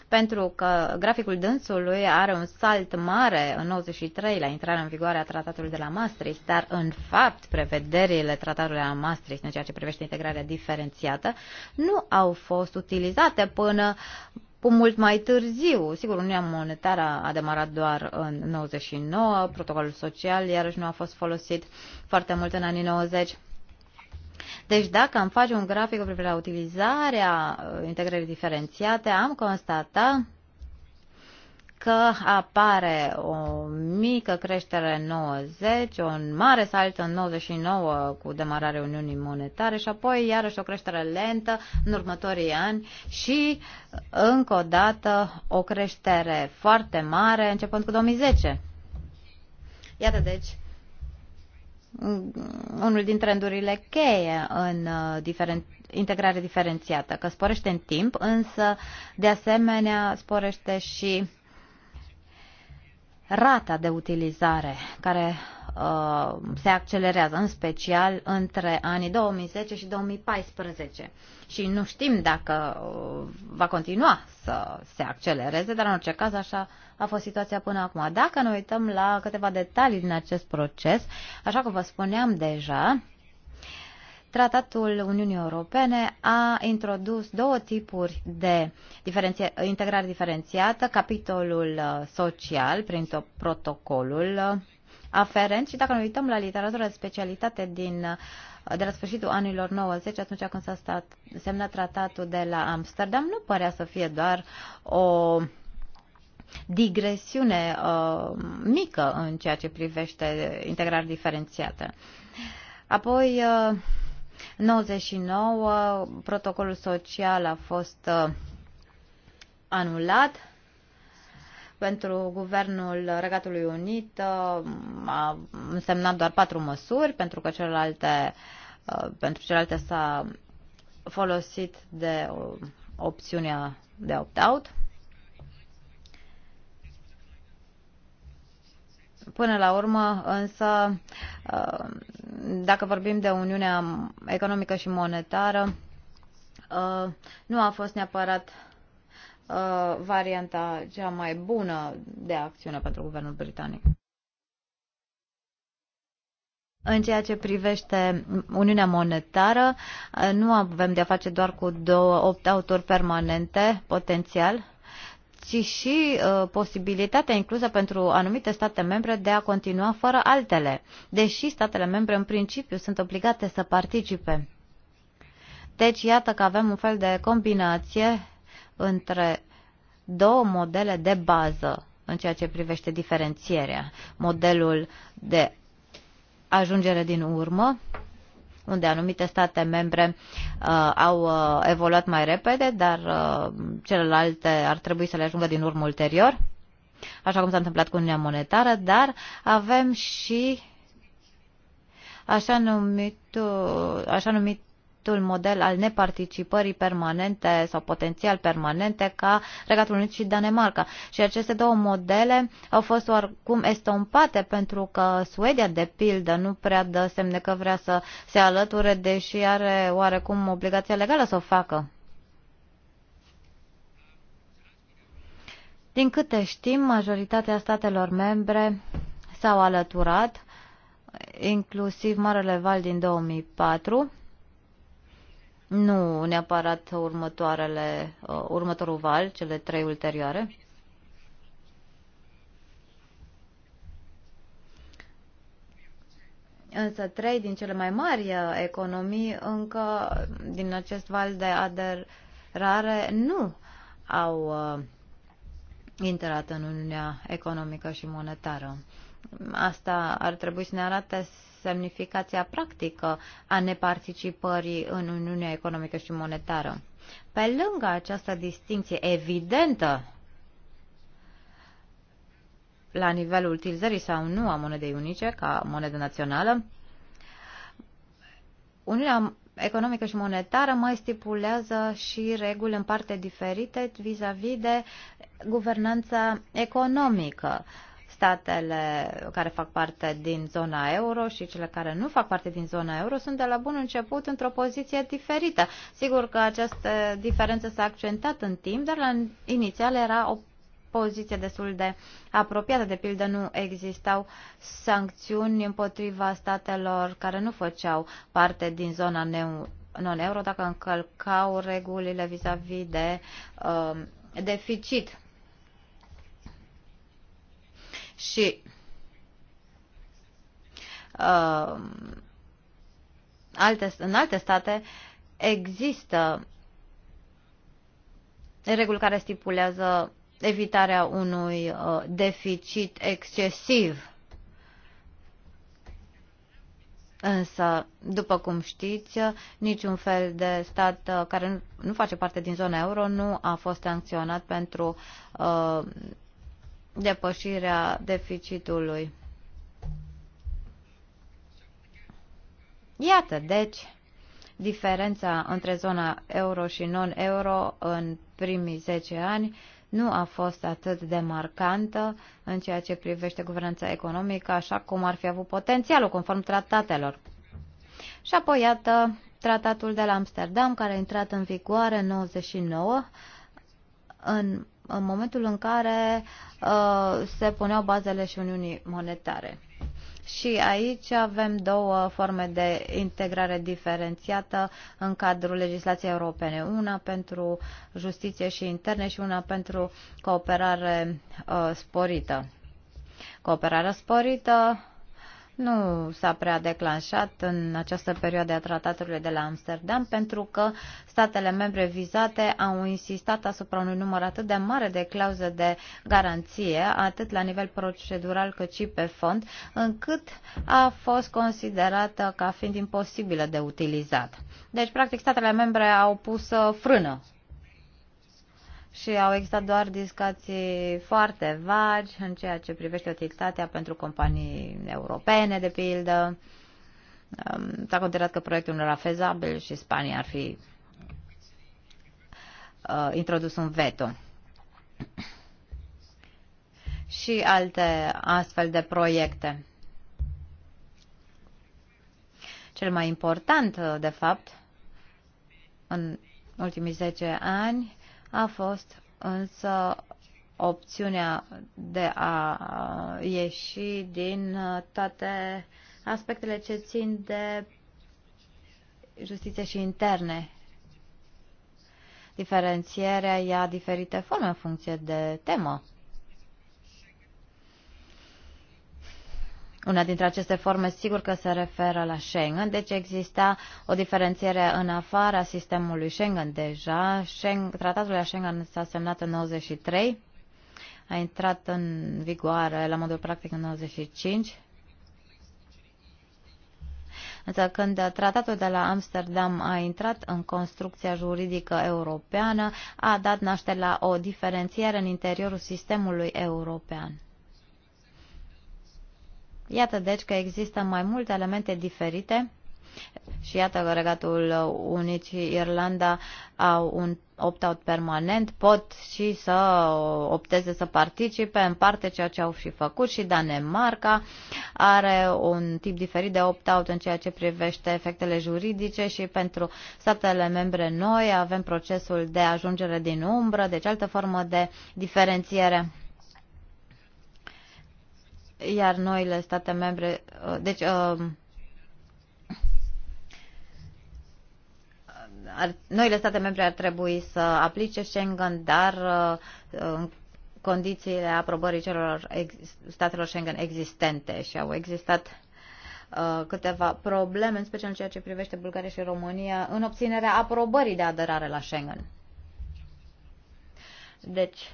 Speaker 3: Pentru că graficul dânsului are un salt mare în 93 la intrarea în vigoare a tratatului de la Maastricht, dar în fapt prevederile tratatului de la Maastricht în ceea ce privește integrarea diferențiată nu au fost utilizate până cu mult mai târziu. Sigur, Uniunea Monetară a demarat doar în 99, protocolul social iarăși nu a fost folosit foarte mult în anii 90. Deci dacă am face un grafic cu privire la utilizarea uh, integrării diferențiate, am constatat că apare o mică creștere în 90, un mare salt în 99 cu demararea Uniunii Monetare și apoi iarăși o creștere lentă în următorii ani și încă o dată o creștere foarte mare începând cu 2010. Iată deci unul din trendurile cheie în uh, diferent, integrare diferențiată, că sporește în timp, însă de asemenea sporește și rata de utilizare care uh, se accelerează, în special între anii 2010 și 2014. Și nu știm dacă uh, va continua să se accelereze, dar în orice caz așa a fost situația până acum. Dacă ne uităm la câteva detalii din acest proces, așa cum vă spuneam deja, Tratatul Uniunii Europene a introdus două tipuri de diferenția, integrare diferențiată, capitolul uh, social prin protocolul uh, aferent și dacă ne uităm la literatura de specialitate din, uh, de la sfârșitul anilor 90, atunci când s-a stat, semnat tratatul de la Amsterdam, nu părea să fie doar o digresiune uh, mică în ceea ce privește integrarea diferențiată. Apoi, uh, 99 protocolul social a fost uh, anulat pentru guvernul Regatului Unit uh, a însemnat doar patru măsuri, pentru că celelalte, uh, pentru celelalte s-a folosit de opțiunea de opt-out. Până la urmă, însă, dacă vorbim de Uniunea Economică și Monetară, nu a fost neapărat uh, varianta cea mai bună de acțiune pentru guvernul britanic. În ceea ce privește Uniunea Monetară, uh, nu avem de-a face doar cu două opt autori permanente, potențial, ci și uh, posibilitatea inclusă pentru anumite state membre de a continua fără altele, deși statele membre în principiu sunt obligate să participe. Deci iată că avem un fel de combinație între două modele de bază în ceea ce privește diferențierea. Modelul de ajungere din urmă, unde anumite state membre uh, au uh, evoluat mai repede, dar uh, celelalte ar trebui să le ajungă din urmă ulterior, așa cum s-a întâmplat cu Uniunea Monetară, dar avem și așa numit, uh, așa numit vechiul model al neparticipării permanente sau potențial permanente ca Regatul Unit și Danemarca. Și aceste două modele au fost oricum estompate pentru că Suedia, de pildă, nu prea dă semne că vrea să se alăture, deși are oarecum obligația legală să o facă. Din câte știm, majoritatea statelor membre s-au alăturat, inclusiv Marele Val din 2004, nu neapărat următoarele, uh, următorul val, cele trei ulterioare. Însă trei din cele mai mari uh, economii încă din acest val de aderare nu au uh, intrat în Uniunea Economică și Monetară. Asta ar trebui să ne arate semnificația practică a neparticipării în Uniunea Economică și Monetară. Pe lângă această distinție evidentă la nivelul utilizării sau nu a monedei unice ca monedă națională, Uniunea economică și monetară mai stipulează și reguli în parte diferite vis-a-vis -vis de guvernanța economică. Uh, statele care fac parte din zona euro și cele care nu fac parte din zona euro sunt de la bun început într-o poziție diferită. Sigur că această diferență s-a accentat în timp, dar la inițial era o poziție destul de apropiată. De pildă, nu existau sancțiuni împotriva statelor care nu făceau parte din zona non-euro dacă încălcau regulile vis-a-vis -vis de uh, deficit și uh, alte, în alte state există reguli care stipulează evitarea unui uh, deficit excesiv. Însă, după cum știți, niciun fel de stat uh, care nu face parte din zona euro nu a fost sancționat pentru uh, depășirea deficitului. Iată, deci, diferența între zona euro și non-euro în primii 10 ani nu a fost atât de marcantă în ceea ce privește guvernanța economică, așa cum ar fi avut potențialul conform tratatelor. Și apoi, iată, tratatul de la Amsterdam, care a intrat în vigoare în 99, în în momentul în care uh, se puneau bazele și Uniunii Monetare. Și aici avem două forme de integrare diferențiată în cadrul legislației europene. Una pentru justiție și interne și una pentru cooperare uh, sporită. Cooperarea sporită nu s-a prea declanșat în această perioadă a tratatului de la Amsterdam, pentru că statele membre vizate au insistat asupra unui număr atât de mare de clauze de garanție, atât la nivel procedural cât și pe fond, încât a fost considerată ca fiind imposibilă de utilizat. Deci, practic, statele membre au pus uh, frână și au existat doar discuții foarte vagi în ceea ce privește utilitatea pentru companii europene, de pildă. S-a considerat că proiectul nu era fezabil și Spania ar fi uh, introdus un veto. Și alte astfel de proiecte. Cel mai important, uh, de fapt, în ultimii 10 ani, a fost însă opțiunea de a ieși din toate aspectele ce țin de justiție și interne. Diferențierea ia diferite forme în funcție de temă. Una dintre aceste forme sigur că se referă la Schengen, deci exista o diferențiere în afara sistemului Schengen deja. Schengen, tratatul de Schengen s-a semnat în 93, a intrat în vigoare la modul practic în 95. Însă când tratatul de la Amsterdam a intrat în construcția juridică europeană, a dat naștere la o diferențiere în interiorul sistemului european. Iată deci că există mai multe elemente diferite și iată că Regatul Unit și Irlanda au un opt-out permanent, pot și să opteze să participe în parte ceea ce au și făcut și Danemarca are un tip diferit de opt-out în ceea ce privește efectele juridice și pentru statele membre noi avem procesul de ajungere din umbră, deci altă formă de diferențiere iar noile state membre, uh, deci uh, ar, noile state membre ar trebui să aplice Schengen, dar uh, în condițiile aprobării celor ex, statelor Schengen existente și au existat câteva probleme, în special în ceea ce privește Bulgaria și România, în obținerea aprobării de aderare la Schengen. Deci,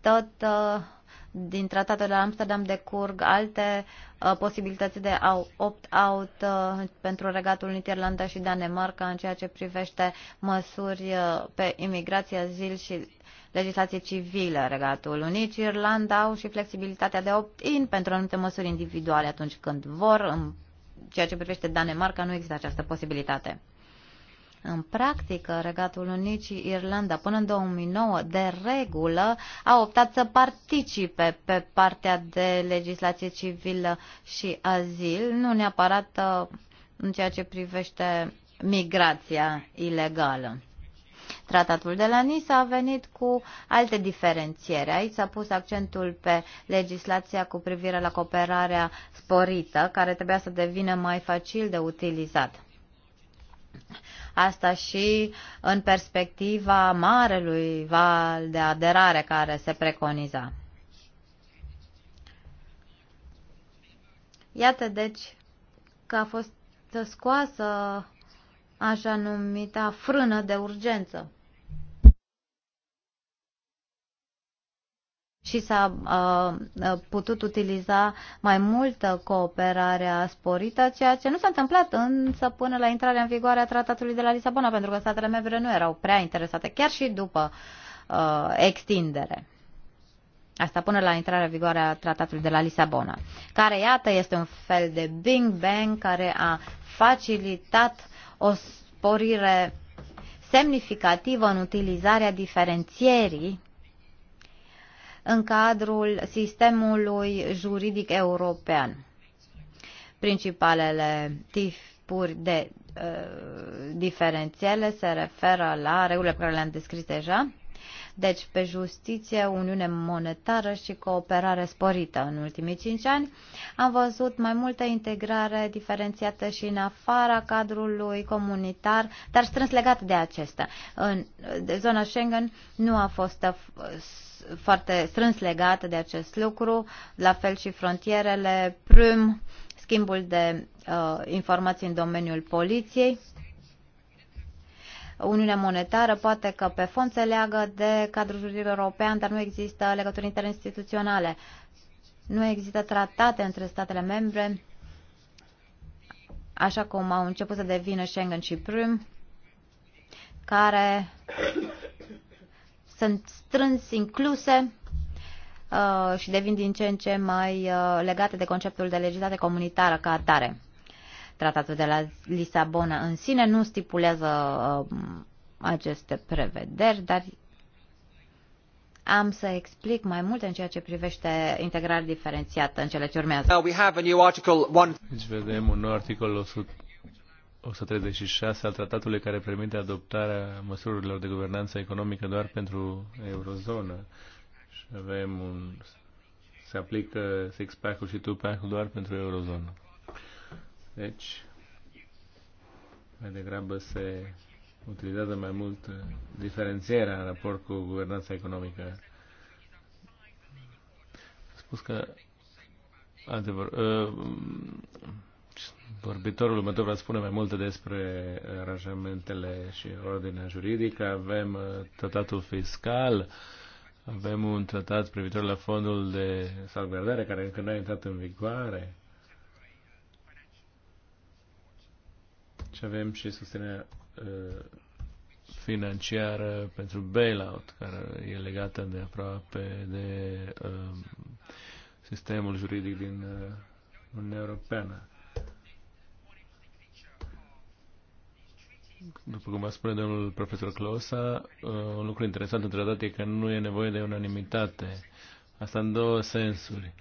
Speaker 3: tot uh, din tratatul de la Amsterdam decurg alte uh, posibilități de opt-out uh, pentru Regatul Unit, Irlanda și Danemarca în ceea ce privește măsuri uh, pe imigrație, azil și legislație civilă. Regatul Unit Irlanda au și flexibilitatea de opt-in pentru anumite măsuri individuale atunci când vor. În ceea ce privește Danemarca nu există această posibilitate. În practică, Regatul Unit și Irlanda până în 2009 de regulă au optat să participe pe partea de legislație civilă și azil, nu neapărat uh, în ceea ce privește migrația ilegală. Tratatul de la Nisa a venit cu alte diferențiere. Aici s-a pus accentul pe legislația cu privire la cooperarea sporită, care trebuia să devină mai facil de utilizat. Asta și în perspectiva marelui val de aderare care se preconiza. Iată deci că a fost scoasă așa numita frână de urgență. și s-a putut utiliza mai multă cooperare sporită, ceea ce nu s-a întâmplat însă până la intrarea în vigoare a tratatului de la Lisabona, pentru că statele membre nu erau prea interesate, chiar și după uh, extindere. Asta până la intrarea în vigoare a tratatului de la Lisabona, care, iată, este un fel de bing bang care a facilitat o sporire semnificativă în utilizarea diferențierii în cadrul sistemului juridic european. Principalele tipuri de uh, diferențiale se referă la regulile pe care le-am descris deja, deci pe justiție, uniune monetară și cooperare sporită. În ultimii cinci ani am văzut mai multă integrare diferențiată și în afara cadrului comunitar, dar strâns legat de acesta. În zona Schengen nu a fost uh, foarte strâns legate de acest lucru, la fel și frontierele, prim, schimbul de uh, informații în domeniul poliției. Uniunea monetară poate că pe fond se leagă de cadrul juridic european, dar nu există legături interinstituționale. Nu există tratate între statele membre, așa cum au început să devină Schengen și Prüm, care sunt strâns incluse uh, și devin din ce în ce mai uh, legate de conceptul de legislație comunitară ca atare. Tratatul de la Lisabona în sine nu stipulează uh, aceste prevederi, dar am să explic mai mult în ceea ce privește integrarea diferențiată în cele ce urmează.
Speaker 1: Deci vedem un nou articol 136 al tratatului care permite adoptarea măsurilor de guvernanță economică doar pentru eurozonă. Și avem un... se aplică six-pack-ul și two-pack-ul doar pentru eurozonă. Deci, mai degrabă se utilizează mai mult diferențierea în raport cu guvernanța economică. A spus că adevăr, uh, vorbitorul următor va spune mai multe despre uh, aranjamentele și ordinea juridică. Avem uh, tratatul fiscal, avem un tratat privitor la fondul de salvgardare care încă nu a intrat în vigoare. Și avem și susținerea uh, financiară pentru bailout, care e legată de aproape de uh, sistemul juridic din uh, Uniunea Europeană. după cum a spune domnul profesor Closa, uh, un lucru interesant între toate e că nu e nevoie de unanimitate. Asta în două sensuri.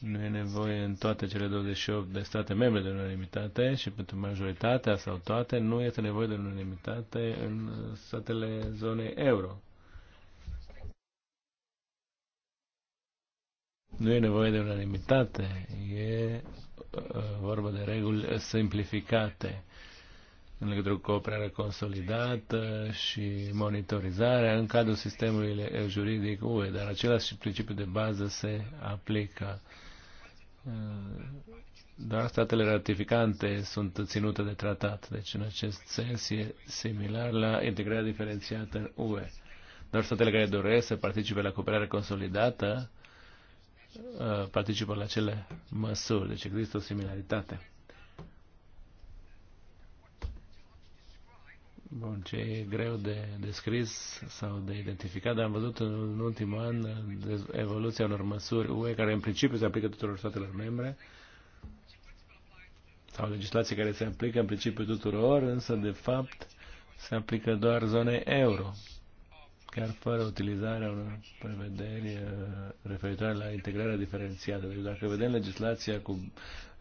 Speaker 1: Nu e nevoie în toate cele 28 de state membre de unanimitate și pentru majoritatea sau toate nu este nevoie de unanimitate în statele zonei euro. Nu e nevoie de unanimitate, e uh, vorba de reguli simplificate în legătură cu cooperarea consolidată și monitorizarea în cadrul sistemului juridic UE, dar același principiu de bază se aplică. Uh, doar statele ratificante sunt ținute de tratat, deci în acest sens e similar la integrarea diferențiată în UE. Doar statele care doresc să participe la cooperare consolidată uh, participă la cele măsuri, deci există o similaritate. Bun, ce e greu de descris sau de identificat, dar am văzut în ultimul an evoluția unor măsuri UE care în principiu se aplică tuturor statelor membre sau legislație care se aplică în principiu tuturor, însă de fapt se aplică doar zone euro, chiar fără utilizarea unor prevederi uh, referitoare la integrarea diferențiată. Deci dacă vedem legislația cu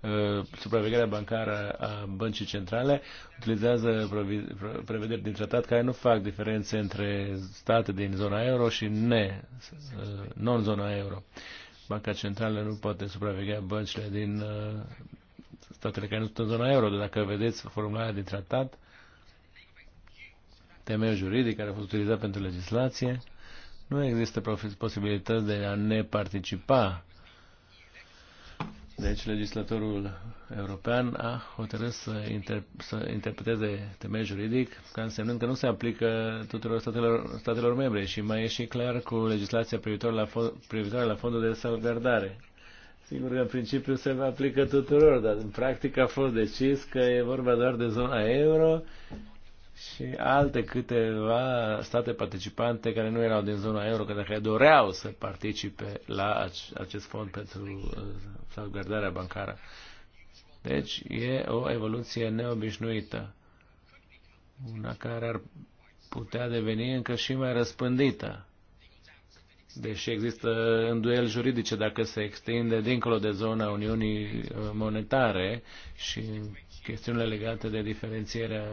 Speaker 1: Uh, supravegherea bancară a băncii centrale utilizează prevederi din tratat care nu fac diferențe între state din zona euro și ne, uh, non-zona euro. Banca centrală nu poate supraveghea băncile din uh, statele care nu sunt în zona euro. De dacă vedeți formularea din tratat, temeiul juridic care a fost utilizat pentru legislație, nu există posibilități de a ne participa deci legislatorul european a hotărât să, inter, să interpreteze temeiul juridic ca însemnând că nu se aplică tuturor statelor, statelor membre și mai e și clar cu legislația privitoare la, privitoare la fondul de salvgardare. Sigur că în principiu se va aplică tuturor, dar în practică a fost decis că e vorba doar de zona euro și alte câteva state participante care nu erau din zona euro, care dacă doreau să participe la acest fond pentru uh, salvgardarea bancară. Deci e o evoluție neobișnuită, una care ar putea deveni încă și mai răspândită. Deși există duel juridice dacă se extinde dincolo de zona Uniunii uh, Monetare și chestiunile legate de diferențierea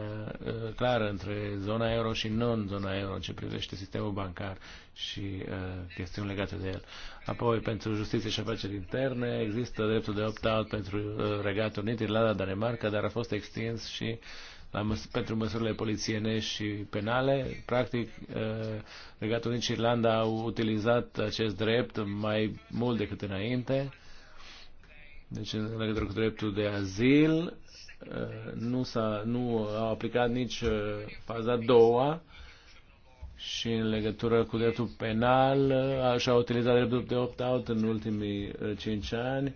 Speaker 1: uh, clară între zona euro și non-zona euro în ce privește sistemul bancar și uh, chestiuni legate de el. Apoi, pentru justiție și afaceri interne, există dreptul de opt-out pentru uh, Regatul Unit, Irlanda, Danemarca, dar a fost extins și la măs- pentru măsurile polițiene și penale. Practic, Regatul Unit și Irlanda au utilizat acest drept mai mult decât înainte. Deci, în legătură cu dreptul de azil, Uh, nu, s-a, nu au aplicat nici uh, faza a doua și în legătură cu dreptul penal uh, și-au utilizat dreptul de opt-out în ultimii cinci ani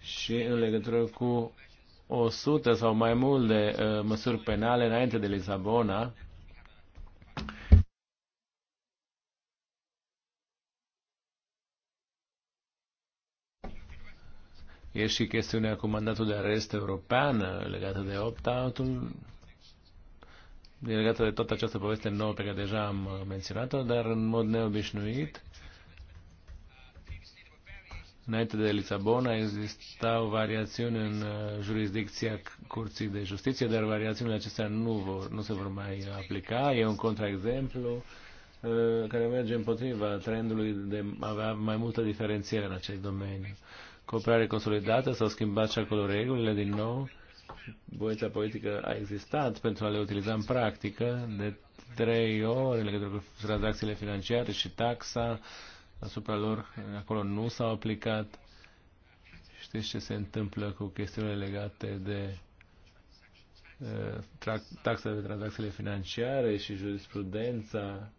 Speaker 1: și în legătură cu 100 sau mai mult de măsuri penale înainte de Lisabona E și chestiunea cu mandatul de arest european uh, legată de opt-out-ul. legată de toată această poveste nouă pe care deja am uh, menționat-o, dar în mod neobișnuit. Înainte de Lisabona existau variațiuni în uh, jurisdicția Curții de Justiție, dar variațiunile acestea nu, vor, nu se vor mai aplica. E un contraexemplu care merge împotriva trendului de a avea mai multă diferențiere în acest domeniu cooperare consolidată, s-au schimbat și acolo regulile din nou. Voința politică a existat pentru a le utiliza în practică de trei ori în legătură cu tranzacțiile financiare și taxa asupra lor. Acolo nu s-au aplicat. Știți ce se întâmplă cu chestiunile legate de uh, taxa de tranzacțiile financiare și jurisprudența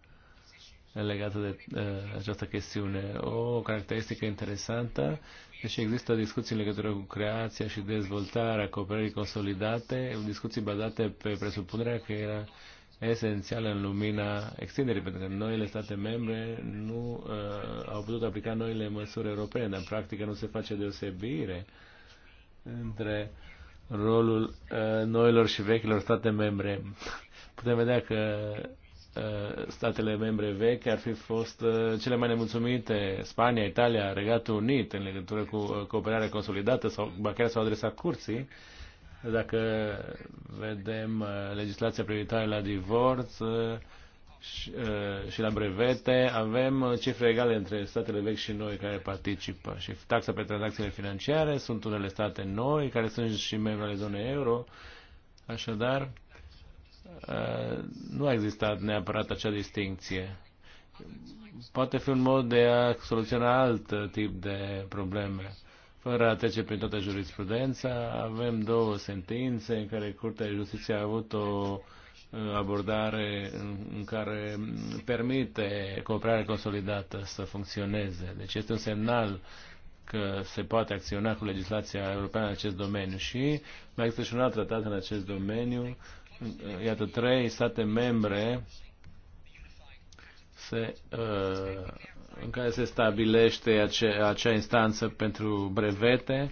Speaker 1: legată de uh, această chestiune. O caracteristică interesantă deci există discuții în legătură cu creația și dezvoltarea cooperării consolidate, discuții bazate pe presupunerea că era esențială în lumina extinderii, pentru că noile state membre nu uh, au putut aplica noile măsuri europene, dar în practică nu se face deosebire între rolul uh, noilor și vechilor state membre. Putem vedea că Uh, statele membre vechi ar fi fost uh, cele mai nemulțumite, Spania, Italia, Regatul Unit, în legătură cu uh, cooperarea consolidată sau chiar s-au adresat curții. Dacă vedem legislația privitoare la divorț și, și la brevete, avem cifre egale între statele vechi și noi care participă. Și taxa pe tranzacțiile financiare sunt unele state noi care sunt și membre ale zonei euro. Așadar, Uh, nu a existat neapărat acea distinție. Poate fi un mod de a soluționa alt tip de probleme. Fără a trece prin toată jurisprudența, avem două sentințe în care Curtea de Justiție a avut o uh, abordare în care permite cooperarea consolidată să funcționeze. Deci este un semnal că se poate acționa cu legislația europeană în acest domeniu și mai există și un alt tratat în acest domeniu iată, trei state membre se, uh, în care se stabilește ace, acea instanță pentru brevete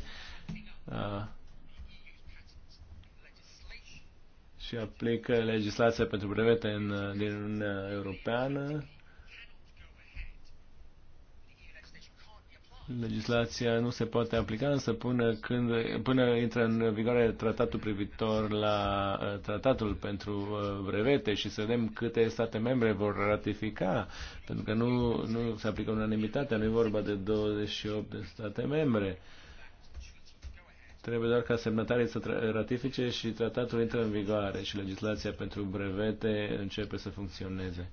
Speaker 1: uh, și aplică legislația pentru brevete în, din Uniunea Europeană legislația nu se poate aplica, însă până, când, până intră în vigoare tratatul privitor la uh, tratatul pentru uh, brevete și să vedem câte state membre vor ratifica, pentru că nu, nu se aplică unanimitatea, nu e vorba de 28 de state membre. Trebuie doar ca semnătarii să ratifice și tratatul intră în vigoare și legislația pentru brevete începe să funcționeze.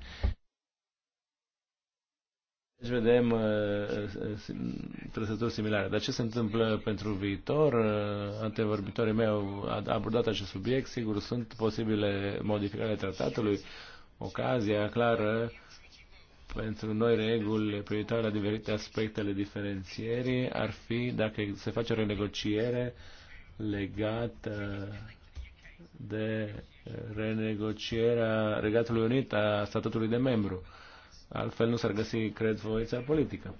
Speaker 1: Deci vedem uh, uh, trăsături similare. Dar ce se întâmplă pentru viitor? Uh, antevorbitorii mei au abordat acest subiect. Sigur, sunt posibile modificări tratatului. Ocazia clară pentru noi reguli privitoare la diferite aspectele diferențierii ar fi dacă se face o renegociere legată de renegocierea Regatului Unit a statutului de membru. Altfel nu s-ar găsi, cred, voința politică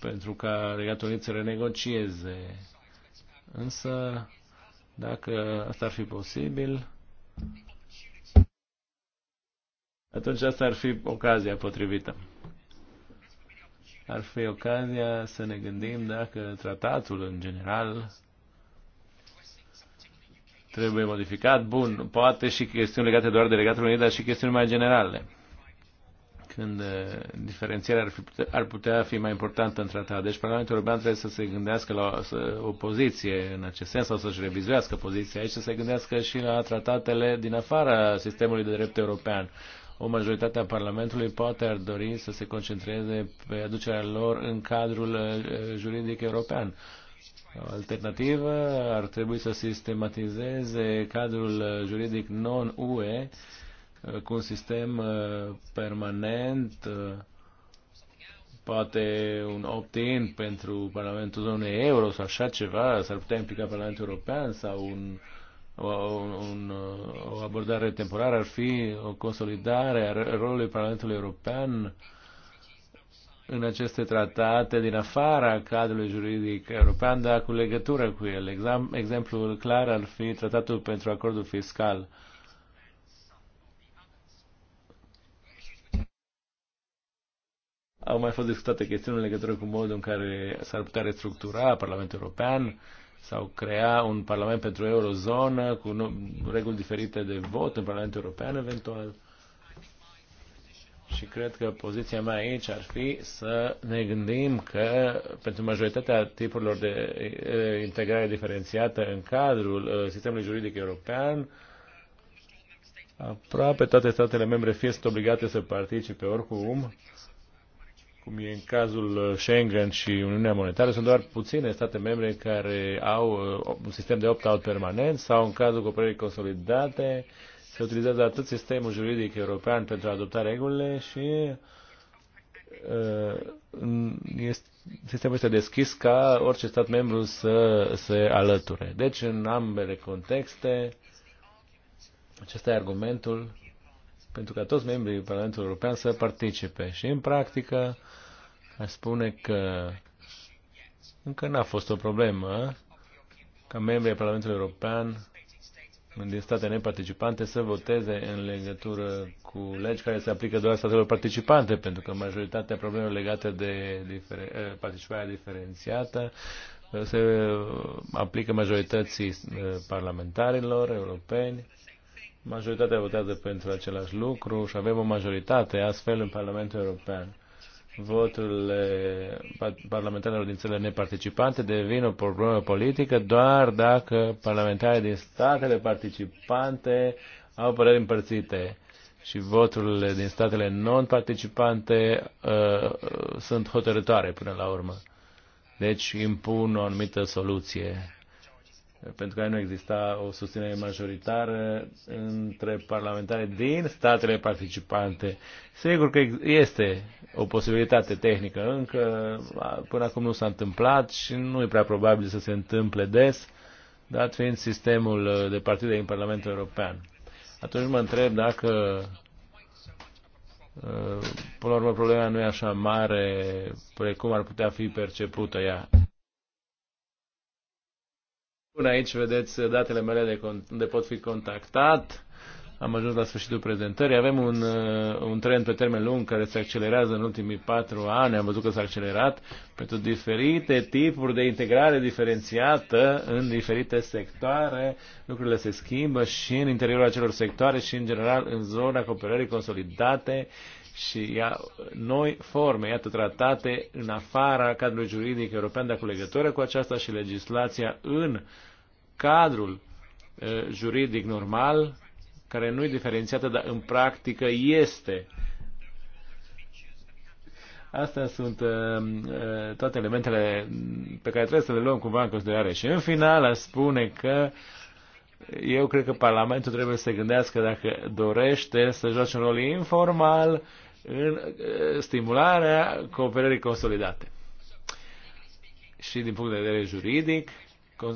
Speaker 1: pentru ca Regatul Unit să renegocieze. Însă, dacă asta ar fi posibil, atunci asta ar fi ocazia potrivită. Ar fi ocazia să ne gândim dacă tratatul în general trebuie modificat. Bun, poate și chestiuni legate doar de Regatul Unit, dar și chestiuni mai generale. Când eh, diferențierea ar, fi putea, ar putea fi mai importantă în tratat. Deci Parlamentul European trebuie să se gândească la să, o poziție în acest sens sau să-și revizuiască poziția aici, să se gândească și la tratatele din afara sistemului de drept european o majoritate a Parlamentului poate ar dori să se concentreze pe aducerea lor în cadrul eh, juridic european alternativă ar trebui să sistematizeze cadrul juridic non-UE uh, cu un sistem uh, permanent, uh, poate un opt-in pentru Parlamentul Zonei Euro sau așa ceva, s-ar putea implica Parlamentul European sau un, o, un, o abordare temporară, ar fi o consolidare a rolului Parlamentului European în aceste tratate din afara cadrului juridic european, dar cu legătură cu el. exemplul clar ar fi tratatul pentru acordul fiscal. Au mai fost discutate chestiuni în legătură cu modul în care s-ar putea restructura Parlamentul European sau crea un Parlament pentru eurozonă cu reguli diferite de vot în Parlamentul European eventual. Și cred că poziția mea aici ar fi să ne gândim că pentru majoritatea tipurilor de integrare diferențiată în cadrul sistemului juridic european, aproape toate statele membre fie sunt obligate să participe oricum, cum e în cazul Schengen și Uniunea Monetară, sunt doar puține state membre care au un sistem de opt-out permanent sau în cazul cooperării consolidate, se utilizează atât sistemul juridic european pentru a adopta regulile și uh, este, sistemul este deschis ca orice stat membru să se alăture. Deci, în ambele contexte, acesta e argumentul pentru ca toți membrii Parlamentului European să participe. Și, în practică, aș spune că încă n-a fost o problemă ca membrii Parlamentului European din state neparticipante să voteze în legătură cu legi care se aplică doar statelor participante, pentru că majoritatea problemelor legate de eh, participarea diferențiată eh, se aplică majorității eh, parlamentarilor europeni. Majoritatea votează pentru același lucru și avem o majoritate astfel în Parlamentul European voturile parlamentarilor din țările neparticipante devin o problemă politică doar dacă parlamentarii din statele participante au păreri împărțite și voturile din statele non-participante uh, sunt hotărătoare până la urmă. Deci impun o anumită soluție pentru care nu exista o susținere majoritară între parlamentare din statele participante. Sigur că este o posibilitate tehnică, încă până acum nu s-a întâmplat și nu e prea probabil să se întâmple des, dat fiind sistemul uh, de partide din Parlamentul European. Atunci mă întreb dacă uh, Până la urmă, problema nu e așa mare precum ar putea fi percepută ea. Până aici vedeți datele mele de unde pot fi contactat. Am ajuns la sfârșitul prezentării. Avem un, uh, un trend pe termen lung care se accelerează în ultimii patru ani. Am văzut că s-a accelerat pentru diferite tipuri de integrare diferențiată în diferite sectoare. Lucrurile se schimbă și în interiorul acelor sectoare și, în general, în zona cooperării consolidate și ia noi forme, iată, tratate în afara cadrului juridic european, dar cu legătură cu aceasta și legislația în cadrul juridic normal, care nu e diferențiată, dar în practică este. Astea sunt uh, toate elementele pe care trebuie să le luăm cumva în considerare. Și în final spune că eu cred că Parlamentul trebuie să se gândească dacă dorește să joace un rol informal în uh, stimularea cooperării consolidate. Și din punct de vedere juridic, uh,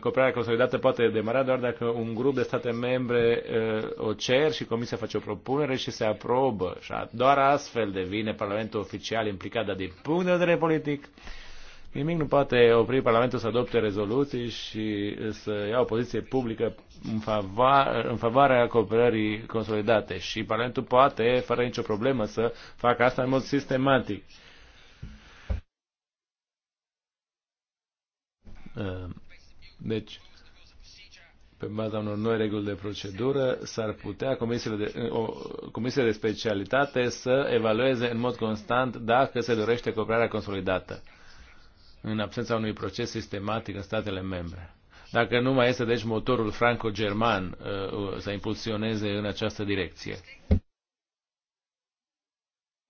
Speaker 1: cooperarea consolidată poate demara doar dacă un grup de state membre uh, o cer și Comisia face o propunere și se aprobă. Doar astfel devine Parlamentul oficial implicat, dar din punct de vedere politic, Nimic nu poate opri Parlamentul să adopte rezoluții și uh, să ia o poziție publică în, favoar, în favoarea cooperării consolidate. Și Parlamentul poate, fără nicio problemă, să facă asta în mod sistematic. Uh, deci, pe baza unor noi reguli de procedură, s-ar putea comisiile de, uh, o, comisiile de specialitate să evalueze în mod constant dacă se dorește cooperarea consolidată în absența unui proces sistematic în statele membre. Dacă nu mai este, deci, motorul franco-german uh, să impulsioneze în această direcție.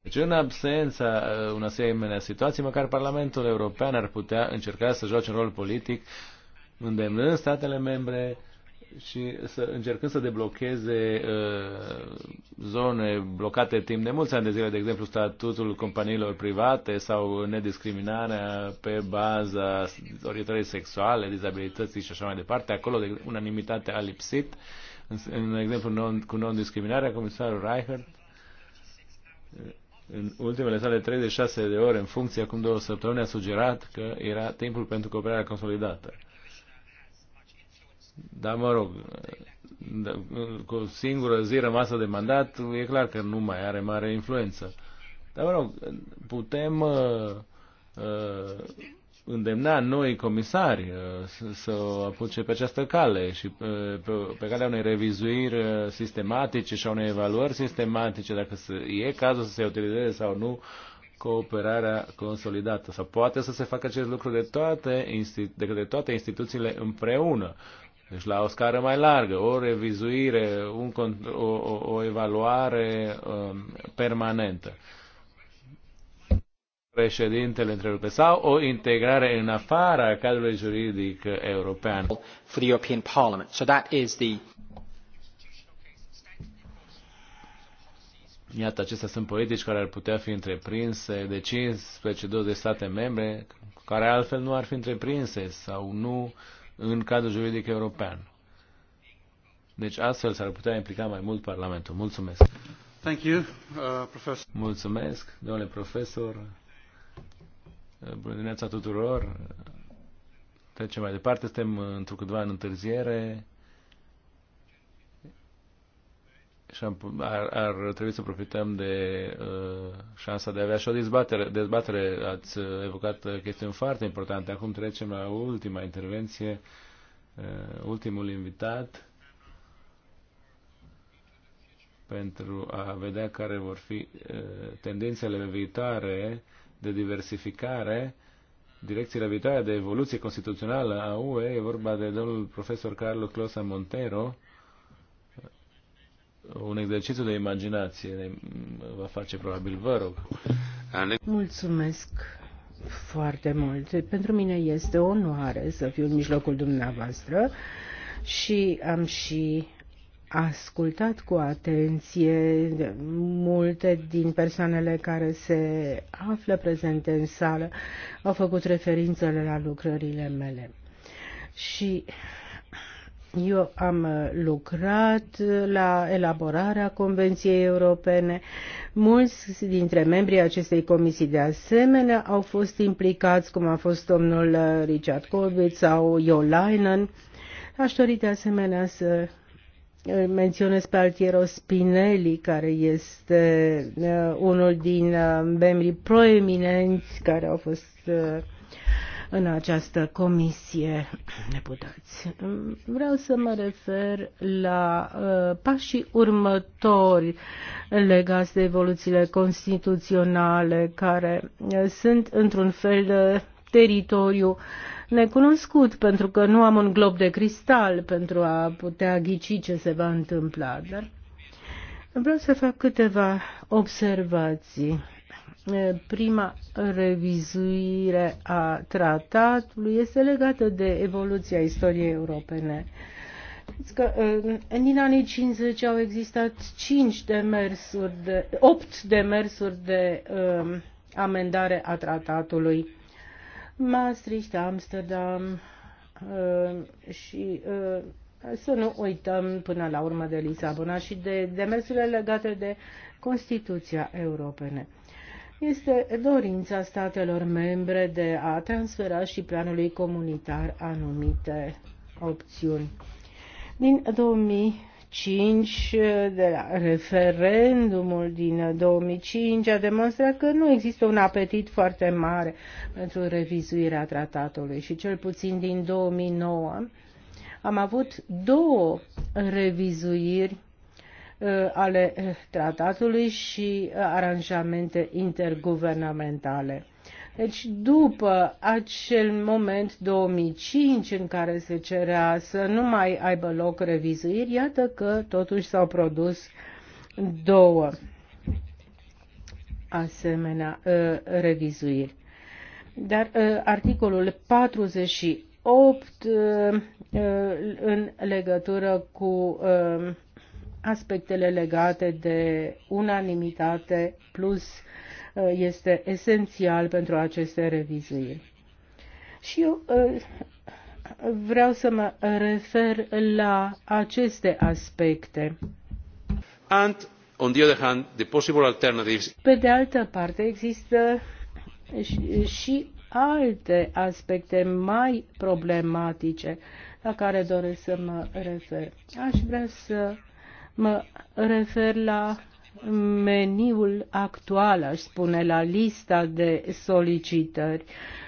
Speaker 1: Deci, în absența uh, unei asemenea situații, măcar Parlamentul European ar putea încerca să joace un rol politic, îndemnând statele membre și să încercând să deblocheze uh, zone blocate timp de mulți ani de zile, de exemplu statutul companiilor private sau nediscriminarea pe baza orientării sexuale, dizabilității și așa mai departe. Acolo de unanimitatea a lipsit. În, în exemplu non, cu non-discriminarea, comisarul Reichert în ultimele sale 36 de ore în funcție, acum două săptămâni, a sugerat că era timpul pentru cooperarea consolidată. Dar mă rog, da, cu o singură zi rămasă de mandat, e clar că nu mai are mare influență. Dar mă rog, putem uh, uh, îndemna noi comisari uh, să o apuce pe această cale și uh, pe, pe calea unei revizuiri uh, sistematice și a unei evaluări sistematice, dacă se, e cazul să se utilizeze sau nu cooperarea consolidată. Sau poate să se facă acest lucru de, toate, de toate instituțiile împreună. Uh, deci la o scară mai largă, o revizuire, un, o, o, o evaluare um, permanentă. Președintele întrerupe sau o integrare în afara cadrului juridic european. For the European Parliament. So that is the Iată, acestea sunt politici care ar putea fi întreprinse de 15-20 state membre, care altfel nu ar fi întreprinse sau nu uh, în cadrul juridic european. Deci astfel s-ar putea implica mai mult Parlamentul. Mulțumesc! Thank you, uh, Mulțumesc, domnule profesor. Uh, bună dimineața tuturor. Uh, trecem mai departe. Suntem uh, într-o câtva în întârziere. și ar, ar trebui să profităm de uh, șansa de a avea și o dezbatere. dezbatere. Ați uh, evocat uh, chestiuni foarte importante. Acum trecem la ultima intervenție, uh, ultimul invitat pentru a vedea care vor fi uh, tendințele viitoare de diversificare, direcțiile viitoare de evoluție constituțională a UE. E vorba de domnul profesor Carlos Closa Montero, un exercițiu de imaginație va face probabil, vă rog.
Speaker 2: Mulțumesc foarte mult. Pentru mine este o onoare să fiu în mijlocul dumneavoastră și am și ascultat cu atenție multe din persoanele care se află prezente în sală, au făcut referințele la lucrările mele. Și eu am lucrat la elaborarea Convenției Europene. Mulți dintre membrii acestei comisii de asemenea au fost implicați, cum a fost domnul Richard Corbett sau Leinen. Aș dori de asemenea să menționez pe Altiero Spinelli, care este uh, unul din uh, membrii proeminenți care au fost uh, în această comisie, deputați. Vreau să mă refer la uh, pașii următori legați de evoluțiile constituționale care uh, sunt într-un fel de uh, teritoriu necunoscut, pentru că nu am un glob de cristal pentru a putea ghici ce se va întâmpla. Dar vreau să fac câteva observații prima revizuire a tratatului este legată de evoluția istoriei europene. că uh, în anii 50 au existat 5 demersuri de, 8 demersuri de um, amendare a tratatului. Maastricht, Amsterdam uh, și uh, să nu uităm până la urmă de Lisabona și de demersurile legate de Constituția Europene este dorința statelor membre de a transfera și planului comunitar anumite opțiuni. Din 2005, de la referendumul din 2005 a demonstrat că nu există un apetit foarte mare pentru revizuirea tratatului și cel puțin din 2009 am avut două revizuiri Uh, ale uh, tratatului și uh, aranjamente interguvernamentale. Deci după acel moment 2005 în care se cerea să nu mai aibă loc revizuiri, iată că totuși s-au produs două asemenea revizuiri. Dar articolul 48 în legătură cu aspectele legate de unanimitate plus uh, este esențial pentru aceste revizuiri. Și eu uh, vreau să mă refer la aceste aspecte.
Speaker 1: And, on the other hand, the possible alternatives.
Speaker 2: Pe de altă parte, există și, alte aspecte mai problematice la care doresc să mă refer. Aș vrea să Mă refer la meniul actual, aș spune, la lista de solicitări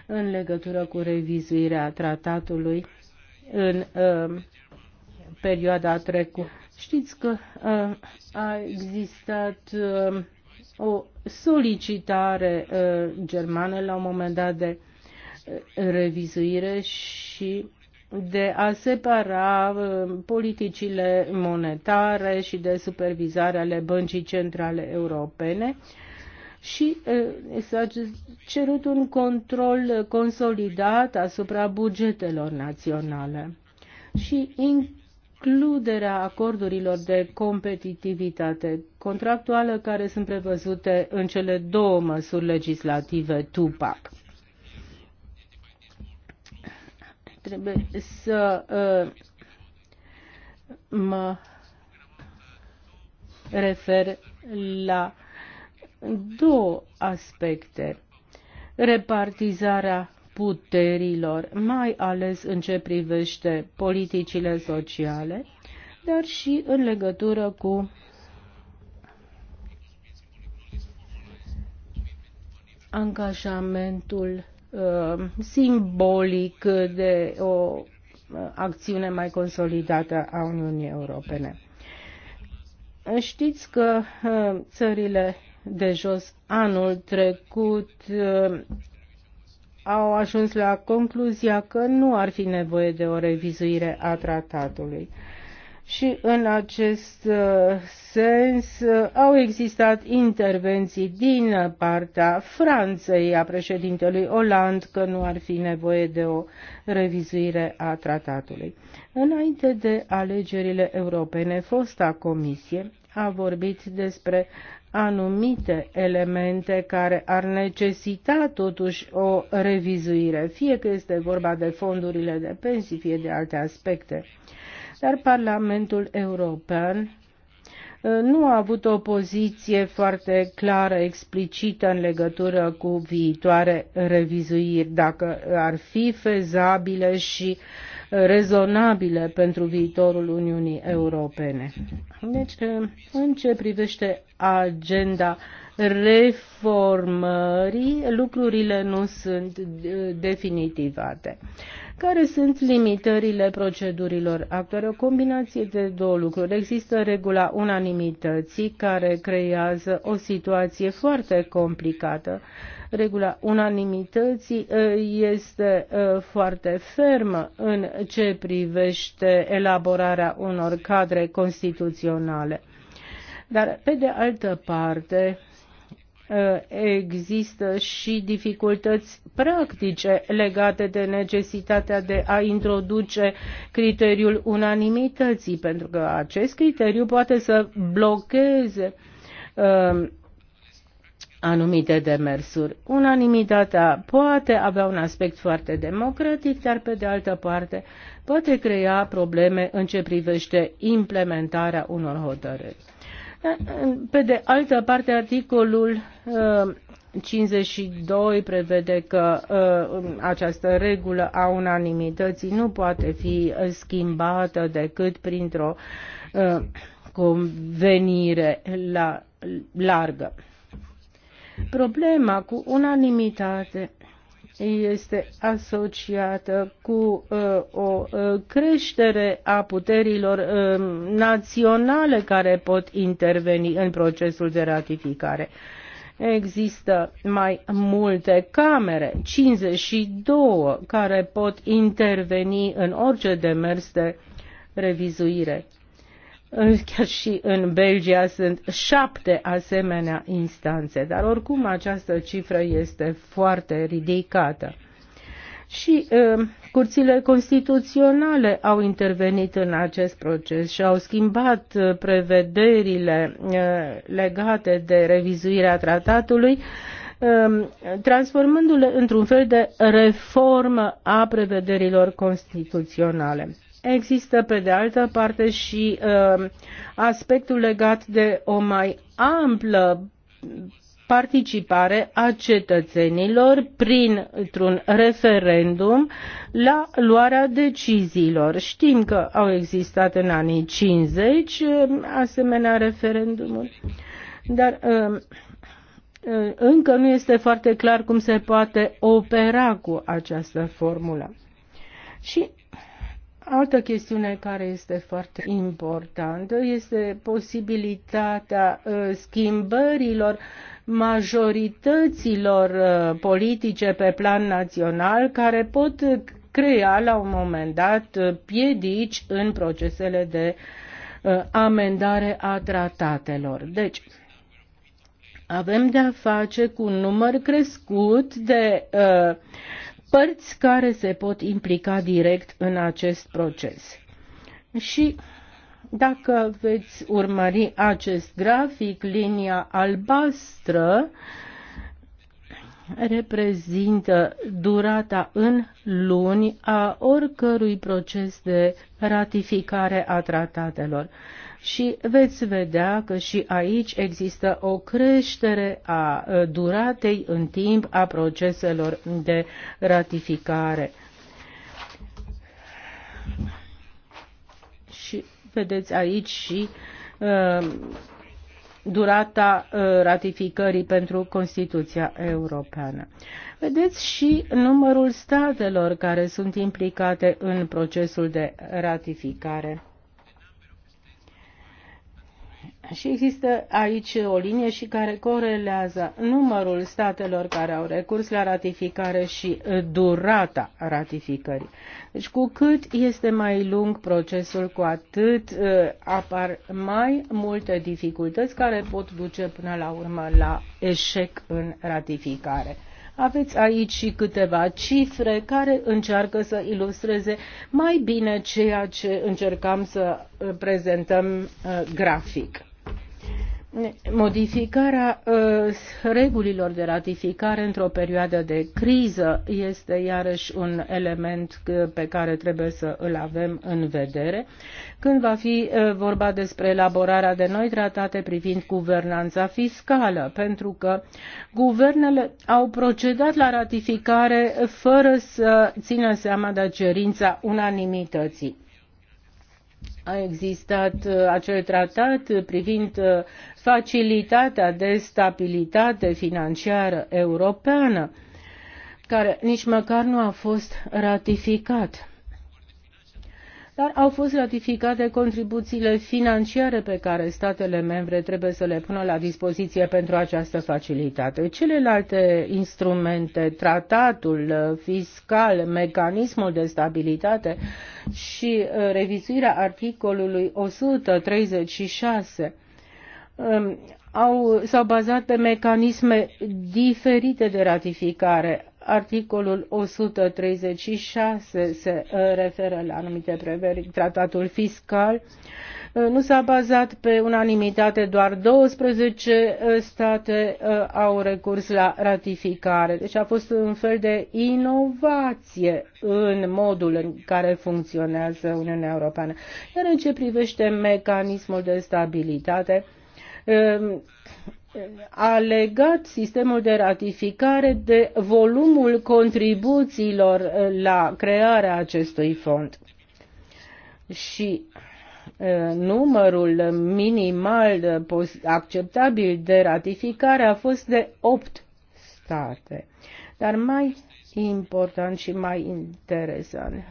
Speaker 2: în legătură cu revizuirea tratatului în uh, perioada trecută. Știți că uh, a existat uh, o solicitare uh, germană la un moment dat de uh, revizuire și de a separa uh, politicile monetare și de supervizare ale băncii centrale europene și uh, s-a cerut un control consolidat asupra bugetelor naționale și includerea acordurilor de competitivitate contractuală care sunt prevăzute în cele două măsuri legislative TUPAC. Trebuie să uh, mă refer la două aspecte. Repartizarea puterilor, mai ales în ce privește politicile sociale, dar și în legătură cu angajamentul Uh, simbolic de o uh, acțiune mai consolidată a Uniunii Europene. Știți că uh, țările de jos anul trecut au ajuns la concluzia că nu ar fi nevoie de o revizuire a tratatului și în acest uh, sens uh, au existat intervenții din partea Franței a președintelui Hollande că nu ar fi nevoie de o revizuire a tratatului. Înainte de alegerile europene, fosta comisie a vorbit despre anumite elemente care ar necesita totuși o revizuire, fie că este vorba de fondurile de pensii, fie de alte aspecte. Dar Parlamentul European uh, nu a avut o poziție foarte clară, explicită în legătură cu viitoare revizuiri, dacă ar fi fezabile și uh, rezonabile pentru viitorul Uniunii Europene. Deci, uh, în ce privește agenda reformării, lucrurile nu sunt definitivate. Care sunt limitările procedurilor actuale? O combinație de două lucruri. Există regula unanimității care creează o situație foarte complicată. Regula unanimității ă, este ă, foarte fermă în ce privește elaborarea unor cadre constituționale. Dar, pe de altă parte, Eh, există și dificultăți practice legate de necesitatea de a introduce criteriul unanimității, pentru că acest criteriu poate să blocheze eh, anumite demersuri. Unanimitatea poate avea un aspect foarte democratic, dar pe de altă parte poate crea probleme în ce privește implementarea unor hotărâri. Pe de altă parte, articolul 52 uh, prevede că uh, această regulă a unanimității nu poate fi schimbată decât printr-o uh, convenire la, largă. Problema cu unanimitate este asociată cu uh, o uh, creștere a puterilor uh, naționale care pot interveni în procesul de ratificare. Există mai multe camere, 52, care pot interveni în orice demers de revizuire. Chiar și în Belgia sunt șapte asemenea instanțe, dar oricum această cifră este foarte ridicată. Și uh, curțile constituționale au intervenit în acest proces și au schimbat uh, prevederile uh, legate de revizuirea tratatului, uh, transformându-le într-un fel de reformă a prevederilor constituționale. Există, pe de altă parte, și uh, aspectul legat de o mai amplă participare a cetățenilor printr-un referendum la luarea deciziilor. Știm că au existat în anii 50 uh, asemenea referendumuri, dar uh, uh, încă nu este foarte clar cum se poate opera cu această formulă. Și Altă chestiune care este foarte importantă este posibilitatea uh, schimbărilor majorităților uh, politice pe plan național care pot crea la un moment dat uh, piedici în procesele de amendare a tratatelor. Deci, avem de-a face cu un număr crescut de uh, părți care se pot implica direct în acest proces. Și dacă veți urmări acest grafic, linia albastră reprezintă durata în luni a oricărui proces de ratificare a tratatelor și veți vedea că și aici există o creștere a duratei în timp a proceselor de ratificare. Și vedeți aici și durata ratificării pentru Constituția Europeană. Vedeți și numărul statelor care sunt implicate în procesul de ratificare. Și există aici o linie și care corelează numărul statelor care au recurs la ratificare și uh, durata ratificării. Deci cu cât este mai lung procesul, cu atât uh, apar mai multe dificultăți care pot duce până la urmă la eșec în ratificare. Aveți aici și câteva cifre care încearcă să ilustreze mai bine ceea ce încercam să uh, prezentăm grafic. Modificarea ă, regulilor de ratificare într-o perioadă de criză este iarăși un element ă, pe care trebuie să îl avem în vedere când va fi ă, vorba despre elaborarea de noi tratate privind guvernanța fiscală, pentru că guvernele au procedat la ratificare fără să țină seama de cerința unanimității a existat uh, acel tratat privind uh, facilitatea de stabilitate financiară europeană, care nici măcar nu a fost ratificat dar au fost ratificate contribuțiile financiare pe care statele membre trebuie să le pună la dispoziție pentru această facilitate. Celelalte instrumente, tratatul fiscal, mecanismul de stabilitate și uh, revizuirea articolului 136 um, au, s-au bazat pe mecanisme diferite de ratificare Articolul 136 se uh, referă la anumite preveri. Tratatul fiscal uh, nu s-a bazat pe unanimitate, doar 12 uh, state au recurs la ratificare. Deci a fost un fel de inovație în modul în care funcționează Uniunea Europeană. Iar în ce privește mecanismul de stabilitate, a legat sistemul de ratificare de volumul contribuțiilor uh, la crearea acestui fond. Și uh, numărul minimal uh, acceptabil de ratificare a fost de 8 state. Dar mai important și mai interesant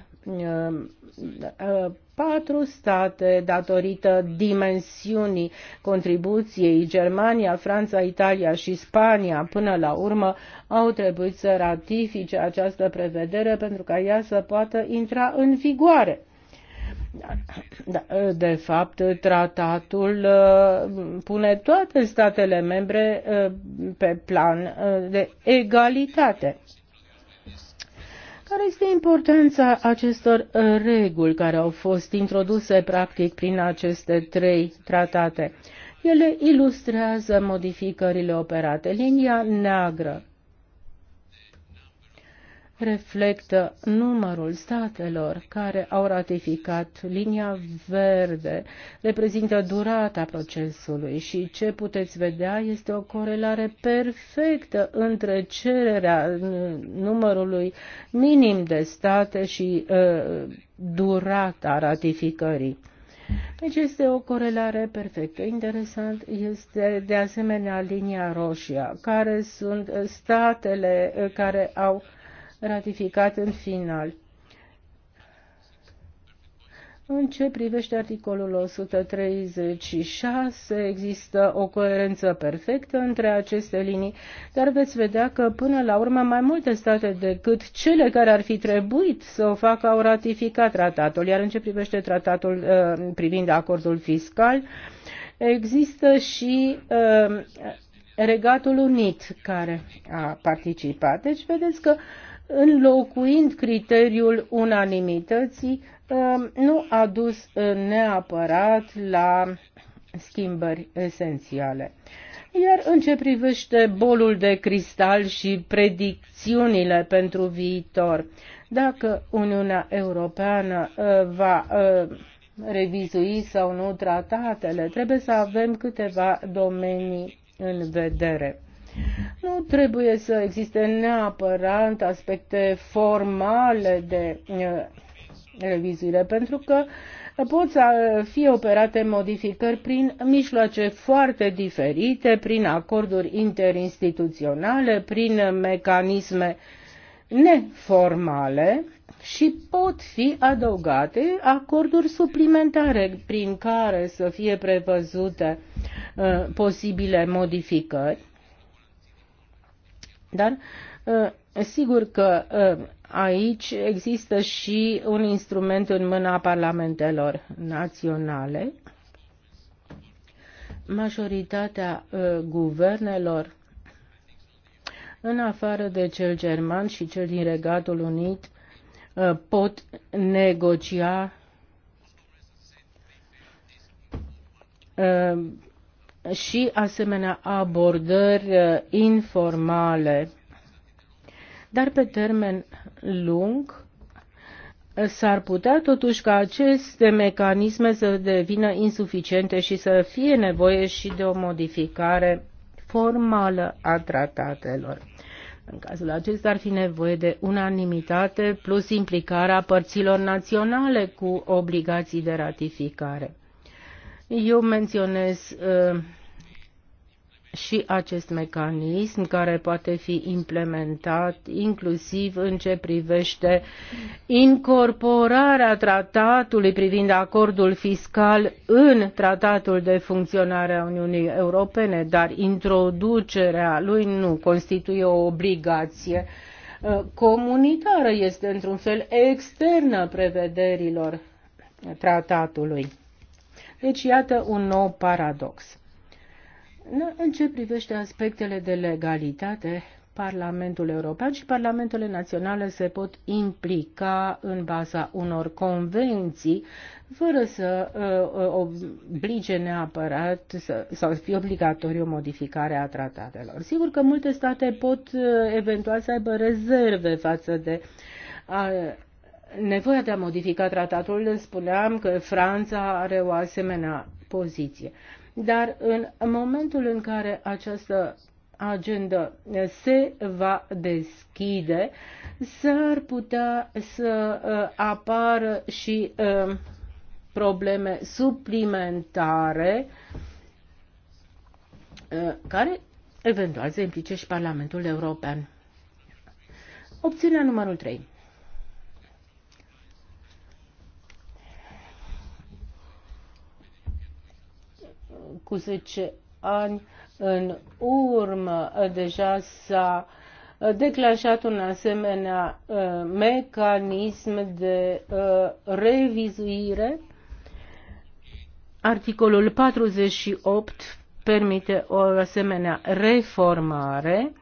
Speaker 2: patru state datorită dimensiunii contribuției Germania, Franța, Italia și Spania până la urmă au trebuit să ratifice această prevedere pentru ca ea să poată intra în vigoare. Da, de fapt, tratatul uh, pune toate statele membre uh, pe plan uh, de egalitate. Care este importanța acestor uh, reguli care au fost introduse practic prin aceste trei tratate? Ele ilustrează modificările operate. Linia neagră reflectă numărul statelor care au ratificat linia verde, reprezintă durata procesului și ce puteți vedea este o corelare perfectă între cererea numărului minim de state și uh, durata ratificării. Deci este o corelare perfectă. Interesant este de asemenea linia roșie, care sunt statele uh, care au uh, ratificat în final. În ce privește articolul 136, există o coerență perfectă între aceste linii, dar veți vedea că până la urmă mai multe state decât cele care ar fi trebuit să o facă au ratificat tratatul, iar în ce privește tratatul uh, privind acordul fiscal, există și uh, Regatul Unit care a participat. Deci vedeți că uh, înlocuind criteriul unanimității, um, nu a dus neapărat la schimbări esențiale. Iar în ce privește bolul de cristal și predicțiunile pentru viitor, dacă Uniunea Europeană uh, va uh, revizui sau nu tratatele, trebuie să avem câteva domenii în vedere nu trebuie să existe neapărat aspecte formale de uh, revizuire, pentru că pot să fie operate modificări prin mijloace foarte diferite, prin acorduri interinstituționale, prin mecanisme neformale și pot fi adăugate acorduri suplimentare prin care să fie prevăzute uh, posibile modificări dar uh, sigur că uh, aici există și un instrument în mâna parlamentelor naționale. Majoritatea uh, guvernelor în afară de cel german și cel din Regatul Unit, pot negocia și asemenea abordări uh, informale. Dar pe termen lung uh, s-ar putea totuși ca aceste mecanisme să devină insuficiente și să fie nevoie și de o modificare formală a tratatelor. În cazul acesta ar fi nevoie de unanimitate plus implicarea părților naționale cu obligații de ratificare. Eu menționez uh, și acest mecanism care poate fi implementat inclusiv în ce privește incorporarea tratatului privind acordul fiscal în tratatul de funcționare a Uniunii Europene, dar introducerea lui nu constituie o obligație uh, comunitară, este într-un fel externă prevederilor tratatului. Deci, iată un nou paradox. În ce privește aspectele de legalitate, Parlamentul European și Parlamentele Naționale se pot implica în baza unor convenții, fără să uh, uh oblige neapărat să, sau să fie obligatoriu modificarea tratatelor. Sigur că multe state pot uh, eventual să aibă rezerve față de uh, nevoia de a modifica tratatul, spuneam că Franța are o asemenea poziție. Dar în momentul în care această agendă se va deschide, s-ar putea să uh, apară și uh, probleme suplimentare uh, care eventual se implice și Parlamentul European. Opțiunea numărul 3. cu 10 ani în urmă uh, deja s-a uh, declanșat un asemenea uh, mecanism de revizuire. Articolul 48 permite o asemenea reformare,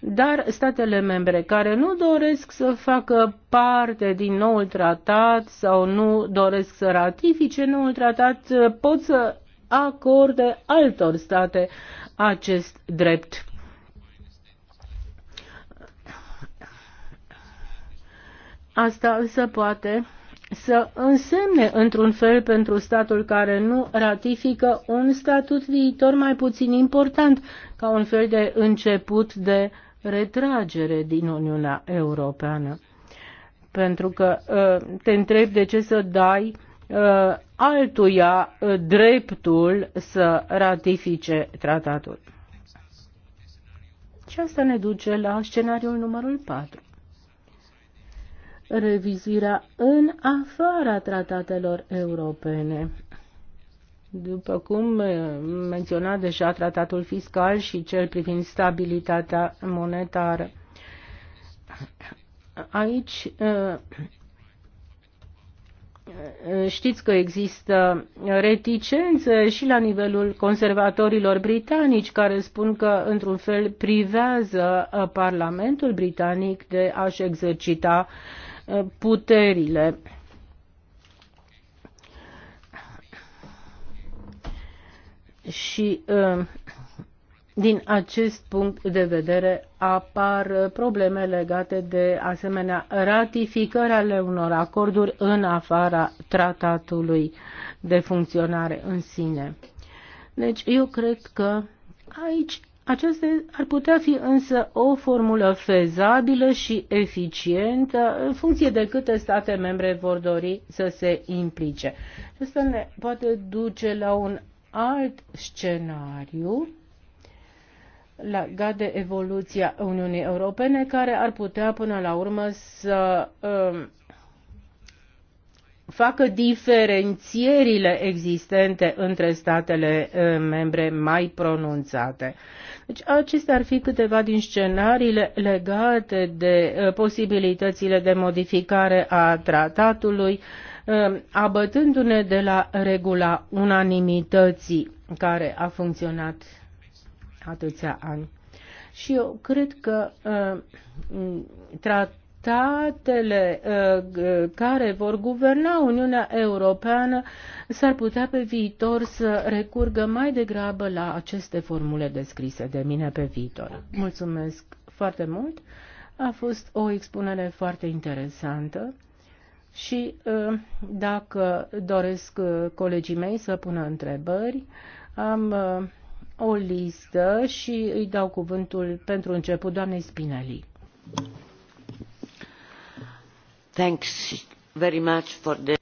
Speaker 2: dar statele membre care nu doresc să facă parte din noul tratat sau nu doresc să ratifice noul tratat pot să acorde altor state acest drept. Asta se poate să însemne într-un fel pentru statul care nu ratifică un statut viitor mai puțin important, ca un fel de început de retragere din Uniunea Europeană. Pentru că ă, te întreb de ce să dai Uh, altuia uh, dreptul să ratifice tratatul. Și asta ne duce la scenariul numărul 4. Revizirea în afara tratatelor europene. După cum uh, menționa deja tratatul fiscal și cel privind stabilitatea monetară. Aici Știți că există reticențe și la nivelul conservatorilor britanici care spun că, într-un fel, privează uh, Parlamentul britanic de a-și exercita uh, puterile. Și uh, din acest punct de vedere apar probleme legate de asemenea ratificări ale unor acorduri în afara tratatului de funcționare în sine. Deci eu cred că aici aceasta ar putea fi însă o formulă fezabilă și eficientă în funcție de câte state membre vor dori să se implice. Asta ne poate duce la un alt scenariu legat de evoluția Uniunii Europene, care ar putea până la urmă să um, facă diferențierile existente între statele um, membre mai pronunțate. Deci acestea ar fi câteva din scenariile legate de uh, posibilitățile de modificare a tratatului, um, abătându-ne de la regula unanimității care a funcționat atâția ani. Și eu cred că uh, tratatele uh, care vor guverna Uniunea Europeană s-ar putea pe viitor să recurgă mai degrabă la aceste formule descrise de mine pe viitor. Mulțumesc foarte mult. A fost o expunere foarte interesantă și uh, dacă doresc uh, colegii mei să pună întrebări, am uh, o listă și îi dau cuvântul pentru început doamnei Spinelli. Thanks very much for the...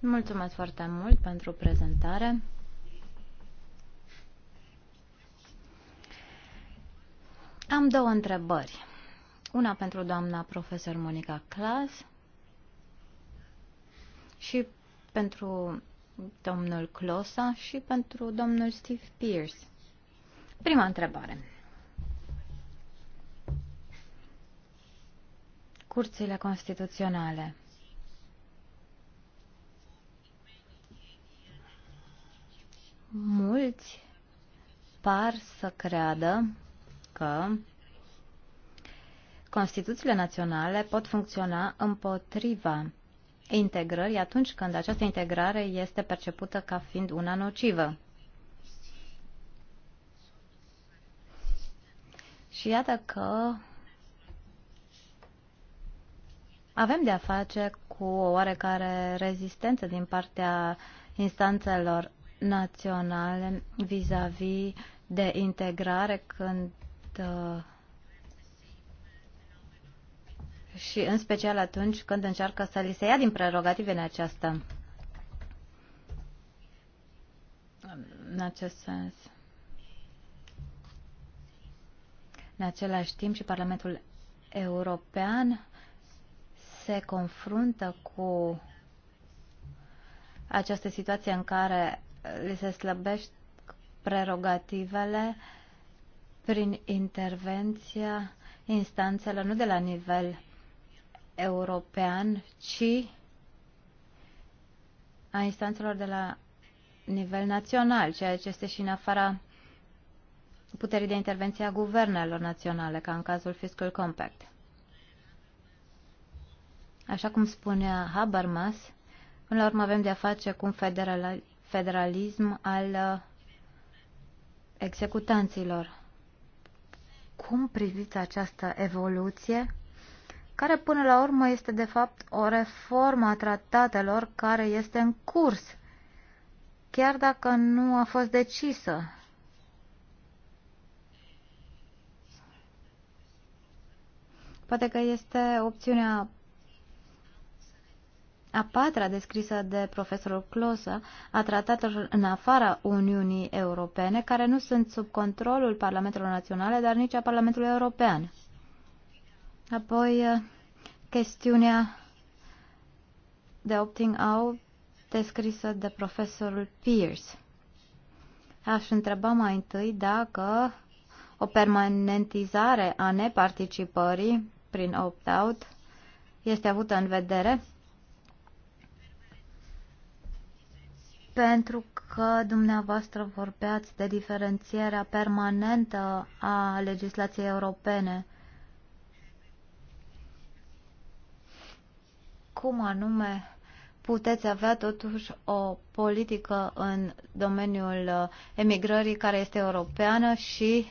Speaker 3: Mulțumesc foarte mult pentru prezentare. Am două întrebări. Una pentru doamna profesor Monica Clas și pentru domnul Closa și pentru domnul Steve Pierce. Prima întrebare. Curțile constituționale. Mulți par să creadă că Constituțiile naționale pot funcționa împotriva integrării atunci când această integrare este percepută ca fiind una nocivă. Și iată că avem de a face cu o oarecare rezistență din partea instanțelor naționale vis-a-vis -vis de integrare când uh, și în special atunci când încearcă să li se ia din prerogativele aceasta în acest sens. În același timp și Parlamentul European se confruntă cu această situație în care li se slăbește prerogativele prin intervenția instanțelor nu de la nivel european, ci a instanțelor de la nivel național, ceea ce este și în afara puterii de intervenție a guvernelor naționale, ca în cazul Fiscal Compact. Așa cum spunea Habermas, până la urmă avem de-a face cu un federal, federalism al uh, executanților. Cum priviți această evoluție, care până la urmă este de fapt o reformă a tratatelor care este în curs, chiar dacă nu a fost decisă Poate că este opțiunea a patra descrisă de profesorul Closă a tratatelor în afara Uniunii Europene, care nu sunt sub controlul Parlamentelor Naționale, dar nici a Parlamentului European. Apoi, eh, chestiunea de opting out descrisă de profesorul Pierce. Aș întreba mai întâi dacă o permanentizare a neparticipării prin opt-out este avută în vedere pentru că dumneavoastră vorbeați de diferențierea permanentă a legislației europene. Cum anume puteți avea totuși o politică în domeniul emigrării care este europeană și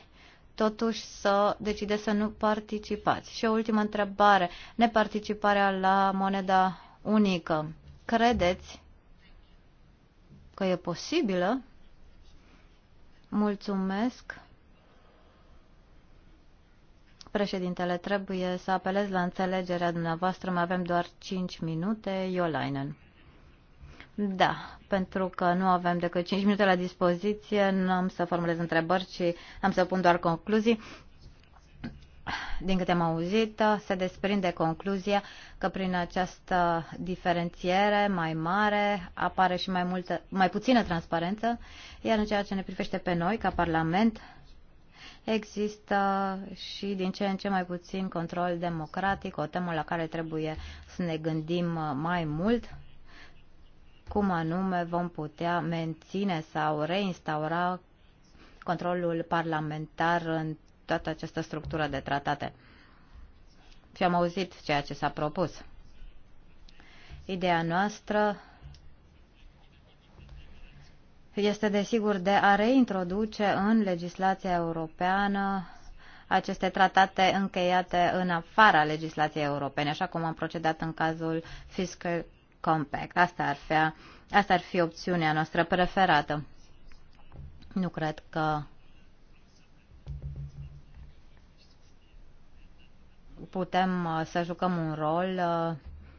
Speaker 3: totuși să decideți să nu participați. Și o ultimă întrebare, neparticiparea la moneda unică. Credeți că e posibilă? Mulțumesc. Președintele, trebuie să apelez la înțelegerea dumneavoastră, mai avem doar 5 minute. Iolainen. Da, pentru că nu avem decât 5 minute la dispoziție, nu am să formulez întrebări, ci am să pun doar concluzii. Din câte am auzit, se desprinde concluzia că prin această diferențiere mai mare apare și mai, multă, mai puțină transparență, iar în ceea ce ne privește pe noi, ca Parlament, există și din ce în ce mai puțin control democratic, o temă la care trebuie să ne gândim mai mult cum anume vom putea menține sau reinstaura controlul parlamentar în toată această structură de tratate. Și am auzit ceea ce s-a propus. Ideea noastră este desigur de a reintroduce în legislația europeană aceste tratate încheiate în afara legislației europene, așa cum am procedat în cazul Fiscal Compact. Asta ar fi, asta ar fi opțiunea noastră preferată. Nu cred că putem uh, să jucăm un rol uh,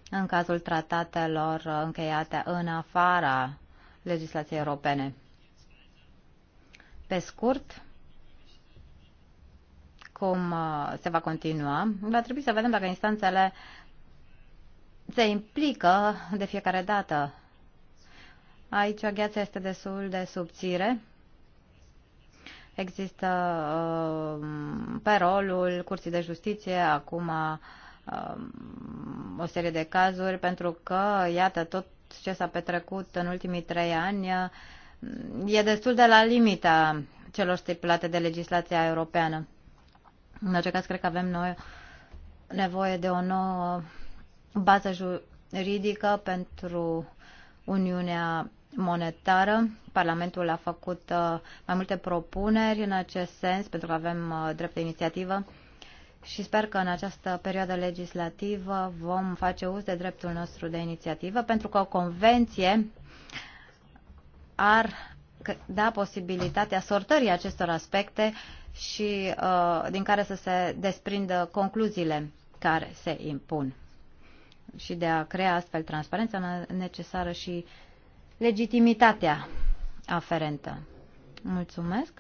Speaker 3: în cazul tratatelor încheiate în afara legislației europene. Pe scurt, cum uh, se va continua, va trebui să vedem dacă instanțele se implică de fiecare dată. Aici gheața este destul de subțire. Există uh, pe rolul Curții de Justiție acum uh, o serie de cazuri pentru că, iată, tot ce s-a petrecut în ultimii trei ani uh, e destul de la limita celor stipulate de legislația europeană. În acest caz, cred că avem noi nevoie de o nouă bază juridică pentru Uniunea monetară. Parlamentul a făcut uh, mai multe propuneri în acest sens, pentru că avem uh, drept de inițiativă și sper că în această perioadă legislativă vom face uz de dreptul nostru de inițiativă, pentru că o convenție ar da posibilitatea sortării acestor aspecte și uh, din care să se desprindă concluziile care se impun și de a crea astfel transparența necesară și legitimitatea aferentă. Mulțumesc!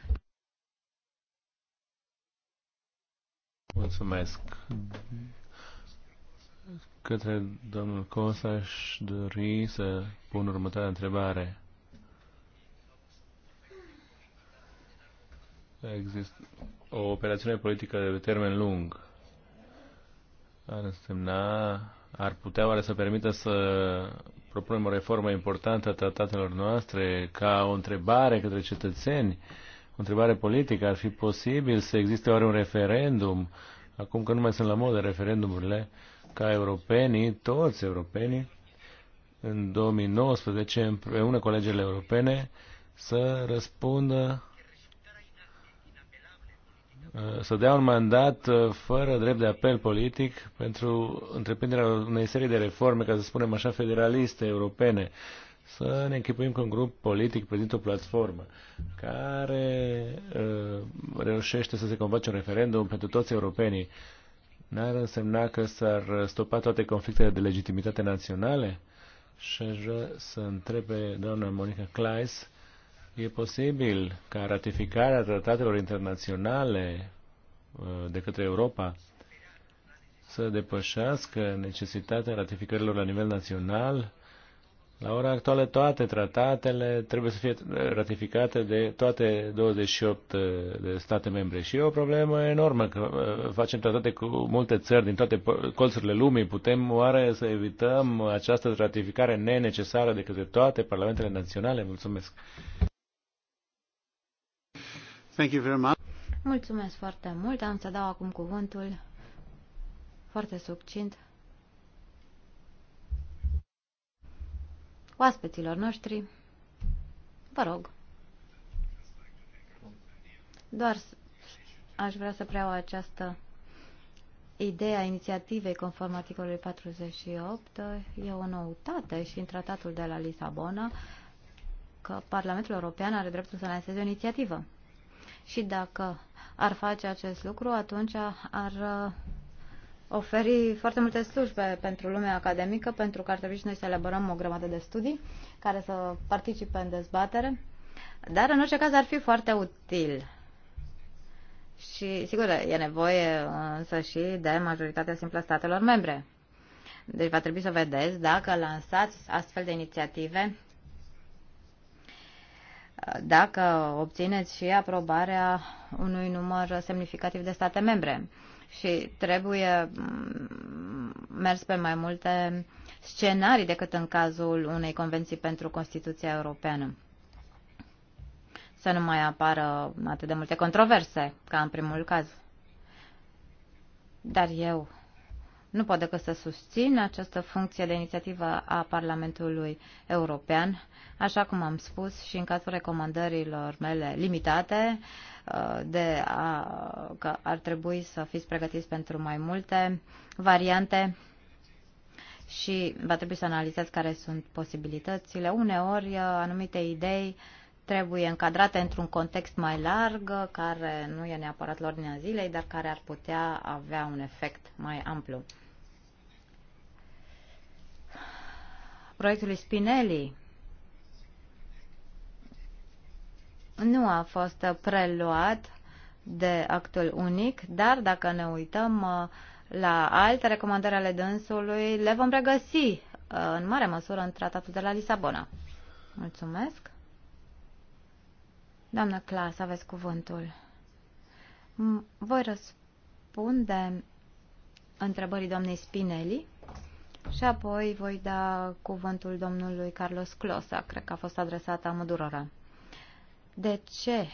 Speaker 1: Mulțumesc! Către domnul Cosa aș dori să pun următoarea întrebare. Există o operațiune politică de termen lung. Ar însemna ar putea oare să permită să propunem o reformă importantă a tratatelor noastre ca o întrebare către cetățeni, o întrebare politică? Ar fi posibil să existe oare un referendum, acum că nu mai sunt la modă referendumurile, ca europenii, toți europenii, în 2019, împreună cu alegerile europene, să răspundă Uh, să dea un mandat uh, fără drept de apel politic pentru întreprinderea unei serii de reforme, ca să spunem așa, federaliste europene. Să ne închipuim că un grup politic prezintă o platformă care uh, reușește să se convoace un referendum pentru toți europenii. N-ar însemna că s-ar stopa toate conflictele de legitimitate naționale? Și aș vrea să întrebe doamna Monica Kleiss E posibil ca ratificarea tratatelor internaționale uh, de către Europa să depășească necesitatea ratificărilor la nivel național. La ora actuală toate tratatele trebuie să fie uh, ratificate de toate 28 uh, de state membre și e o problemă enormă că facem tratate cu multe țări din toate colțurile lumii. Putem oare să evităm această ratificare nenecesară de către toate parlamentele naționale? Mulțumesc! Thank you very much.
Speaker 3: Mulțumesc foarte mult. Am să dau acum cuvântul foarte succint oaspeților noștri. Vă rog. Doar aș vrea să preiau această idee a inițiativei conform articolului 48. E o noutate și în tratatul de la Lisabona că Parlamentul European are dreptul să lanseze o inițiativă. Și dacă ar face acest lucru, atunci ar uh, oferi foarte multe slujbe pentru lumea academică, pentru că ar trebui și noi să elaborăm o grămadă de studii care să participe în dezbatere. Dar, în orice caz, ar fi foarte util. Și, sigur, e nevoie însă și de majoritatea simplă statelor membre. Deci va trebui să vedeți dacă lansați astfel de inițiative dacă obțineți și aprobarea unui număr semnificativ de state membre. Și trebuie mm, mers pe mai multe scenarii decât în cazul unei convenții pentru Constituția Europeană. Să nu mai apară atât de multe controverse ca în primul caz. Dar eu nu pot decât să susțin această funcție de inițiativă a Parlamentului European, așa cum am spus și în cazul recomandărilor mele limitate, uh, de a, că ar trebui să fiți pregătiți pentru mai multe variante și va trebui să analizați care sunt posibilitățile. Uneori, uh, anumite idei trebuie încadrate într-un context mai larg, uh, care nu e neapărat la ordinea zilei, dar care ar putea avea un efect mai amplu. proiectului Spinelli nu a fost preluat de actul unic, dar dacă ne uităm uh, la alte recomandări ale dânsului, le vom regăsi uh, în mare măsură în tratatul de la Lisabona. Mulțumesc. Doamnă Clas, aveți cuvântul. Voi răspunde întrebării doamnei Spinelli. Și apoi voi da cuvântul domnului Carlos Closa, cred că a fost adresată amândurora. De ce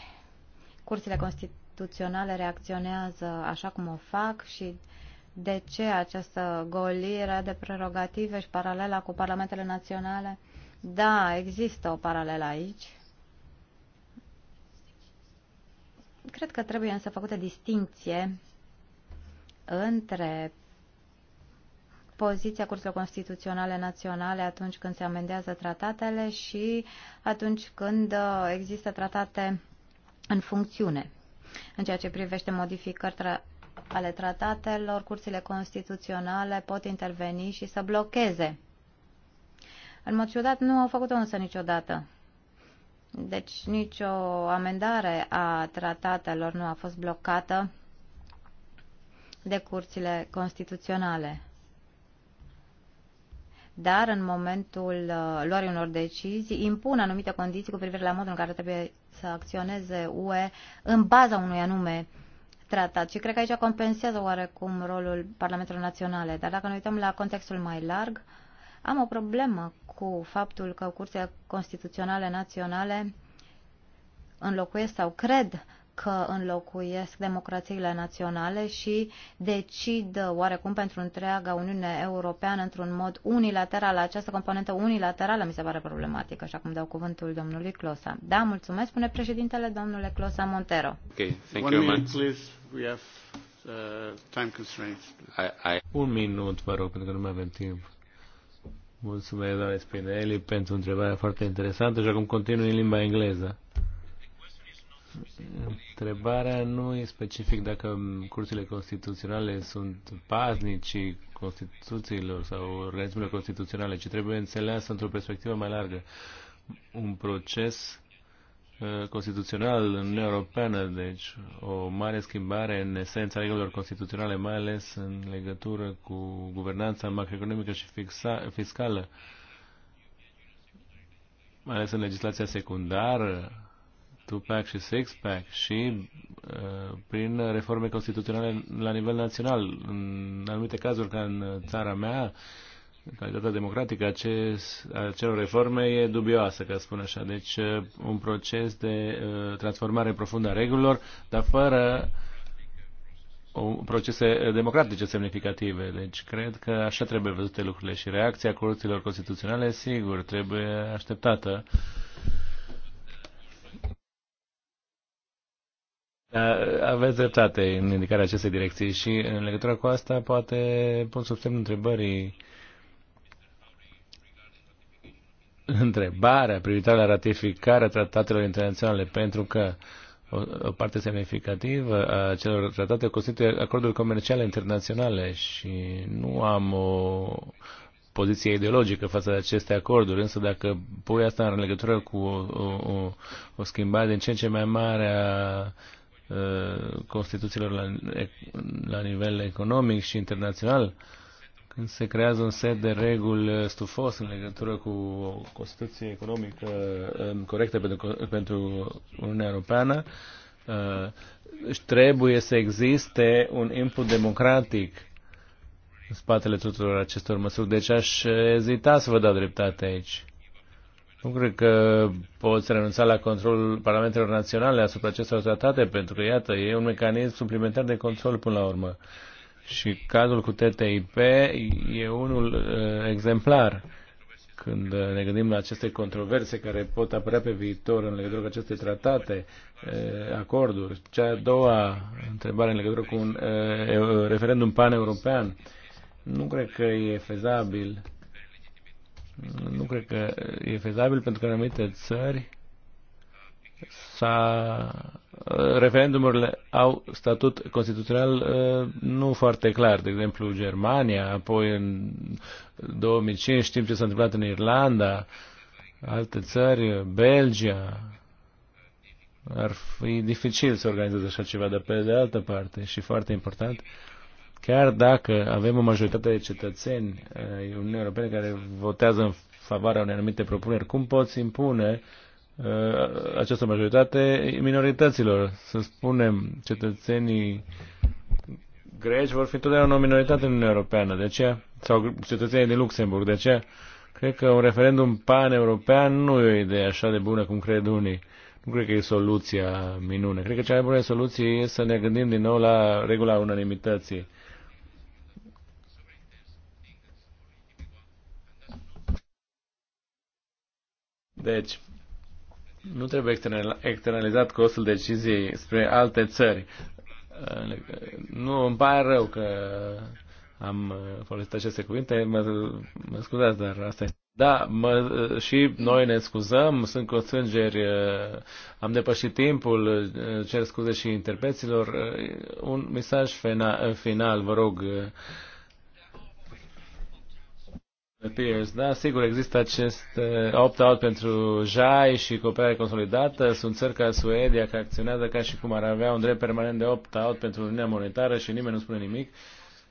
Speaker 3: cursile constituționale reacționează așa cum o fac și de ce această golire de prerogative și paralela cu parlamentele naționale? Da, există o paralelă aici. Cred că trebuie însă făcută distinție între poziția curselor constituționale naționale atunci când se amendează tratatele și atunci când uh, există tratate în funcțiune. În ceea ce privește modificări tra- ale tratatelor, curțile constituționale pot interveni și să blocheze. În mod ciudat, nu au făcut-o însă niciodată. Deci nicio amendare a tratatelor nu a fost blocată de curțile constituționale dar în momentul uh, luării unor decizii impun anumite condiții cu privire la modul în care trebuie să acționeze UE în baza unui anume tratat. Și cred că aici compensează oarecum rolul Parlamentului Naționale. Dar dacă ne uităm la contextul mai larg, am o problemă cu faptul că curțile constituționale naționale înlocuiesc sau cred că înlocuiesc democrațiile naționale și decid oarecum pentru întreaga Uniune Europeană într-un mod unilateral. Această componentă unilaterală mi se pare problematică așa cum dau cuvântul domnului Closa. Da, mulțumesc, spune președintele, domnule Closa Montero.
Speaker 1: Uh, Un minut, vă rog, pentru că nu mai avem timp. Mulțumesc, doamne Spinelli, pentru întrebarea foarte interesantă și acum continui în limba engleză. Întrebarea nu e specific dacă curțile constituționale sunt paznicii Constituțiilor sau organismele constituționale, ci trebuie înțeleasă într-o perspectivă mai largă. Un proces uh, constituțional în Uniunea Europeană, deci o mare schimbare în esența regulilor constituționale, mai ales în legătură cu guvernanța macroeconomică și fixa, fiscală, mai ales în legislația secundară, Tupac și sixpack și uh, prin reforme constituționale la nivel național. În anumite cazuri, ca în țara mea, calitatea democratică a acelor reforme e dubioasă, ca să spun așa. Deci uh, un proces de uh, transformare profundă a regulilor, dar fără procese democratice semnificative. Deci cred că așa trebuie văzute lucrurile și reacția curților constituționale, sigur, trebuie așteptată. Uh, Da, aveți dreptate în indicarea acestei direcții și în legătură cu asta poate pot sub semnul întrebării întrebarea privitoare la ratificarea tratatelor internaționale pentru că o, o parte semnificativă a celor tratate constituie acorduri comerciale internaționale și nu am o poziție ideologică față de aceste acorduri, însă dacă pui asta în legătură cu o, o, o schimbare din ce în ce mai mare a Uh, constituțiilor la, la nivel economic și internațional, când se creează un set de reguli uh, stufos în legătură cu o Constituție economică um, corectă pentru, pentru Uniunea Europeană, uh, trebuie să existe un input democratic în spatele tuturor acestor măsuri. Deci aș ezita să vă dau dreptate aici. Nu cred că poți renunța la controlul parlamentelor naționale asupra acestor tratate, pentru că, iată, e un mecanism suplimentar de control până la urmă. Și cazul cu TTIP e unul uh, exemplar când uh, ne gândim la aceste controverse care pot apărea pe viitor în legătură cu aceste tratate, uh, acorduri. Cea a doua întrebare în legătură cu un uh, referendum pan-european, nu cred că e fezabil nu cred că e fezabil pentru că în anumite țări s-a, referendumurile au statut constituțional uh, nu foarte clar. De exemplu, Germania, apoi în 2005 știm ce s-a întâmplat în Irlanda, alte țări, Belgia. Ar fi dificil să organizeze așa ceva, dar pe de altă parte și foarte important, Chiar dacă avem o majoritate de cetățeni uh, Uniunii Europene care votează în favoarea unei anumite propuneri, cum poți impune uh, această majoritate minorităților? Să spunem, cetățenii greci vor fi totdeauna o minoritate în Uniunea Europeană, de ce sau cetățenii din Luxemburg, de ce? cred că un referendum pan-european nu e o idee așa de bună cum cred unii. Nu cred că e soluția minune. Cred că cea mai bună soluție e să ne gândim din nou la regula unanimității. Deci, nu trebuie externalizat costul deciziei spre alte țări. Nu, îmi pare rău că am uh, folosit aceste cuvinte, mă, mă scuzați, dar asta este. Da, mă, uh, și noi ne scuzăm, sunt constrângeri, uh, am depășit timpul, cer scuze și interpreților. Un mesaj final, vă rog, Peers, da, sigur, există acest uh, opt-out pentru JAI și cooperare consolidată. Sunt țări ca Suedia, care acționează ca și cum ar avea un drept permanent de opt-out pentru Uniunea Monetară și nimeni nu spune nimic.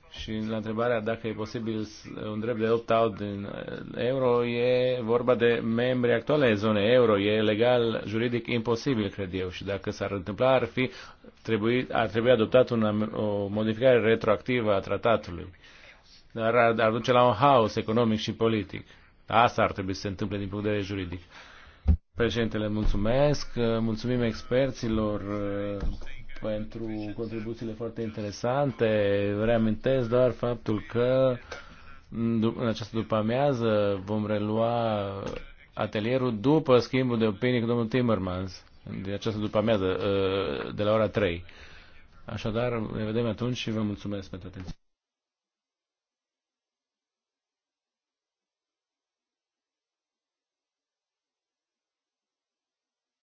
Speaker 1: Și la întrebarea dacă e posibil uh, un drept de opt-out din uh, euro, e vorba de membri actuale ai zonei euro. E legal, juridic, imposibil, cred eu. Și dacă s-ar întâmpla, ar, fi, trebui, ar trebui adoptat una, o modificare retroactivă a tratatului dar ar, ar duce la un haos economic și politic. Asta ar trebui să se întâmple din punct de vedere juridic. Președintele, mulțumesc, mulțumim experților uh, pentru contribuțiile foarte interesante. Reamintesc doar faptul că în această după-amiază vom relua atelierul după schimbul de opinii cu domnul Timmermans, de această după-amiază, uh, de la ora 3. Așadar, ne vedem atunci și vă mulțumesc pentru atenție.